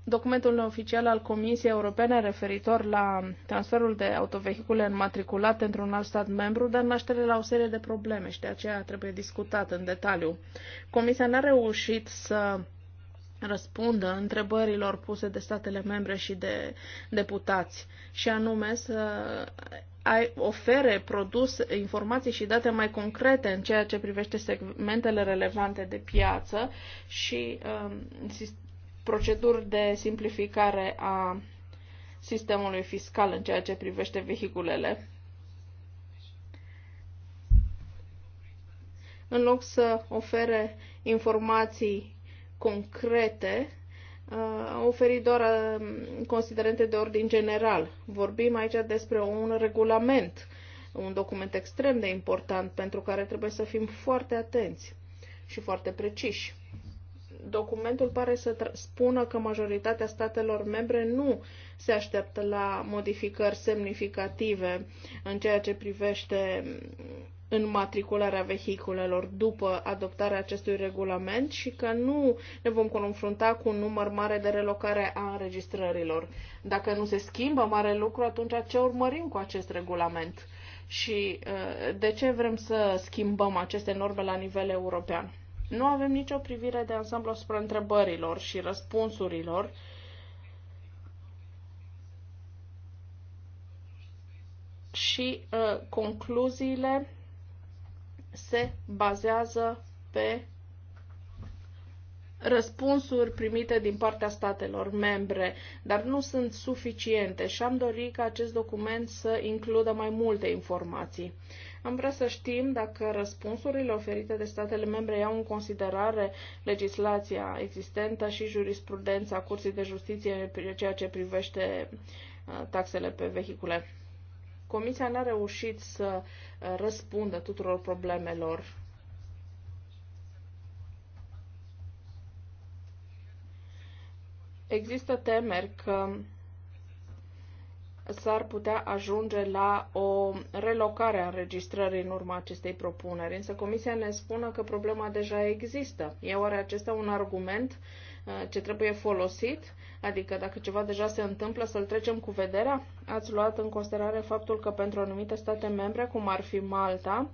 Documentul oficial al Comisiei Europene referitor la transferul de autovehicule înmatriculate într-un alt stat membru dă naștere la o serie de probleme și de aceea trebuie discutat în detaliu. Comisia n-a reușit să răspundă întrebărilor puse de statele membre și de deputați, și anume să ofere produs, informații și date mai concrete în ceea ce privește segmentele relevante de piață și um, proceduri de simplificare a sistemului fiscal în ceea ce privește vehiculele. În loc să ofere informații concrete, a oferit doar um, considerente de ordin general. Vorbim aici despre un regulament, un document extrem de important pentru care trebuie să fim foarte atenți și foarte preciși. Documentul pare să spună că majoritatea statelor membre nu se așteaptă la modificări semnificative în ceea ce privește înmatricularea vehiculelor după adoptarea acestui regulament și că nu ne vom confrunta cu un număr mare de relocare a înregistrărilor. Dacă nu se schimbă mare lucru, atunci ce urmărim cu acest regulament? Și uh, de ce vrem să schimbăm aceste norme la nivel european? Nu avem nicio privire de ansamblu asupra întrebărilor și răspunsurilor și uh, concluziile se bazează pe răspunsuri primite din partea statelor membre, dar nu sunt suficiente și am dorit ca acest document să includă mai multe informații. Am vrea să știm dacă răspunsurile oferite de statele membre iau în considerare legislația existentă și jurisprudența Curții de Justiție în ceea ce privește uh, taxele pe vehicule. Comisia n-a reușit să uh, răspundă tuturor problemelor. Există temeri că s-ar putea ajunge la o relocare a înregistrării în urma acestei propuneri, însă Comisia ne spune că problema deja există. E oare acesta un argument uh, ce trebuie folosit, adică dacă ceva deja se întâmplă, să-l trecem cu vederea. Ați luat în considerare faptul că pentru anumite state membre, cum ar fi Malta,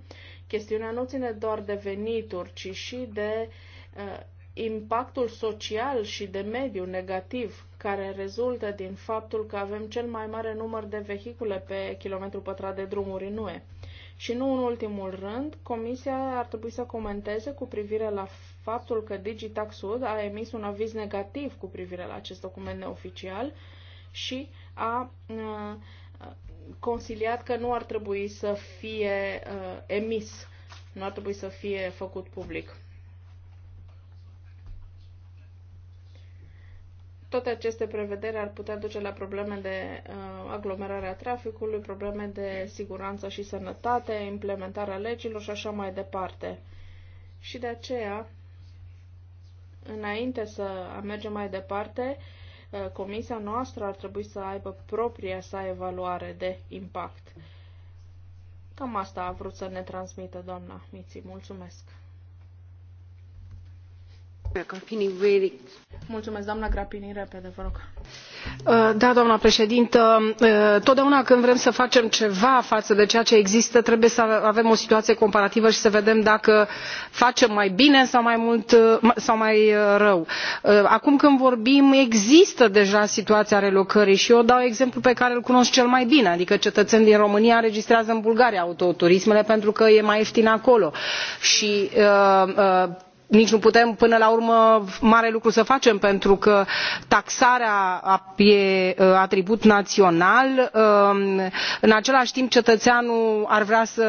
chestiunea nu ține doar de venituri, ci și de uh, impactul social și de mediu negativ care rezultă din faptul că avem cel mai mare număr de vehicule pe kilometru pătrat de drumuri în UE. Și nu în ultimul rând, Comisia ar trebui să comenteze cu privire la faptul că Sud a emis un aviz negativ cu privire la acest document neoficial și a uh, consiliat că nu ar trebui să fie uh, emis, nu ar trebui să fie făcut public. toate aceste prevederi ar putea duce la probleme de uh, aglomerare a traficului, probleme de siguranță și sănătate, implementarea legilor și așa mai departe. Și de aceea Înainte să mergem mai departe, uh, comisia noastră ar trebui să aibă propria sa evaluare de impact. Cam asta a vrut să ne transmită doamna Miții. Mulțumesc! Mulțumesc, doamna Grapini, repede, vă rog. Uh, da, doamna președintă, uh, totdeauna când vrem să facem ceva față de ceea ce există, trebuie să avem o situație comparativă și să vedem dacă facem mai bine sau mai mult uh, sau mai rău. Acum când vorbim, există deja situația relocării și eu dau exemplu pe care îl cunosc cel mai bine, adică cetățeni din România înregistrează în Bulgaria autoturismele pentru că e mai ieftin acolo. Și nici nu putem până la urmă mare lucru să facem pentru că taxarea e atribut național ehm, în același timp cetățeanul ar vrea să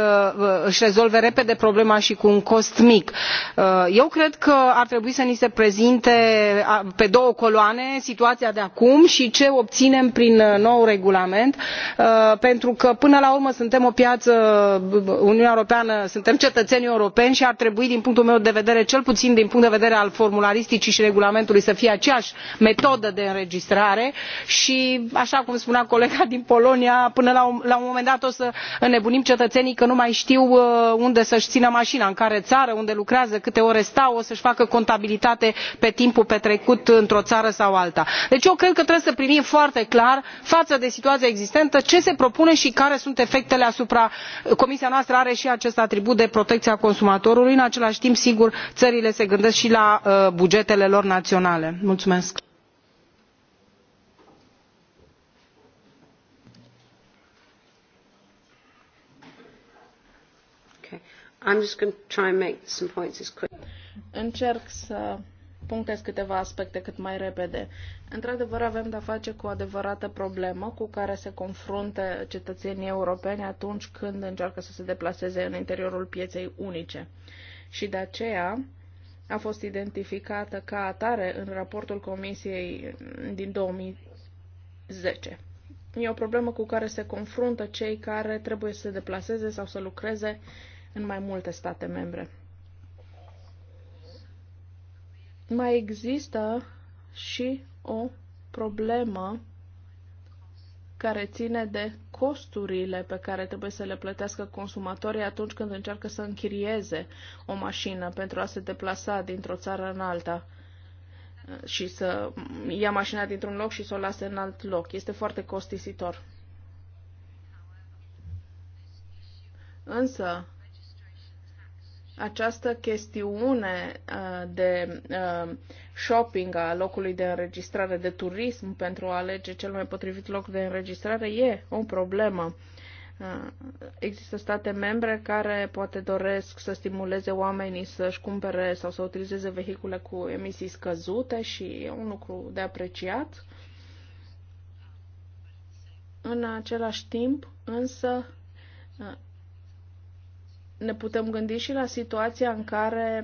își rezolve repede problema și cu un cost mic. Ehm, eu cred că ar trebui să ni se prezinte pe două coloane situația de acum și ce obținem prin noul regulament ehm, pentru că până la urmă suntem o piață uniunea europeană suntem cetățeni europeni și ar trebui din punctul meu de vedere cel puțin din punct de vedere al formularisticii și regulamentului să fie aceeași metodă de înregistrare și așa cum spunea colega din polonia până la, un moment dat o să înnebunim cetățenii că nu mai știu uh, unde să își țină mașina în care țară unde lucrează câte ore stau o să își facă contabilitate pe timpul petrecut într o țară sau alta. deci eu cred că trebuie să privim foarte clar față de situația existentă ce se propune și care sunt efectele asupra comisia noastră are și acest atribut de protecție a consumatorului în același timp sigur țările țările se gândesc și la uh, bugetele lor naționale. mulțumesc. Încerc să punctez câteva aspecte cât mai repede. Într-adevăr, avem de-a face cu o adevărată problemă cu care se confruntă cetățenii europeni atunci când încearcă să se deplaseze în interiorul pieței unice. Și de aceea, a fost identificată ca atare în raportul Comisiei din 2010. E o problemă cu care se confruntă cei care trebuie să se deplaseze sau să lucreze în mai multe state membre. Mai există și o problemă care ține de costurile pe care trebuie să le plătească consumatorii atunci când încearcă să închirieze o mașină pentru a se deplasa dintr-o țară în alta și să ia mașina dintr-un loc și să o lase în alt loc. Este foarte costisitor. Însă, această chestiune uh, de uh, shopping a locului de înregistrare, de turism pentru a alege cel mai potrivit loc de înregistrare, e o problemă. Uh, există state membre care poate doresc să stimuleze oamenii să-și cumpere sau să utilizeze vehicule cu emisii scăzute și e un lucru de apreciat. În același timp, însă, ne putem gândi și la situația în care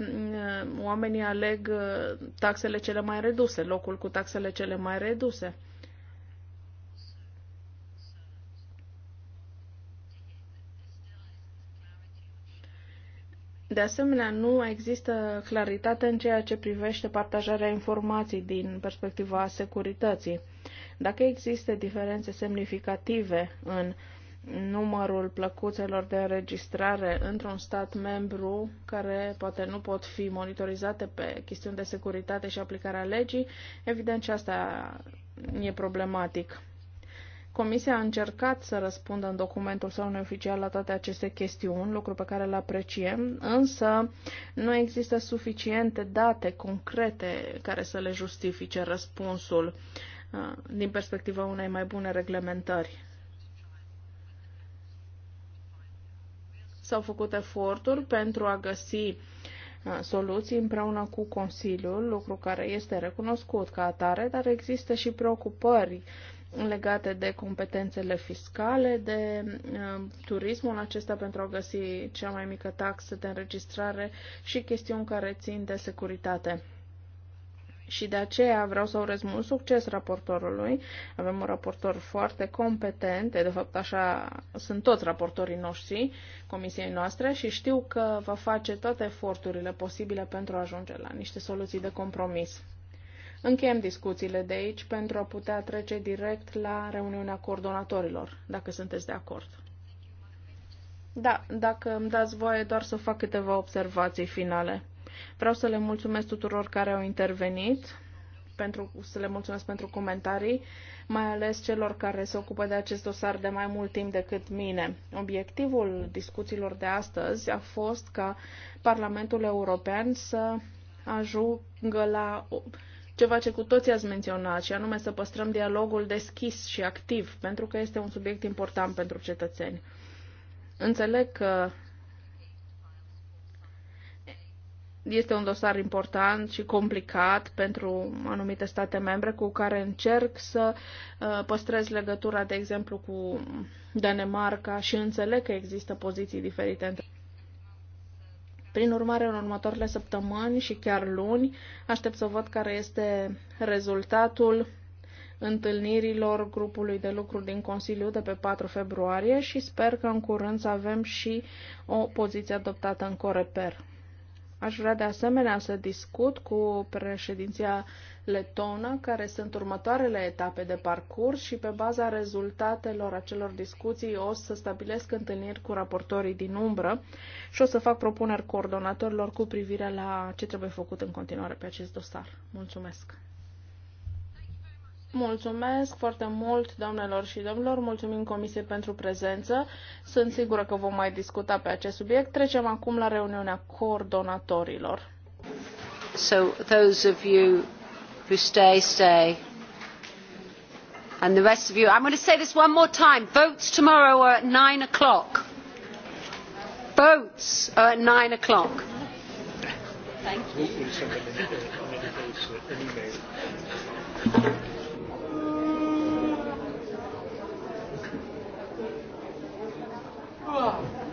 mm, oamenii aleg uh, taxele cele mai reduse, locul cu taxele cele mai reduse. De asemenea, nu există claritate în ceea ce privește partajarea informației din perspectiva securității. Dacă există diferențe semnificative în uh, numărul plăcuțelor de înregistrare într-un stat membru care poate nu pot fi monitorizate pe chestiuni de securitate și aplicarea legii, evident și asta e problematic. Comisia a încercat să răspundă în documentul său neoficial la toate aceste chestiuni, lucru pe care îl apreciem, însă nu există suficiente date concrete care să le justifice răspunsul uh, din perspectiva unei mai bune reglementări. S-au făcut eforturi pentru a găsi uh, soluții împreună cu Consiliul, lucru care este recunoscut ca atare, dar există și preocupări legate de competențele fiscale, de uh, turismul acesta pentru a găsi cea mai mică taxă de înregistrare și chestiuni care țin de securitate și de aceea vreau să urez mult succes raportorului. Avem un raportor foarte competent, de fapt așa sunt toți raportorii noștri, comisiei noastre, și știu că va face toate eforturile posibile pentru a ajunge la niște soluții de compromis. Încheiem discuțiile de aici pentru a putea trece direct la reuniunea coordonatorilor, dacă sunteți de acord. Da, dacă îmi dați voie doar să fac câteva observații finale. Vreau să le mulțumesc tuturor care au intervenit, pentru, să le mulțumesc pentru comentarii, mai ales celor care se ocupă de acest dosar de mai mult timp decât mine. Obiectivul discuțiilor de astăzi a fost ca Parlamentul European să ajungă la ceva ce cu toții ați menționat, și anume să păstrăm dialogul deschis și activ, pentru că este un subiect important pentru cetățeni. Înțeleg că Este un dosar important și complicat pentru anumite state membre cu care încerc să uh, păstrez legătura, de exemplu, cu Danemarca și înțeleg că există poziții diferite între. Prin urmare, în următoarele săptămâni și chiar luni, aștept să văd care este rezultatul întâlnirilor grupului de lucru din Consiliu de pe 4 februarie și sper că în curând să avem și o poziție adoptată în Coreper. Aș vrea de asemenea să discut cu președinția letonă care sunt următoarele etape de parcurs și pe baza rezultatelor acelor discuții o să stabilesc întâlniri cu raportorii din umbră și o să fac propuneri coordonatorilor cu privire la ce trebuie făcut în continuare pe acest dosar. Mulțumesc! Mulțumesc foarte mult, doamnelor și domnilor. Mulțumim Comisiei pentru prezență. Sunt sigură că vom mai discuta pe acest subiect. Trecem acum la reuniunea coordonatorilor. So, those of you who stay, stay. And the rest of you, I'm going to say this one more time. Votes tomorrow are at 9 o'clock. Votes are at 9 o'clock. Thank you. Europa!